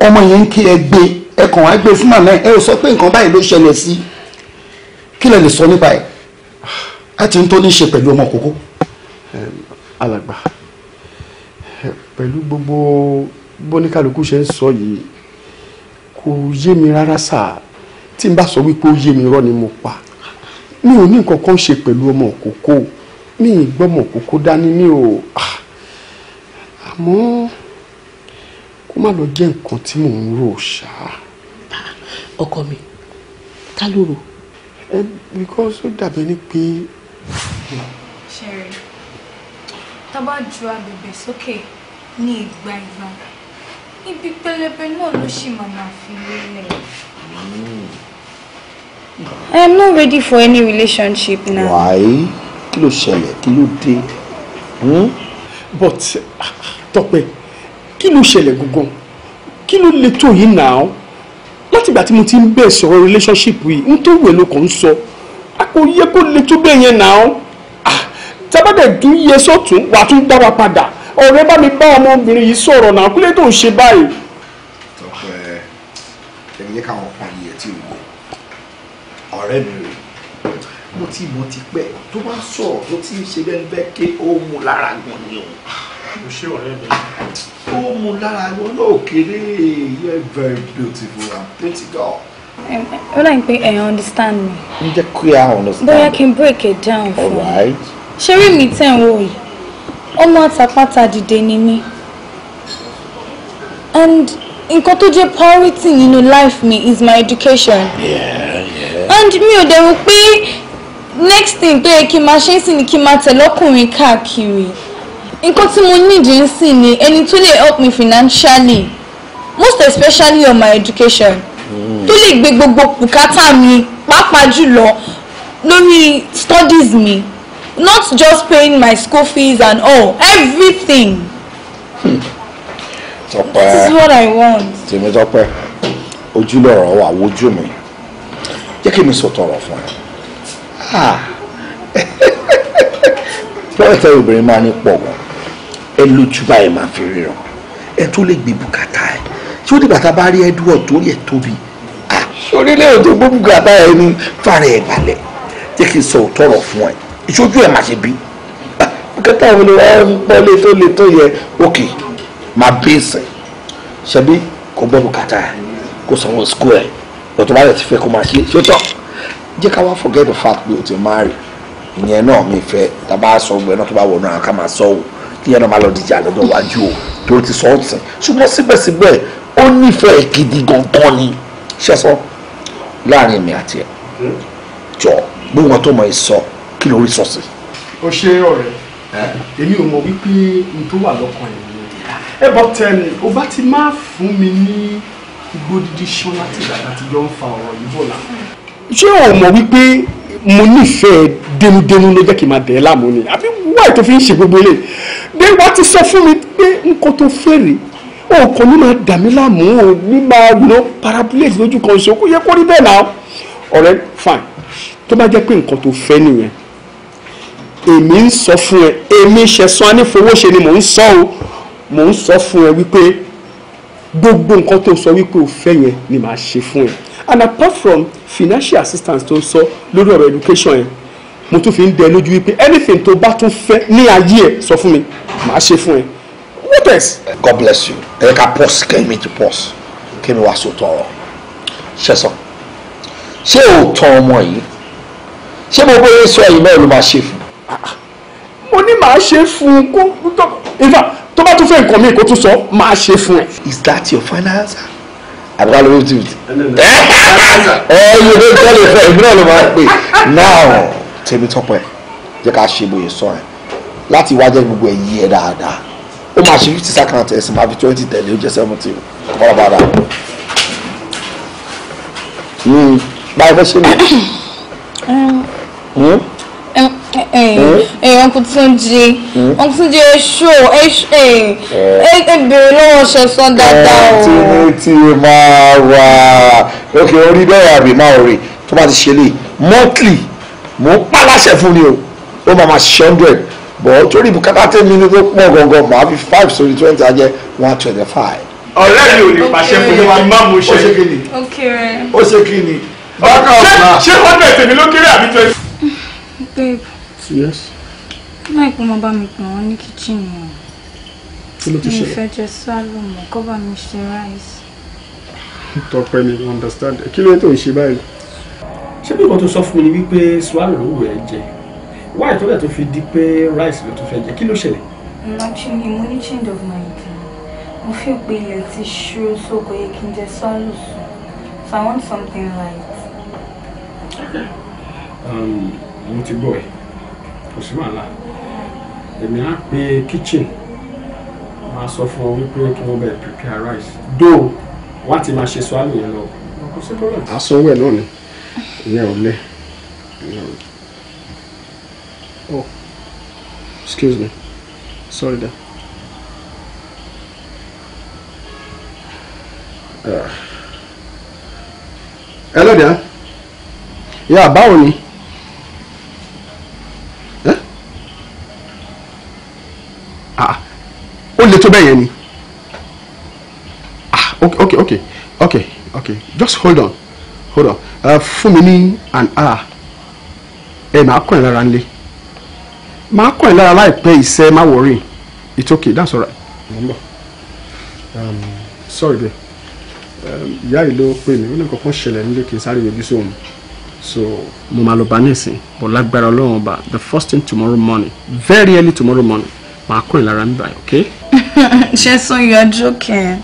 S2: ọmọ yẹn ń ké ẹ gbé ẹ kàn wá gbé fún màmá ẹ ẹ ò sọ pé nǹkan báyìí ló ṣẹlẹ̀ sí i kí lẹ lè sọ nípa ẹ̀ àti n tó ní í ṣe pẹ̀lú ọmọ kókó. alàgbà pẹ̀lú gbogbo bóníkàlùkù ṣe ń sọ yìí kò yé mi rárá sáà tí n bá sọ wípé ó yé mi rọ́ ni mo pa mi ò ní nǹkan kan ṣe pẹ̀lú ọmọ kókó mi ì gbọ́mọ kókó dání mi ò ah, àmọ́ kó má lọ jẹ́ nǹkan tí mò ń rò ṣáá. ọkọ mi ta ló rò And because ó dàbí ẹni pé.
S11: ṣẹ́rẹ̀ tá a bá ju àbẹ̀bẹ̀ sókè ní ìgbà ìgbà ibi pẹlẹbẹ náà ló ṣì máa máa fi lélẹ̀. I am not ready for any relationship now.
S2: Why? Kí ló ṣẹlẹ̀? Kí ló dé? Hmm? But ah, Tọ́pẹ́, kí ló ṣẹlẹ̀ gangan? Kí ló le tó yìí now? látìgbà tí mo ti ń bẹ̀ sọ̀rọ̀ relationship yìí n tó wẹ̀ ló kàn ń sọ kò yẹ kó le tó bẹ́ẹ̀ yẹn nà án tábàdẹ̀ dún yẹ sọ́tún wà tún dá wa padà ọ̀rẹ́ bá mi bá ọmọbìnrin yìí sọ̀rọ̀ náà kúlẹ̀ tó ń ṣe báyìí. ọ̀pẹ ẹ̀mí ní káwọn kan yìí tí ò yẹ ọ̀rẹ́ mi rè mo ti mọ̀ ti pẹ́ tó bá sọ̀rọ̀ tó ti ṣe bẹ́ẹ̀ bẹ́ẹ̀ ké ó mú lára gan ni òun o ṣé ọ̀rẹ́ mi. ó mú lára wọn náà kéré you very beautiful and pretty girl.
S11: ó láyìn pé ẹ̀ understand me.
S6: ń jẹ́ kí a understand. bóyá kí
S11: n break it down for you. alright. ṣé rí mi tẹ̀ ń wò yìí ọmọ àtàpátá dìde ni mí and nǹkan tó jẹ́ priority nínú life mi is my education. Yeah, yeah. and mi ò dẹ̀ rò pé next thing tó yẹ kí n máa ṣe é sí ni kí n máa tẹ̀lé ọkùnrin káàkiri nǹkan tí mo need ń sìn ni ẹni tó lè help me financially most especially on my education tó lè gbé gbogbo bùkátà mi pàápàá jùlọ lórí studies mi not just paying my school fees and all everything.
S7: Tọ́pẹ́ this is what I want. tèmi Tọ́pẹ́ ojú lọ̀rọ̀
S2: wà wojú mi jẹ́ kí mi sọ̀tọ̀rọ̀ fún ẹ. Ah. lọ́wọ́ ìtẹ́ obìnrin máa ní pọ̀ gan ẹ lójú báyìí máa fi ríran ẹ tó lè gbé bùkátà ẹ tí ó dìgbà tá a bá rí edward torí ẹ tóbi orílẹ̀-èdè tó gbé bùkátà ẹ ní fara ẹ balẹ̀ jẹ́ kí n sọ òtọ́rọ̀ fún ẹ ìṣojú ẹ má ṣe bí bùkátà mi ni ẹ ń pọ́ lé tó lè tó yẹ òkè máa bẹ́ẹ̀sì ṣẹbi kò gbọ́ bùkátà ẹ kò sanwó sukú ẹ lọ́tọ̀ bá rẹ̀ ti fẹ́ kó máa ṣe ṣé tọ́ jẹ́ ká wá forget the fact pé o ti máa rì ìyẹn náà mi fẹ́ tá a bá sọ gbẹ náà tó bá wọ̀ náà ká máa sọ wò kí ẹnu máa lọ dìjà lọ́jọ́ iwájú o tó ti sọ ọ̀tún ṣùgbọ́n síbẹ̀síbẹ̀ ó nífẹ̀ẹ́ gidi gangan ni ṣẹ́sọ́ láàrin èmi àti ẹ̀ hmm? jọ bí wọn tó mọ ẹ sọ kí lórí sọ sí. o ṣe ọ̀rẹ́ èmi ò mọ wípé n tó wà lọ́kàn ẹ ni ẹ bọ tẹni o bá ti máa fún mi ní igbó dídí ṣán láti ìgbà àtijọ́ ń fa ọ̀rọ̀ yìí bọ̀ là. ṣé o mọ̀ wípé mo nífẹ̀ẹ́ dénúdénú ló jẹ́ kí n máa dẹ̀ ẹ́ láàmú ni àbí wáì tó fi ń ṣe gbogbo ilé dé wá ti sọ fún mi pé nǹkan tó fèrè ọkọ mi máa dà mí láàmú mi máa ná parabulate lójú kan ṣe kó yẹ kó rí bẹ́ẹ̀ náà ọ̀rẹ́ fine tó bá jẹ́ pé nǹkan tó fẹ́ nìyẹn èmi ń sọ fún ẹ èmi ṣẹ̀sán anífowóṣe ni mò ń sọ o mò ń sọ fún ẹ wípé gbogbo nǹkan tó sọ wípé o fẹ́ yẹn ni màá ṣe fún ẹ and apart from financial assistance tó ń sọ lórí ọ̀rọ̀ education yẹn mo tún fi ń dẹ lójú wípé anything tó bá tún fẹ́ ní ayé ẹ sọ fún mi màá ṣe fún ẹ what else. God bless you ẹ ká pause kẹ́mi ti pause kẹ́mi wá sóòótọ́ ọ̀rọ̀
S7: ṣe sọ ṣé òótọ́ ọmọ yìí ṣé mo bóyá sọ ẹ̀yìn náà ló máa ṣe fún.
S2: Ah, ah. mo ní màá ṣe fún un kó in fact tó bá tún fẹ́ nǹkan mi kó tún sọ máa ṣe fún ẹ. is that your final answer? àbúrò ló ti ẹ
S8: ẹ
S9: yóò dé tẹ́lẹ̀ fẹ́ èmi náà ló máa ń pè now
S2: tèmi tọpẹ́ jẹ́ ká ṣe bóyá sọ ẹ láti wá jẹ́ gbogbo ẹ̀yí ẹ̀ dáadáa ó máa ṣe fifty second ẹ̀sìn máa fi twenty tẹ̀lé ó jẹ́ seventy kọ́ bàdà hmm, báyìí fẹ́ ṣe nìyẹn.
S11: ẹ̀yìn ọkùn túnjí ọkùn túnjí ẹ ṣó eh, eh. ẹ ẹ bèrè lọ́wọ́ ṣe sọ dáadáa o.
S2: tìrì tìrì máa wà òkè orí bẹ́ẹ̀ àbí máa rí tó bá ti ṣe lè mọ́tìlì mò ń pàláṣẹ fún ni o ó máa ma ṣe hundred bọ̀ torí bùkátà tẹ́mi ní tó pọ̀ gangan màá fi five sórí twenty ajẹ́ one twenty five
S1: ọ̀rẹ́ mi ò lè pàṣẹ fún wa má mo ṣe ó ṣe kí ni
S2: ó ṣe kí ni
S11: bákan ọ̀la ṣé ṣé
S2: hundred tèmi ló kéré àbí
S11: twenty yes. láì pé mo bá mi pè wọ́n ní kíchìnì o.
S2: kí ló ti ṣẹlẹ̀. mi fẹ́
S11: jẹ sálò mọ̀ kó bá mi ṣe ráìsì.
S2: Tọ́pẹ́ mi understand kí ló tó ń ṣe báyìí. ṣé bí nǹkan tó sọ fún mi ni wípé swallow ló rẹ̀ jẹ wáyé tó dẹ̀ tó fi di pé rice ló tún fẹ́ jẹ kí ló ṣẹlẹ̀.
S11: actually mo ní change of mind mo fi pé ilẹ̀ ti ṣú so kò yẹ kí n jẹ swallow sùn so i want something light.
S2: Um, mo ti gbọ́ ẹ̀ kò sí wàhálà èmi á pe kitchen máa sọ fún ọ wípé kí wọ́n bẹ̀ prepare rice though wọ́n á ti máa ṣe sọ àmì yẹn lọ kò sí problem. àsanwó ẹ̀ náà ni ìyẹn ò lẹ ìyẹn oh excuse me sorry da. Uh, hello there. Yeah, báwo ni? tó bẹ́ẹ̀ yẹn ni ah okay okay okay okay okay just hold on hold on uh, fún mi ní an hour ẹ máa kọ́ ẹ̀ lára ńlẹ̀ máa kọ́ ẹ̀ lára láìpẹ́ ìṣe má worry it's okay that's all right. Um, sorry there um, ìyá yìí ló pè mí ó ní kankan ṣẹlẹ̀ nílé kí n sáré yọjú sóhun so. mo máa lọ bá nísìn bọ̀ lágbára ọlọ́run ọba the first thing tomorrow morning very early tomorrow morning màá kọ́ ìlara mi báyìí okay.
S11: Jason, you are joking.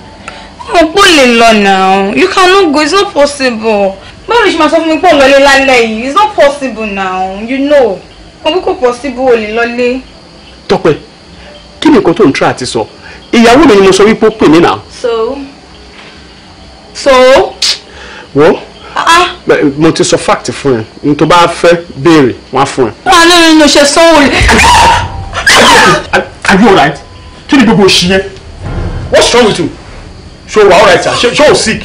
S11: Mo kò lè now. You cannot go. It's not possible. Báwo ṣe máa sọ fún mi Lolly. It's not possible now. You know. How kò kò possible Lolly? lè lọlé.
S2: Tọ́pẹ́, kí ni nǹkan tó ń tra àti sọ? Ìyàwó mi ni mo sọ wípé ó pè mí
S11: So? So?
S2: What? Ah, ah. mo ti sọ fact fún ẹ n tó bá fẹ́ béèrè wọn fún ẹ. wà á lóyún ló ṣe Are you alright? kí ni gbogbo òṣì yẹn what's wrong with you ṣé o wà alright ṣe ṣé o sick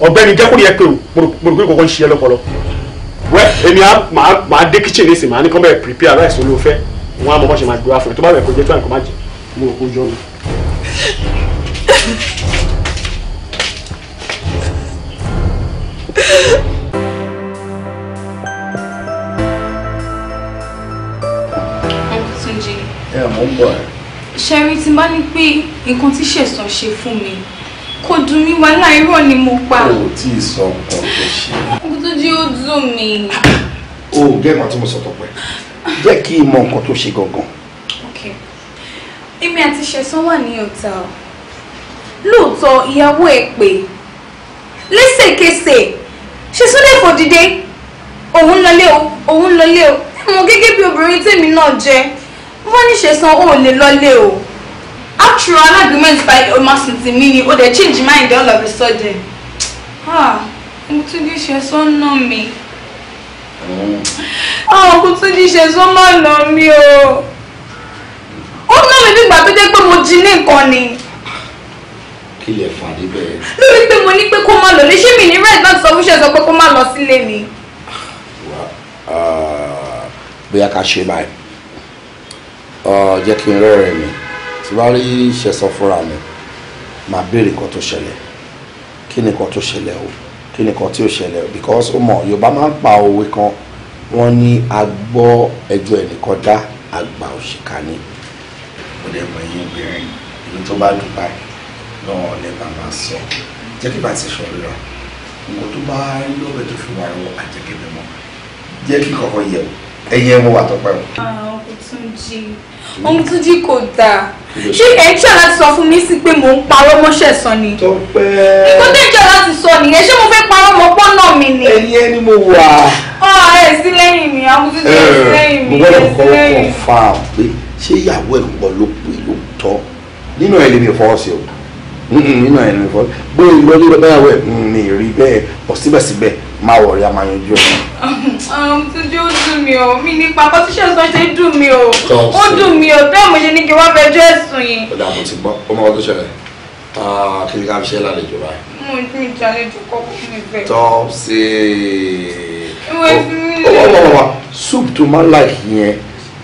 S2: ọ̀gbẹ́ni jẹ́ kó yẹ pé o gbogbo ìkọ̀kọ̀ ń ṣiṣẹ́ lọ́pọlọ wẹ́ èmi máa dé kitchen nísìn máa ní kọ́ bẹ́ẹ̀ prepare rice olóòfẹ́ wọn á mọ bá ṣe máa gbéra fún mi tó bá bẹ̀ kó jẹ́ tó àìkọ́ má jẹ mo rò kó yọ mi.
S8: Yeah, I'm on board
S11: ṣẹ́rí tí bá ní pé nǹkan tí ṣẹ̀sán ṣe fún mi kò dùn mí wàhálà irọ́ ni mo
S2: pa. o tí ì sọ nǹkan tó ṣe.
S11: nǹkan tó jẹ́ ó dùn mí.
S2: o ò gẹ́gbà tí mo sọ tọpẹ́ jẹ́ kí n mọ nǹkan tó ṣe gangan.
S11: èmi àti ṣẹ̀sán wà ní ọ̀tá o lóòótọ́ ìyàwó ẹ̀ pé lẹ́sẹ̀kẹsẹ̀ ṣẹ̀sán lè fò dìde òun lọlé o òun lọlé o ẹ̀ mọ̀ gẹ́gẹ́ bí obìnrin tèmi náà jẹ́ wọ́n ní ṣe san ó lè lọ́lé o after all argument by omasin ti mi ni o dey change mind all of a sudden ah Mutúndé ṣe san ná mi ah Mutúndé ṣe san má ná mi o ó ná mi bí ìgbà tó jẹ́ pé mo jí ní nǹkan ni kí lè fà níbẹ̀. lórí pé mo ní pé kó má lọ lé ṣé mi ní red náà sọ fún ṣe sọ pé kó má lọ sílé mi.
S10: Ah, bóyá ká ṣe báyìí jẹ́ kí n rẹ́rìn mi tí bá rí
S2: iṣẹ́ sọ fúnra mi màá béèrè nǹkan tó ṣẹlẹ̀ kí ni nǹkan tó ṣẹlẹ̀ o kí ni nǹkan tí ò ṣẹlẹ̀ o because ó mọ̀ Yorùbá máa ń pa òwe kan wọ́n ní agbọ́ ẹjọ́ ẹnìkan dá àgbà òṣìkà ni ó lè mọ iye obìnrin
S10: ìlú tó bá dùn báyìí lọ́wọ́ lè bá máa sọ jẹ́ kí bá ti sọ̀rọ̀ lọ nǹkan tó bá rí lọ́bẹ̀ tó fi wá lọ àjẹkẹ́bẹ̀ mọ́ jẹ́ kí kọ̀ọ̀kan yẹ ẹ̀yẹ wọ́n wà tọ́pẹ́ wọn.
S8: Ah,
S11: àwọn tún jí ohun tún jí kò dáa ṣé ẹ ń ṣàlá ti sọ fún mi sí pé mò ń parọ́ mọ́ṣẹ̀ sọ ni. Tọ́pẹ́. nǹkan tó ń jẹ́ láti sọ nìyẹn ṣé mo fẹ́ parọ́ mọ́ pọ́nà mi ni.
S2: ẹyin ẹni mo
S7: wà.
S11: ọ ẹ sí lẹ́yìn mi àwọn tó ti sí
S7: lẹ́yìn mi ẹ sí eh, lẹ́yìn mi. mo gbọ́dọ̀ kọ́ fa pé ṣé ìyàwó ẹ̀ ń gbọ́ ló pè ló tọ́
S2: nínú ẹ̀ lè mi fọ́ sí o nínú ẹ̀ lè fọ́ gbé ìlọrí bẹ́ẹ̀ wẹ̀ mi mm, rí bẹ́ẹ̀ ọ̀ síbẹ̀síbẹ̀ má wọ̀rí a máa yanjú ẹ̀.
S11: tójú ó dùn mí o mi nípa politicians wọn ṣe dùn mí o ó dùn mí o bẹ́ẹ̀ mo ṣe ní kí wọ́n fẹjọ́ ẹ̀sùn yìí.
S7: ó dà mo ti gbọ́ ó mọ ọdún ṣẹlẹ̀ kí ká fi ṣe lálejò báyìí.
S11: mo ń tún kọ́ fún
S4: mi bẹ́ẹ̀. tọ́ ìwé fi mí lè. ọwọ́ wọn
S7: soup tó
S2: máa like yẹn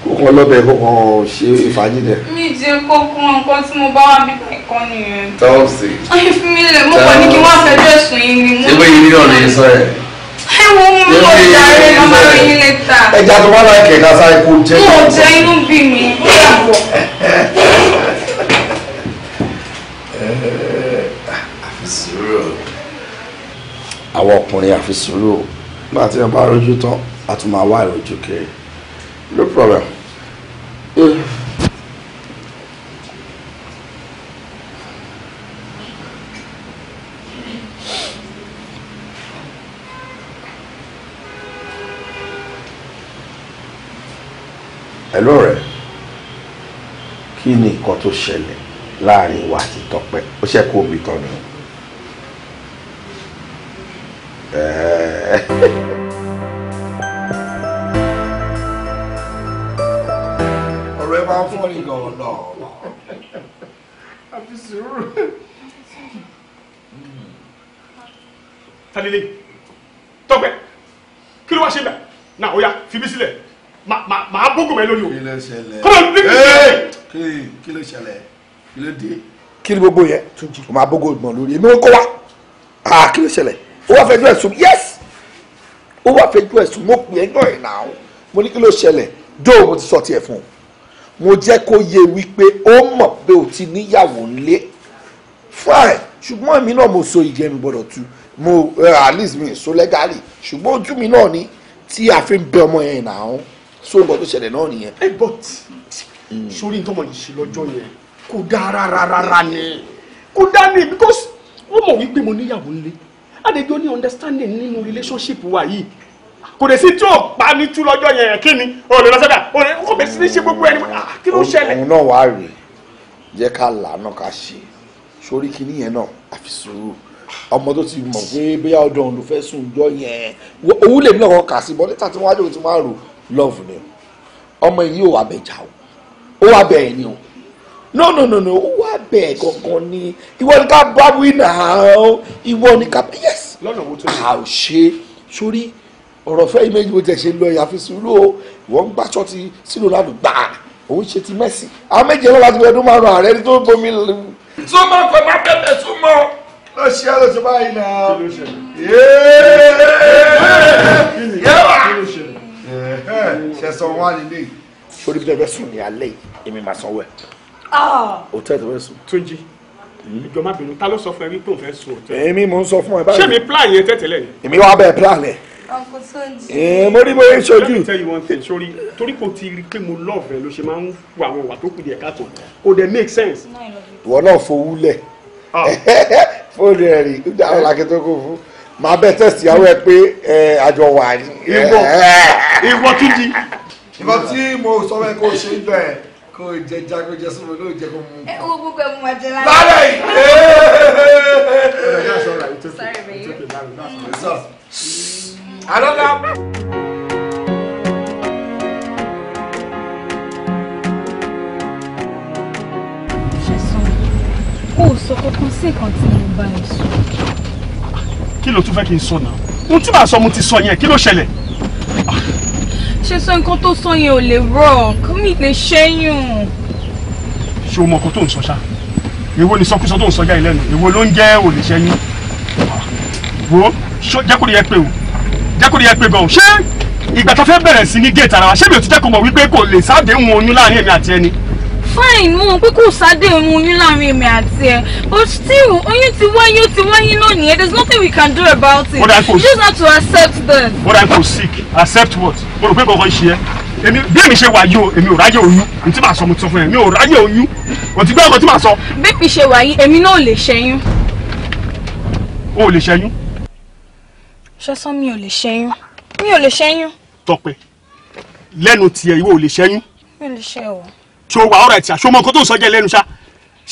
S2: kó kan lọ́bẹ̀ kó kan ṣe ìfàájì dẹ̀.
S4: mi jẹ kókó nǹkan
S11: tí mo bá wà bí kàn nìyẹn. tọ́ọ̀sì. ayé fi mí lè mú
S2: pọ̀ ní kí
S6: wọ́n fẹjọ́
S11: ẹ̀sùn yìí ni mo. ṣé bóyá
S9: yìí náà lè sọ ẹja tó wà láì kẹ̀kẹ́ sáré kó jẹ́ mo jẹ
S11: inú bí mi ó yà
S8: bọ̀.
S2: àwọn ọkùnrin àfi sùúrù nígbà tí wọn bá rojú tán a tún máa wá ìrojú kiri no problem. Yeah. hello rẹ kí ni nǹkan tó ṣẹlẹ̀ láàrin ìwà àti Tọ́pẹ́ ó ṣe kó omi tán ni. ọ̀rọ̀ ẹ máa ń fún ọ ní gan-an náà
S8: àfi sùúrù.
S2: Tálílé Tọ́pẹ́ kí ló wá ṣe bẹ́ẹ̀ náà ó yá fi mí sílẹ̀ màá bógùn mẹ́ lórí o. kí ló kí ló ṣẹlẹ̀ kí ló dé. kí ni gbogbo yẹn o máa bógùn gbọ̀n lórí èmi ń kó wa ah kí ló ṣẹlẹ̀ o wá fẹjọ́ ẹ̀sùn yes o wá fẹjọ́ ẹ̀sùn mo pè é náà ẹ̀ náà mo ní kí ló ṣẹlẹ̀ dóò mo ti sọ tiẹ̀ fún un mo jẹ́ kó yé wípé ó mọ̀ pé o ti níyàwó ńlé fine ṣùgbọ́n èmi náà mo so ìjẹ́ mi gbọ́dọ̀ tu mo eh, alice mi so lẹ́gàrì ṣùgbọ́n ojú mi náà ni tí a fi ń bẹ ọmọ yẹn náà so nǹkan tó ṣẹlẹ̀ náà nìyẹn. ẹ but sórí ntọ́mọ yìí ṣe lọ́jọ́ yẹn kò dáa rárá rárá ni kò dáa ni because wọ́n mọ̀ wípé mo níyàwó nílé àdéjọ́ ní understanding nínú relationship wa yìí kò dé sí tí ò pa ní tú lọ́jọ́ yẹn kí ni o lè lọ sọ́dà o lè kò bẹ̀rẹ̀ sí ní ṣe gbogbo ẹni ah, kí ló ṣẹlẹ̀. òun náà wàá rèé jẹ́ ká làánà ká ṣe sórí kinní yẹn náà àfi sùúrù ọmọ tó ti mọ̀ pé bóyá ọdún òun ló fẹ́ sùn jọ yẹn owó lèmi náà kàn kà sí bọ́ lẹ́tà love ni o ọmọ yìí ò wá bẹ̀ jà o ó wá bẹ̀ ẹ̀ ni o no no no no ó wá bẹ̀ ẹ̀ gangan ni ìwọ ni ká bá wí náà ìwọ ni ká yes lọ́nà wo tó yẹ à ò ṣe sórí ọ̀rọ̀ fẹ́ image bó tẹ̀ ṣe lọ ìyàfi sùúrù o ìwọ ń gbá ṣọ́ọ̀tì sínú lánàá gbàá òun ṣe ti mẹ́sì àwọn méje lọ́wọ́ láti ọdún márùn-ún ààrẹ tó bomi lù.
S9: súnmọ́ kò má bẹ̀bẹ̀ súnmọ́ lọ ṣe é lọ ṣe báyìí náà. kí ló ṣẹlẹ̀.
S2: yéé ṣẹ̀sán wà nílé. sori bí tẹ́ fẹ́ sùn ní alẹ́ yìí èmi máa sanwó ẹ̀. Ah! hòtẹ́ẹ̀lì tó fẹ́ sùn. Túnjí hmm? ìjọ má bínú ta ló sọ fún ẹ wípé òun fẹ́ sùn hòtẹ́ẹ̀lì. èmi mò ń sọ fún ẹ báyìí. ṣé mi plan yẹn tẹ́tẹ̀lẹ̀ yẹn. èmi wá bẹ́ẹ̀ plan rẹ̀.
S8: Uncle Túnjí. ẹ eh, mo rí bóyá
S2: ìṣojú. let me tell you one thing sori torí kò ti rí pé mo love ẹ ló ṣe máa ń wo àwọn ìwà tó kù díẹ̀ káàtó kò dẹ̀ make sense. ìwọ náà fowú lẹ̀ ah. fóònù ẹ̀ rí ó dáhùn lákẹ́tọ́ kò fún màá bẹ test ìyàwó ẹ pé ẹ àjọ wà ní. ìwọ ìwọ tún di. ìwọ tí mo sọ fẹ́ kó o ṣe ń bẹ̀ kó o jẹ já kó o jẹ súnmọ́ jẹ kó o mú. ẹ wo
S11: gbogbo ẹmu ma jẹ lára. lára yìí.
S2: sorry baby. another.
S11: kó o sọ kankan sí ìkàntì ìbánisọ
S1: kí ló
S2: tún fẹ́ kí n sọ náà ohun tí màá sọ mo ti sọ yẹn kí ló ṣẹlẹ̀.
S11: ṣe sọ nǹkan tó sọ yẹn ò lè rọ kọ́mí lè ṣẹ́yìn.
S2: ṣé o mọ ọkọ tó ń sọ ṣá èwo ni sọkúsọ tó ń sọ jáde lẹ́nu èwo ló ń jẹ́ je lè ṣẹ́yìn. wo jákòrò yẹ pé o jákòrò yẹ pé gan o ṣé ìgbà tá a fẹ́ bẹ̀rẹ̀ sí ní géètì ara wa ṣé mi ò ti jẹ́ kó mọ̀
S11: fine mo mọ̀ pé kò sáde ohun yín láàrin èmi àti but still oyún ti wáyé ó ti wáyé náà nìyẹn there is nothing we can do about
S2: it you just have
S11: to accept that. what i go
S2: seek accept what mo rò pé kankan ṣe ẹ èmi bí èmi ṣe wà yìí o èmi ò ráyè oyún n tí màá sọ mo ti sọ fún ẹ mi ò ráyè oyún o ti gbọ́ ọkọ tí màá sọ.
S11: bí mi ṣe wà yìí èmi náà ò lè ṣẹyún. o ò lè ṣẹyún. ṣọ́sán mi ò lè ṣẹyún mi ò lè ṣẹyún.
S2: Tọ́pẹ́ lẹ́nu tiẹ̀ ìwọ ò lè ṣẹyún.
S11: mi ò lè ṣe o
S2: ṣé o wà ọ̀rọ̀ ẹ̀tì àṣọ ọmọ nǹkan tó ń sọjẹ́ lẹ́nu ṣá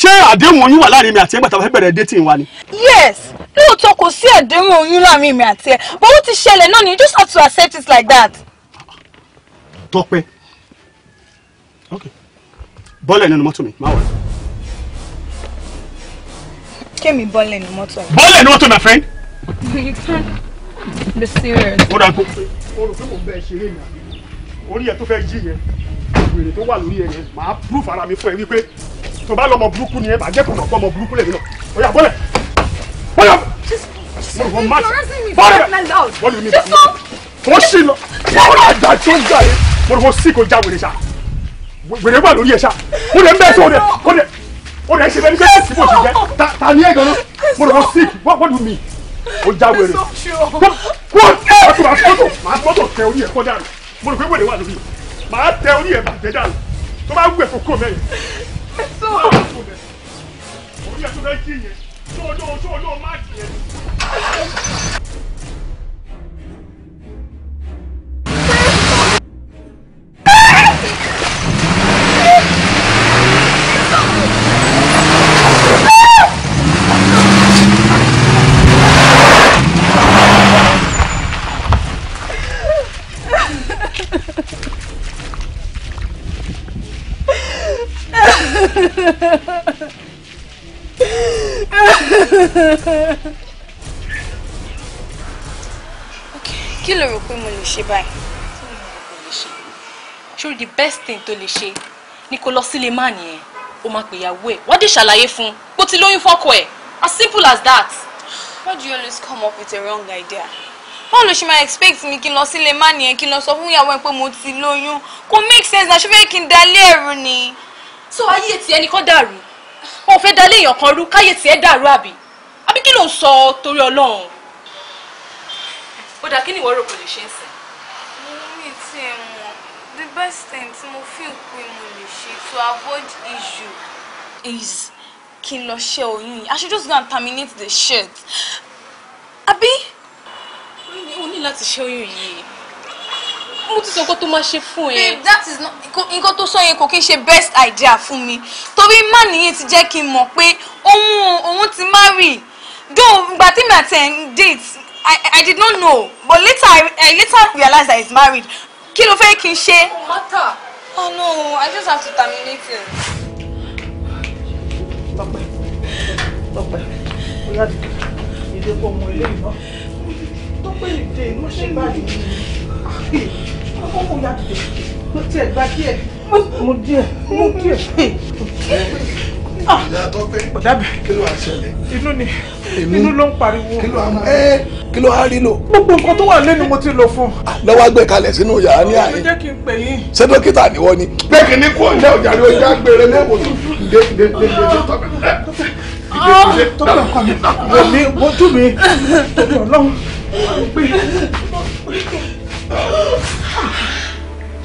S2: ṣé àdéhùn oyún wà láàrin mi àti ẹgbàtà fẹ́ bẹ̀rẹ̀ dating wa ni.
S11: yes lóòótọ́ kò sí àdéhùn oyún láàrin mi àti ẹ but ó ti ṣẹlẹ̀ náà ni you just have to accept it like that.
S2: Tọ́pẹ́ bọ́lẹ̀ nínú mọ́tò mi máa wà.
S11: kémi bọ́lẹ̀ nínú mọ́tò mi.
S2: bọ́lẹ̀ nínú mọ́tò my friend. you can. be serious. ó dàgbò. o rò pé mo bẹ ṣeré ìyá orí ẹ tó fẹ́ jí yẹn wèrè tó wà lórí ẹ̀yẹ màá proof ara mi fún ẹ wípé tó bá lọ́mọ burúkú ni ẹ bàjẹ́ kò mọ̀ pọ́ ọmọ burúkú lèmi náà ó yá bọ́lẹ̀ bọ́lẹ̀ mo rò máa bọ́lẹ̀ bọ́lẹ̀ mi mo sì lọ wọ́n àgbà tó ń jà yé mo rò mo sì kò já wèrè sa wèrè wà lórí ẹ sa mo rè ń bẹ́ẹ̀ tó o rẹ̀ o rẹ̀ o rẹ̀ ṣe bẹ́ẹ̀ ní bẹ́ẹ̀ tí mo sì jẹ́ ta ni ẹ̀ gan-an mo rò mo sì what do you mean o já wèrè kó kó ẹ ọtún àti mọ́tò àti mọ́tò tẹ orí ẹ̀ kọjá rẹ̀ mo rò pé wèrè wà lórí ẹ̀ màá tẹ orí ẹ̀ bàjẹ́ dànù tó bá gbé fún kò mẹ́yìn. ẹ̀sọ́ orí ẹ̀ tó fẹ́ jí yẹn tó ọjọ́ ojú ọjọ́ má jì yẹn. Ah!
S11: ṣe báyìí ṣó the best thing tó lè ṣe ni kó lọ sílé má nìyẹn ó máa pè ìyàwó ẹ̀ wọ́n dé ṣàlàyé fún un pé ó ti lóyún fọ́kọ ẹ̀ as simple as that. why do you always come up with a wrong idea? báwo ló ṣe máa expect mi kí n lọ sílé má nìyẹn kí n lọ sọ fún ìyàwó ẹ̀ pé mo ti lóyún kò make sense na ṣé fẹ́ kí n dalé ẹ̀rù ni. so ayé tiẹ̀ ni kò dàrú wọn ò fẹ́ dalé èèyàn kan rú káyé tiẹ̀ dàrú àbí àbí kí ló ń sọ torí ọlọ́run. ó dà kí ni ìwọ rò kò lè ṣe ń sìn best thing tí mo feel pé mo lè ṣe to avoid issue is kí n lọ ṣe I should just go and terminate the shit àbí. o ní láti ṣe oyún yìí mo ti sọ nǹkan tó máa ṣe fún ẹ. babe that is not nǹkan tó sọ yẹn kò kí n best idea fún mi torí má nìyẹn ti jẹ́ kí n mọ̀ pé òun òun ti marry though ìgbà tí mi àti ẹ̀ ń date I, I did not know but later I, I later realized that he's married kí ló fẹ́ kí n ṣe. mọ́tò oh no i just have to terminate it.
S6: tọpẹ tọpẹ bóyá ìdè kò mọ ilé ìná tọpẹ ìdè mo ṣe báyìí ọkọ mo yá dìde mo tiẹ̀ gba díẹ̀ mo díẹ̀ mo díẹ̀ ìyá
S2: tó pé kí ló wá ṣẹlẹ̀. inú ni inú ló ń pariwo. kí ló wá ẹ eh, kí ló wá rí lò. gbogbo nǹkan tó wà lẹ́nu mo ti lò fún. Ah, lọ́wọ́ gbé kalẹ̀ sínú yàrá ní àyè.
S6: jẹ́ kí n pè yín.
S2: ṣé dókítà ni wọ́n ni. pé kí ni kú ọ̀jẹ̀ ọ̀jà ni ojú agbèrè lẹ́wọ̀n dé dé dé dé tọ́pẹ́ eh, ah, ọkọ mi wò mí wojú mi torí ọlọ́run pé.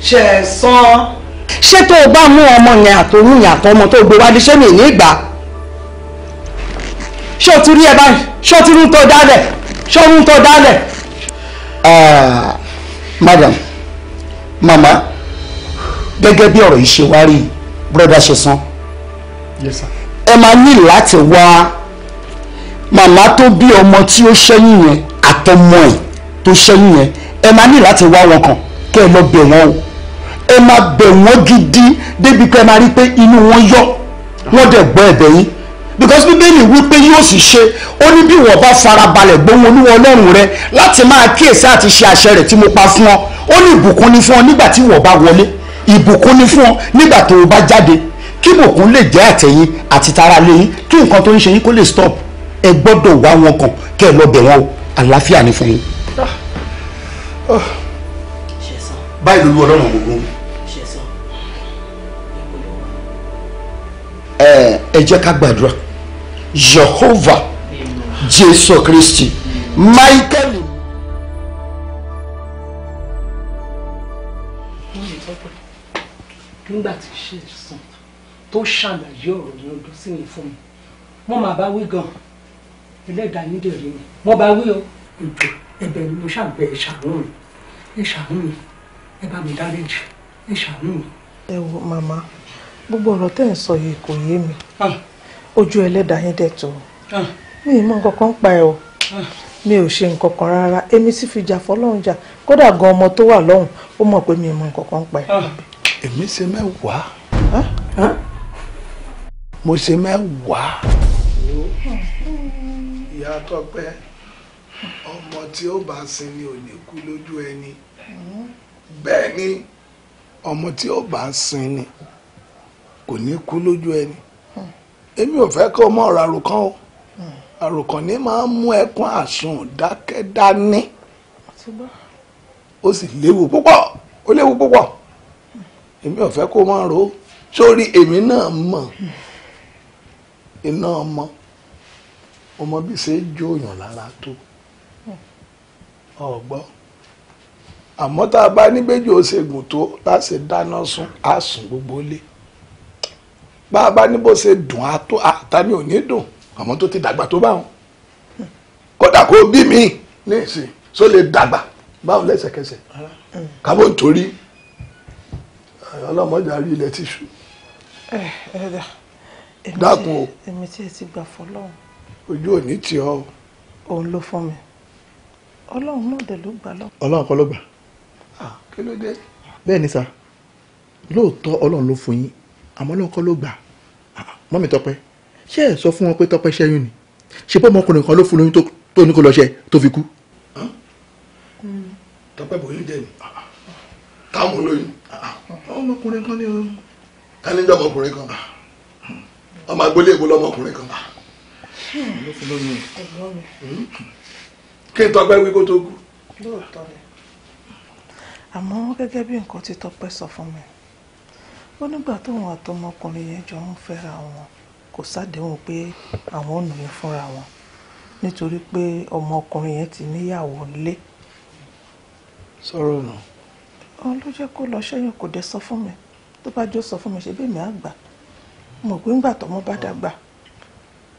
S2: ṣẹ̀sán ṣé tó o bá mú ọmọ yẹn àtòrú yẹn àtọmọ tó gbé wálé ṣé mi ní ìgbà ṣé o ti rí ẹ báyìí ṣé o ti rún tó dálẹ̀ ṣé o rún tó dálẹ̀. Ah, madam mama gẹ́gẹ́ bí ọ̀rọ̀ yìí ṣe wá rí bùrọ̀dá ṣe san yes sir ẹ máa ní láti wá màmá tó bí ọmọ tí ó ṣẹ́yìn yẹn àtọmọ ẹ̀ tó ṣẹ́yìn yẹn ẹ máa ní láti wá wọn kàn kẹ́ ẹ lọ bẹ̀ wọ́n o ẹ máa bẹ̀ wọ́n gidi débi pé ẹ máa rí pé inú wọn yọ̀ wọ́n dẹ̀ gbọ́ ẹ̀bẹ̀ yín because bíbélì wípé yóò sì ṣe ó ní bí wọ́n bá farabalẹ̀ gbóhùn olúwa ọlọ́run rẹ láti máa kíyèsí àti ṣe àṣẹ rẹ̀ tí mo pa fún ọ ó ní ìbùkún ni fún ọ nígbà tí wọ́n bá wọlé ìbùkún ni fún ọ nígbà tó o bá jáde kí ìbùkún lè jẹ́ àtẹ̀yìn àti tara lé yín kí nǹkan tó ń ṣe yín kó lè stop ẹ gbọ́dọ̀ wá wọn kàn kẹ́ ẹ lọ bẹ̀ wọn o àlàáfíà ni fún yín. báyìí lolú ọlọ́run gbogbo Eh, ẹ jẹ́ ká gbàdúrà Jehovah Jésù Kristi Michael. nígbà tí ṣe sùn tó ṣàlàyé ọ̀rọ̀ yẹn ọdún sí mi fún mi wọ́n máa bá wí gan ẹlẹ́dàá yín mi wọ́n bá wí o ìjọ ẹ̀bẹ̀ ni mo ṣàgbẹ̀ ẹ ṣàánú mi ẹ ṣàánú mi ẹ bá mi dáríjì
S6: ẹ ṣàánú mi. ẹ wo màmá gbogbo ọ̀rọ̀ tẹ́ ń sọ yìí kò yé mi ah. ojú ẹlẹ́dàá yín dẹ̀ tó ah. mi ì mọ nǹkan kan pa ẹ o ah. mi ò ṣe nǹkan kan rárá èmi sì fi jà fọlọ́run jà kódà gan ọmọ tó wà lọ́hùn ó mọ̀ pé mi ì mọ nǹkan kan pa ẹ.
S2: èmi ṣe mẹ́wàá mo ṣe mẹ́wàá. ìyá tọpẹ ọmọ tí ó bá sin ni ò ní kú lójú ẹni hmm. bẹ́ẹ̀ ọmọ tí ó bá sin ni kò ní kú lójú ẹni èmi ò fẹ́ kó mọ́ ọ̀rọ̀ àròkàn o àròkàn ní máa ń mú ẹkún àsun dákẹ́ dání ó sì léwu púpọ̀ ó léwu púpọ̀ èmi ò fẹ́ kó máa ro sórí èmi náà mọ̀ iná ọmọ ọmọ bí ṣe jóyàn lára tó ọgbọ́n àmọ́ tá a bá níbejì ó ṣe gùn tó láti dáná sun á gbogbo lé bá a bá ní bó ṣe dùn á tó àtàmì dùn àmọ́ tó ti dàgbà tó bá wọn kódà kó bí mi ní ìsìn só lè dàgbà báwọn lẹ́sẹ̀kẹsẹ̀ kábò nítorí ọlọ́mọdé àrí ilẹ̀ tìṣú. Eh, dákun o
S6: èmi tí ẹ ti gbà fọlọ́run.
S2: ojú ò ní tì ọ́. òun ló fún mi
S6: ọlọ́run náà dẹ̀ ló gbà lọ. ọlọ́run kọ́ ló gbà. Ah, kí ló dé.
S2: bẹ́ẹ̀ ni sà lóòótọ́ ló fún yín àmọ́ lọ́kọ ló gbà ah, ah, mọ́mí tọpẹ́ ṣé ẹ sọ fún wọn pé tọpẹ́ ṣẹ́yún ni ṣe pé ọmọkùnrin kan ló fún lóyún tó ní kó lọ ṣe tó fi kú. tọpẹ́ bò yín jẹ ni ah, táwọn olóyún.
S6: ọmọkùnrin kan ni o.
S2: ká ní jọ ọmọkùnrin kan ọmọ agbólé ègbó lọmọkùnrin kan. kí n tọpẹ́ wí kó tó kú.
S6: àmọ́ gẹ́gẹ́ bí nǹkan tí tọpẹ́ sọ fún mi ó nígbà tóun àtọmọkùnrin yẹn jọ ń fẹ́ra wọn kò sádéhùn pé àwọn ò nìyẹn fúnra wọn nítorí pé ọmọkùnrin yẹn ti níyàwó lé. sọ̀rọ̀ nù. òun ló jẹ́ kó lọ sẹ́yìn kò dé sọ fún mi tó bá jó sọ fún mi ṣe bí èmi á gbà mọ̀ pé ńgbà tọmọ bá dàgbà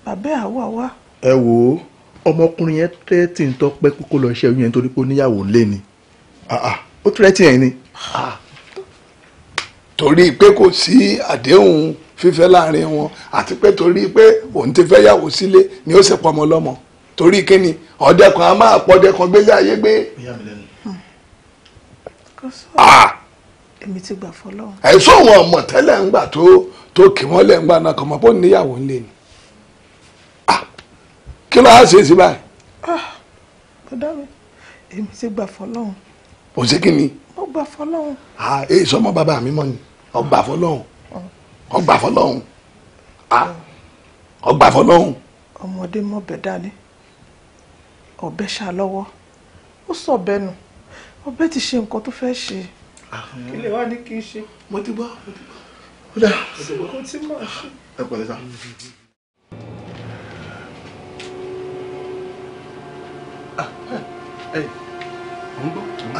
S6: bàbá àwa wá.
S2: ẹ wò ọmọkùnrin yẹn tẹ́tí ń tọ́pẹ́ kó lọ ṣẹ́yìn yẹn torí pé ó níyàwó lé ni ó tẹ́tí yẹn ni. Ah torí pé kò sí àdéhùn fífẹ́ láàrin wọn àti pé torí pé òun ti fẹ́ yàwó sílé ni ó sì pọmọ lọ́mọ torí kíni ọ̀dẹ kan a máa pọ̀dẹ kan gbélé ayé gbé. Hmm.
S6: èmi ti gbà fọlọ́run.
S2: ẹ̀sùn àwọn ọmọ tẹ́lẹ̀ ń gbà tó tó kì wọ́n lẹ̀ ń gbà náà kàn mọ́ bóun níyàwó ńlẹ̀ ni kí ló á ṣe sí báyìí.
S6: Ah! bọ́dá mi èmi ti gbà fọlọ́run. òṣèkí ni. mo gbà fọlọ́run.
S2: èyí sọmọ bàbá mi mọ́ ni ọgbà fọlọ́hún ọgbà fọlọ́hún ọgbà fọlọ́hún. ọmọdé mọ̀bẹ dání ọ̀bẹ ṣá lọ́wọ́
S6: ó sọ bẹ́ẹ̀ nù ọ̀bẹ ti ṣe nǹkan tó fẹ́ ṣe kí lè wá ní kí n ṣe. mo ti gbọ́ mo ti gbọ́ ó dà mo ti mọ̀ ṣe. ẹ pẹ̀lẹ́ sá.
S2: Ah,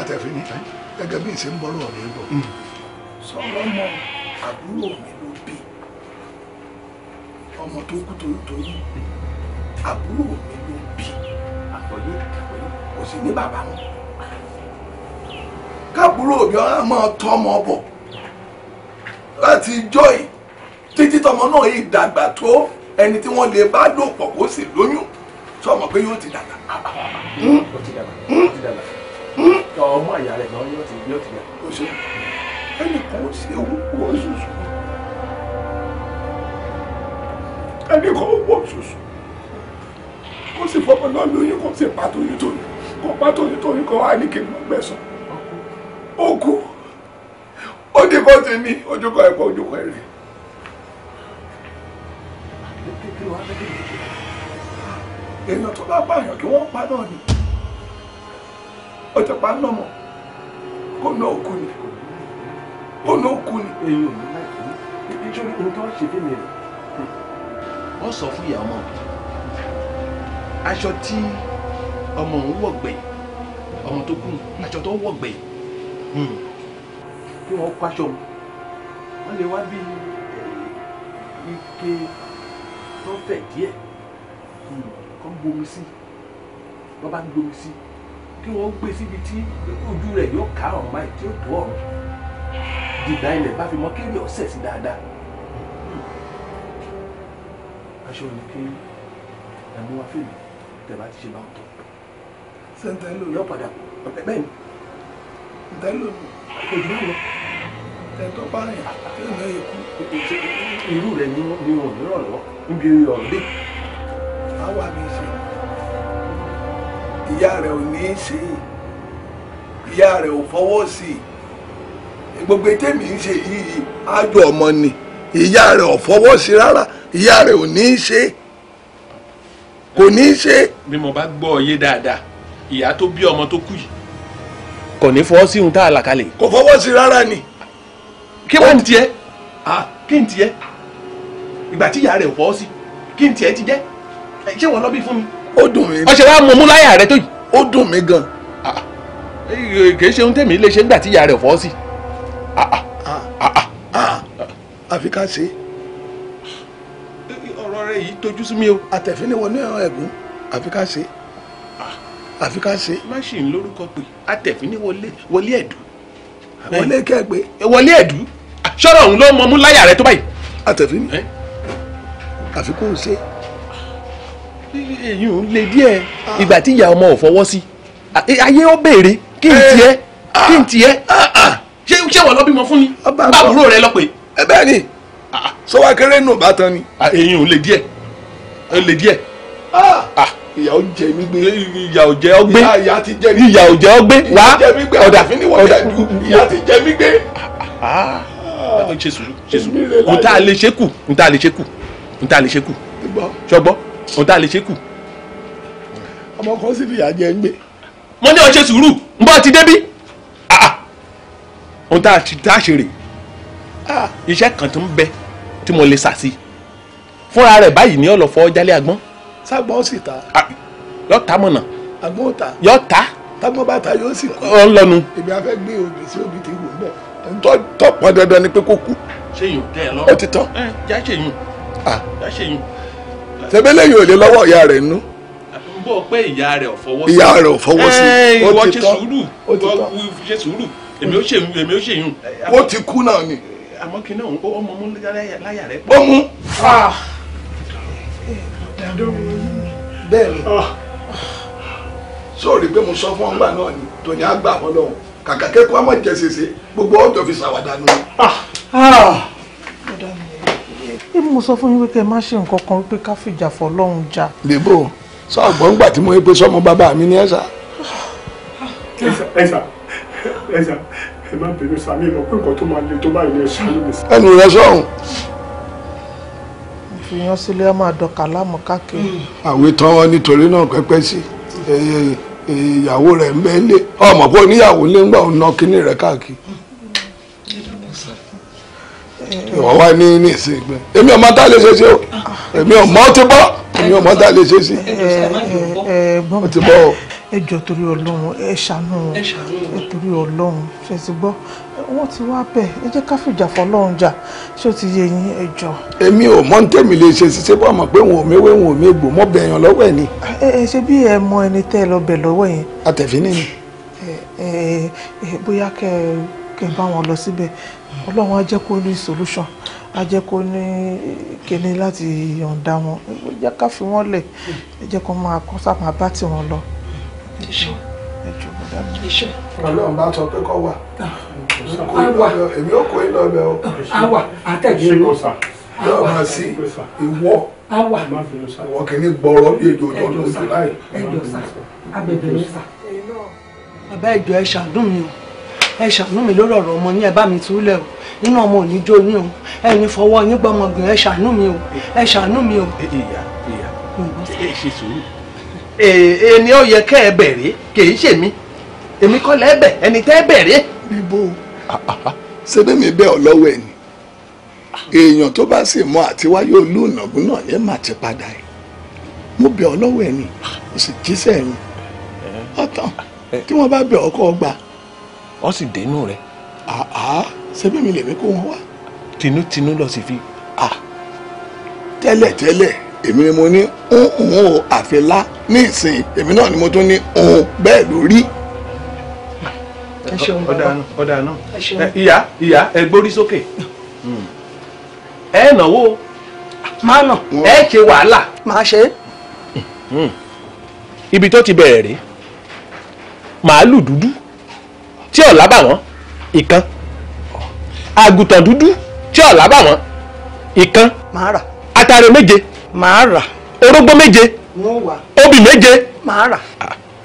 S2: àtẹ̀fín ni gẹ́gẹ́ bí n ṣe ń bọ́ lọ́wọ́ mi bọ̀. Mm sọlọ́mọ àbúrò mi ló bí ọmọ tó kú toyútoyú àbúrò mi ló bí àkọ́yé àkọ́yé kò sí ní bàbá wọn káàbúrò mi ọ̀rá máa tọ́mọ bọ̀ láti ijọ́ yìí títí tọmọ náà yìí dàgbà tó ẹni tí wọ́n lè bá lò pọ̀ kó sì lóyún sọmọ pé yóò ti dàgbà. ó ti dàgbà ó ti dàgbà hmm? Hmm? ọmọ ìyá rẹ̀ náà yóò ti dàgbà ẹnìkan ó ṣe orúkọ oṣooṣù ẹnìkan ó wọ você kó sì fọmọ náà lóyún kó sì pa tóyún tóyún kó pa tóyún tóyún kó wà ní kí n mọ gbẹ̀sán ó kú ó ní kó ti ní ojúkọ ẹ̀kọ́ ojúkọ ẹ̀rẹ́. èèyàn tó bá pààyàn kí wọ́n pa náà ni ọ̀tẹ̀ pa náà mọ̀ ó náà kú ni. èyí ò ní láìpẹ́ nítorí ohun tó ṣe fún mi rẹ̀. wọ́n sọ fún ìyá ọmọ mi aṣọ tí ọmọ òun wọ̀ gbẹ̀yìn ọmọ tó kù aṣọ tó wọ̀ gbẹ̀yìn hmm. kí wọ́n kó aṣọ wọn lè wá bí eh, ike tó fẹ̀ díẹ̀ hmm. kó ń bomi sí wọ́n bá ń bomi sí kí wọ́n gbé síbi tí ojú rẹ̀ yóò ká ọ̀run báyìí tí ó tó ọ̀run dìgbà ilẹ̀ bá fi mọ kéde ọ̀sẹ̀ sí dáadáa aṣọ ni kí ẹ̀mú wa fèlè tẹ̀bá ti ṣe bá ọ̀tọ̀ sẹ́ńtà ló yọ padà ọ̀tẹ̀ bẹ́ẹ̀ ni sẹ́ńtà ló lò kò jù lọ tẹ̀tọ́ bá rìn tẹ̀lé ikú. irú rẹ̀ ni wọn ò ní rànlọ́ níbi ọ̀rọ̀ dé. àwa mi ṣe ìyá rẹ̀ ò ní í ṣe ìyá rẹ̀ ò fọwọ́ sí i gbogbo mi ń ṣe yìí àjọ ọmọ ni ìyá rẹ̀ ò fọwọ́ sí rárá ìyá rẹ̀ ò ní í ṣe kò ní í ṣe. bí mo bá gbọ́ ọ yé dáadáa ìyá tó bí ọmọ tó kú yìí kò ní fọwọ́ sí ohun tá a là kalẹ̀. kò fọwọ́ sí rárá ni. kí wọ́n ní tiẹ̀ kí n tiẹ̀ ìgbà tí ìyá rẹ̀ ò fọwọ́ sí kí n tiẹ̀ ti jẹ́ ṣé wọ́n lọ bí fún mi. ó dùn mí. ọ̀sẹ̀ wa mọ̀ mú láyà rẹ tó yìí. ó dùn mí gan. kì í ṣe ohun tèmi lè ṣe nígbà tí ìyá rẹ̀ ò fọwọ́ sí àfi ká ṣe. ọ̀rọ̀ rẹ yìí tojú sí mi o. àtẹ̀fíníwọ̀ ní ẹ̀rọ ẹ̀gún àfi ká ṣe àfi ká ṣe. má ṣì ń lórúkọ pé àtẹ̀fíníwọlé wọlé ẹ̀dú. wọlé kẹ́gbẹ́. wọlé ẹ̀dú sọ̀rọ̀ òun ló mọ mú láyà rẹ tó báyìí. àtẹ̀fín àfi kó o ṣe. èyí ò ń le díẹ̀ ah. ìgbà tí ìyá ọmọ ò fọwọ́ sí ayé ó béèrè kí n tiẹ̀ eh. kí n tiẹ̀. Ah, ah, ṣé ṣé wọ́n lọ bímọ fún ni bá àbúrò rẹ lọ pé. ẹ bẹ́ẹ̀ ni ah, ah. sọ́wọ́ akéré nù bàtàn ni. èyí ah, ò lè díẹ̀ ò lè díẹ̀. ìyà ò jẹ mí gbé. ìyà ò jẹ ọ gbé. ìyà ti jẹ mí gbé. ìyà ò jẹ ọ gbé. wá ọ̀dà ọ̀dà ìyà ti jẹ mí gbé. ṣe sùúrù ṣe sùúrù n ta lè ṣe kù n ta lè ṣe kù n ta lè ṣe kù ṣọgbọ́ n ta lè ṣe kù. ọmọ kan sì fìyà jẹ ń gbé. mo ní ọ ṣe sùúrù n bọ́ ti débí ohun tá a ti dáṣe rè ah, iṣẹ́ kan tó ń bẹ tí mo lè sà sí fúnra rẹ̀ báyìí ní ọ̀lọ́fọ́ jálẹ̀ àgbọ́n. ságbọ́n sì ta. yọ ta mọ̀nà. àgbọn ta. yọ ta. tágbọ́n bá ta yóò sì kú. ọ lọnu. èmi á fẹ́ gbé obì sí obì tí wò ń bẹ̀. ntọ́ tọ́ pọn dandan ni pé kó kú. ṣé yóò tẹ ẹ lọ. ó ti tán. ẹ já ṣe yùn. já ṣe yùn. tẹ́bẹ́lẹ́ yóò lé lọ́wọ́ ìyá rẹ̀ nú. bó o pé ìyá rẹ̀ ò fọwọ́ sí. ìyá rẹ̀ ò fọwọ́ sí. ó ti tán èmi ó ṣe èmi ó ṣe yún. ó ti kú náà ni. àmọ́ kí náà ó ọmọ mú láyà rẹ. ó mú. Ah! bẹ́ẹ̀ni sóòrì pé mo sọ fún ọgbà náà ni tòní àgbà wọn lọ́wọ́ kàkà kẹ́kọ̀ọ́ àmọ́ jẹ́sẹ̀sẹ̀ gbogbo ọjọ́ fi ṣàwádà nù. ẹ ah!
S6: ah! mo sọ fún yín pé kẹ́ ẹ má ṣe nǹkan kan wípé ká fìjà fọ́ lọ́hùn jà.
S2: lèbo sọ àgbọ̀ngbà tí mo ń pe sọmọ bàbá mi ní ẹ̀sà. ẹ̀sà ẹ̀sà ẹ̀sà ẹ má bẹ̀rù sàmì mọ̀ pé nǹkan tó máa le tó báyìí ní ẹ̀ṣá ló lè sá. ẹnu rẹ sọrùn.
S6: ìfihàn sílé a máa dọ̀kà láàmú káàkiri.
S2: àwé tán wọn nítorí náà pẹ́pẹ́ sí ìyàwó rẹ̀ ń bẹ́ẹ̀ lé ọmọ pé oníyàwó lé ńgbà òun ná kínní rẹ̀ káàkiri ìwọ wá ní ní ìsìn ìgbẹ́ èmi ọmọ tá a lè ṣe ṣe o èmi ọmọ ti bọ́ èmi ọmọ tá a lè ṣe sí.
S6: ó ti bọ́ ọ. ẹ jọ torí ọlọ́run ẹ ṣàánú ẹ torí ọlọ́run ṣe ti gbọ́ wọ́n ti wá bẹ̀ ẹ jẹ́ ká fìjà fọlọ́run jà ṣé ó ti yé yín ẹ jọ.
S2: èmi ò mọ̀ tèmi lè ṣe ṣiṣẹ́ bọ́ àmọ́ pé wọn ò méwé wọn ò mégbò mọ́ bẹ̀ yàn lọ́wọ́ ẹ̀ ni.
S6: ẹ ṣe bí ẹ mọ ẹni tẹ́ ẹ lọ bẹ̀ lọ́wọ́ yẹn. àtẹ̀fínì ni. bóyá kẹ kẹ bá wọn lọ síbẹ̀ ọlọ́run á jẹ́ kó ní solution a jẹ́ kó ní kíní láti yọ̀ǹda wọn ẹ jẹ́ ká fi wọ́n lẹ̀ ẹ jẹ́ kó máa kọ́ sáà máa bá tì wọ́n lọ.
S2: ọlọ́run bá sọ pé kọ́ wà ah. èmi ò kó iná ọbẹ̀ o. àwa àtẹ̀jẹ́ ló yóò máa sí ìwọ ìwọ kìíní gbọ́rọ̀ bí èdè òjò lójú láì. abẹ̀bẹ̀ ló sà.
S6: bàbá ìjọ ẹ̀ ṣàdùn mi o ẹ ṣàánú mi lórí ọ̀rọ̀ ọmọ yín ẹ bá mi túlẹ̀ o
S2: nínú ọmọ ò ní jó yín o ẹ ní fọwọ́ yín gbọmọgbìn ẹ ṣàánú mi o ẹ ṣàánú mi o. ìyá ìyá ẹ ṣe sùúrù ẹni ó yẹ kẹ́ ẹ bẹ̀rẹ̀ kì í ṣèmi èmi kọ́ lẹ́ bẹ̀ ẹni tẹ́ bẹ̀rẹ̀. bíbó ah, ah, ah. ṣe bí mi bẹ́ ọ lọ́wọ́ ẹ̀ ni èèyàn tó bá sì mọ àtiwáyé olúùnàgún náà yẹn mà ti padà ẹ̀ mo bẹ̀ ọ lọ́wọ́ ẹ̀ ni mo sì jíṣẹ́ ẹ̀ ni ọ̀tàn tí wọ́n bá bẹ̀ ọkọ̀ gbà ọ sì dénú rẹ. àá ṣebí mi lèmi kó wọn wá. tinútinú lọ sí fi. tẹ́lẹ̀tẹ́lẹ̀ èmi ni mo ní ń o àfẹlá ní ìsìn èmi náà ni mo tún ní ń bẹ́ẹ̀ lórí. ọ̀dà náà
S6: ọ̀dà náà
S2: ìyá ìyá ẹ gbórí sókè hmm. ẹ náwó máa nà ẹ ṣe wàhálà. máa ṣe é. Hmm. ibi tó ti bẹ̀rẹ̀ rèé màálù dúdú tí ò lábà wọ́n ìkan àgùntàn dúdú tí ò lábà wọ́n ìkan màá rà atare méje màá rà orógbó méje wọ́n wà obì méje màá rà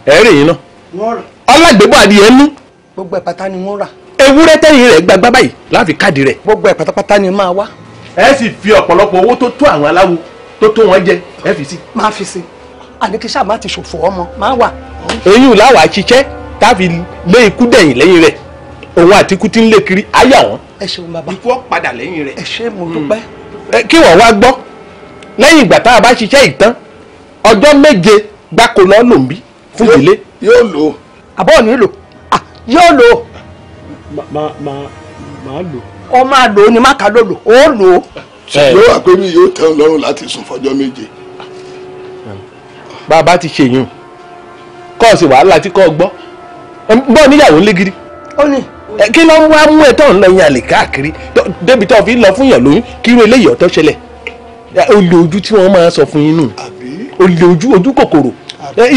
S2: ẹ̀rìn yìí náà wọ́n rà ọlágbébọ̀ adìyẹ nú
S10: gbogbo ẹ̀ pátá ni wọ́n rà
S2: ewúrẹ́ tẹ́yìn rẹ̀ gbagbá báyìí láfi káàdì rẹ̀ gbogbo ẹ̀ ni máa wá. ẹ sì fi ọ̀pọ̀lọpọ̀ owó tó tó àwọn aláwo tó tó wọn jẹ ẹ fi sí. máa fi sí àníkísà má ti ṣòfò ọmọ máa wà. eyín làwọn àṣìṣẹ́ táfi lé ikú dẹ̀yìn lẹ́yìn rẹ̀ òun àti ikú ti ń lé kiri áyà wọn. ẹ ṣeun bàbá ikú ọ̀padà lẹ́yìn rẹ̀. ẹ ṣe mo dúpẹ́. Hmm. kí wọ́n wá gbọ́ lẹ́yìn ìgbà tá a bá ṣiṣẹ́ ìtàn ọjọ́ méje gbáko lọ́ lò ń bí fún ìdílé. yóò lò ó. àbọ̀ ò ní lò ah, yóò lò ó.
S1: màá màá lò.
S2: ọ máa lò ó ni má kà ló lò ó lò ó. ṣùgbọ́n àpérí yóò tẹ́ ọ lọ́rùn láti sùn fọjọ́ méje. bàbá ti ṣèyàn kọ́ọ̀sì wàhálà tí kò gbọ́ bọ́ níyàwó lé gidi. ó ní. kí ló ń wá mú ẹ tán lọ yan àlè káàkiri débi tó fi lọ fún yàn lóyún kí irú eléyìí ọ̀tọ̀ ṣẹlẹ̀ olè ojú tí wọ́n máa sọ fún yín nù olè ojú ojú kòkòrò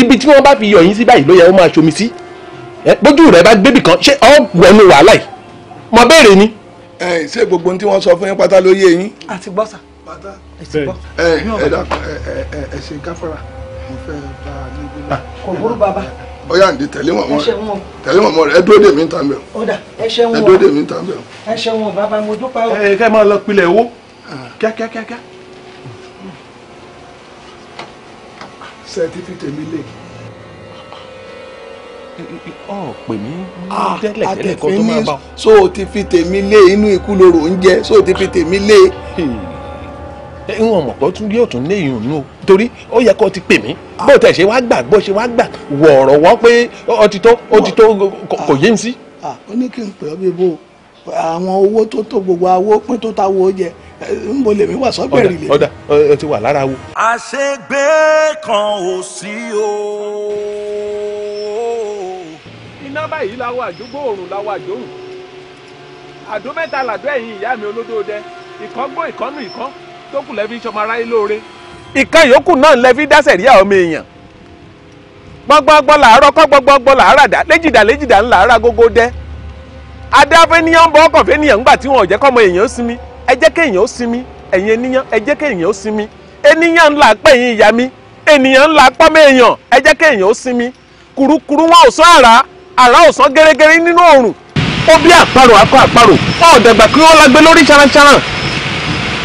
S2: ibi tí wọ́n bá fi yọ yín sí báyìí ló yẹ wọ́n máa ṣomi sí bójú rẹ bá gbébì kan ṣé ọ wọnú wàhálà yìí mo béèrè ni. ẹ ṣé gbogbo ohun tí wọ́n sọ fún yín pátá ló yé yín. àti gbọ́sà. pátá ẹ ti gbọ́. ẹ ẹ ẹ ṣe gáfárà mo fẹ́ bá a níbí náà. kò burú bàbá. ó yà ń di tẹ̀lé mọ̀mọ́ rẹ̀ tẹ̀lé mọ̀mọ́ rẹ̀ ẹ dúró dè mí ta bẹ̀. ọ̀dà ẹ ṣeun o ẹ dúró dè mí ta bẹ̀. ẹ ṣeun o bàbá mo dúpẹ́ o. ẹ kẹ́ máa lọ pilẹ̀ owó
S6: ah. kíákíákíá.
S2: sẹ́tífíkì mi lè. ọ pè mí ah, tẹ́lẹ̀ tẹ́lẹ̀ kó tó máa bá ọ. so ti fi tèmi lé inú ikú lorò ń jẹ so ti fi lé ìwọ̀n mọ̀pọ̀ tún yóò tún léyìn òun o torí ó yẹ kó ti pè mí bó tẹ̀ ṣe wá gbà bó ṣe wá gbà wọ̀ọ̀rọ̀ wọ́ pé ó ti tó ó ti tó kò yé mi sí.
S6: ó ní kí n pè ọ́ bí bó àwọn owó
S2: tó tó gbogbo awó pín tó ta wo jẹ n bò lèmi wà sọ́gbẹ̀rì lè. ọ̀dà ọ ti wà lára wo.
S1: àṣegbè kan ò sí o. iná báyìí la wà àdúgbò òrùn la wà àdóhùn àdó mẹ́ta
S2: làdó ẹ̀yìn ìyá mi olódóodẹ ìkọ́gbó ìkọ́nù ìkọ́ tó kù lẹ́bí sọmọ aráyé lóore. ìkan yòókù náà lẹ́bí dáṣẹ̀ rí àwọn ọmọ èèyàn gbọ́ngbọ́ngbọ́n làárọ̀ kọ́gbọ́ngbọ́ngbọ́n làárà dá léjìdá léjìdá ńlá ara gógó dẹ́ adáfẹ́niyàn bọ́ ọkọ̀ fẹ́niyàn ńgbà tí wọn ò jẹ́ kọ́mọ èèyàn sinmi ẹ jẹ́ kéèyàn ó sinmi ẹ̀yin ènìyàn ẹ jẹ́ kéèyàn ó sinmi ńlá ìyá mi ènìyàn ńlá pọ́mọ èèyàn ẹ jẹ́ ó sinmi kùrukùru wọn ò sọ nínú òòrùn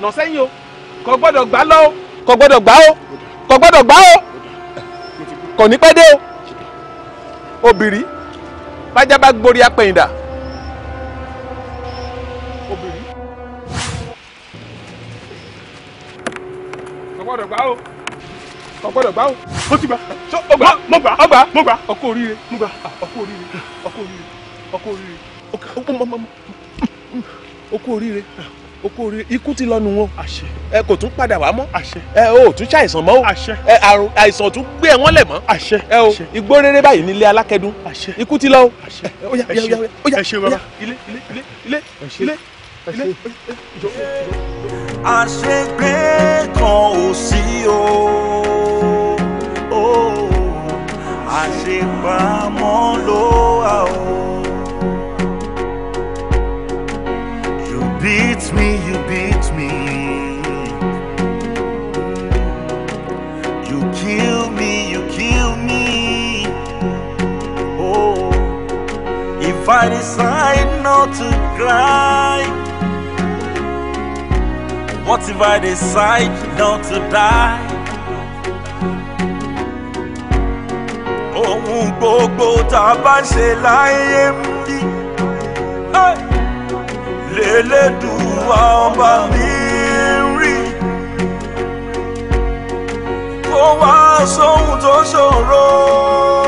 S2: nà sẹ́yìn o kò gbọ́dọ̀ gbá lọ o kò gbọ́dọ̀ gbá o kò gbọ́dọ̀ gbá o kò ní pẹ́ dé o obìnrin bájá bá gborí apẹ̀yìndà. obìnrin kò gbọ́dọ̀ gbá o kò gbọ́dọ̀ gbá o ó ti gbà ọgbà mo gbà ọgbà mo gbà ọkọ oríire mo gbà ah, ọkọ oríire ọkọ oríire ọkọ oríire ọkọ oríire okó orí ikú ti lọ́nu wọn. àṣẹ. ẹ kò tún padà wá mọ́. àṣẹ. ẹ ò tún ṣàìsàn mọ́ o. àṣẹ. ẹ àrùn àìsàn tún gbé ẹ wọ́n lẹ̀ mọ́. àṣẹ. ẹ o igbó rere báyìí nílé alákẹ́dùn. àṣẹ. ikú ti lọ o. àṣẹ. ó yá ó yá ó yá ó yá ilé ilé ilé ilé ilé ilé.
S1: àṣegbé kan ò sí o oh, àṣepamọ́ ló wà o. beat me, you beat me. You kill me, you kill me. Oh, if I decide not to cry, what if I decide not to die? Oh, go go a bá say láyé ń bí. lélẹ́dùn ọba mi rí kó wá sóhun tó ṣòro.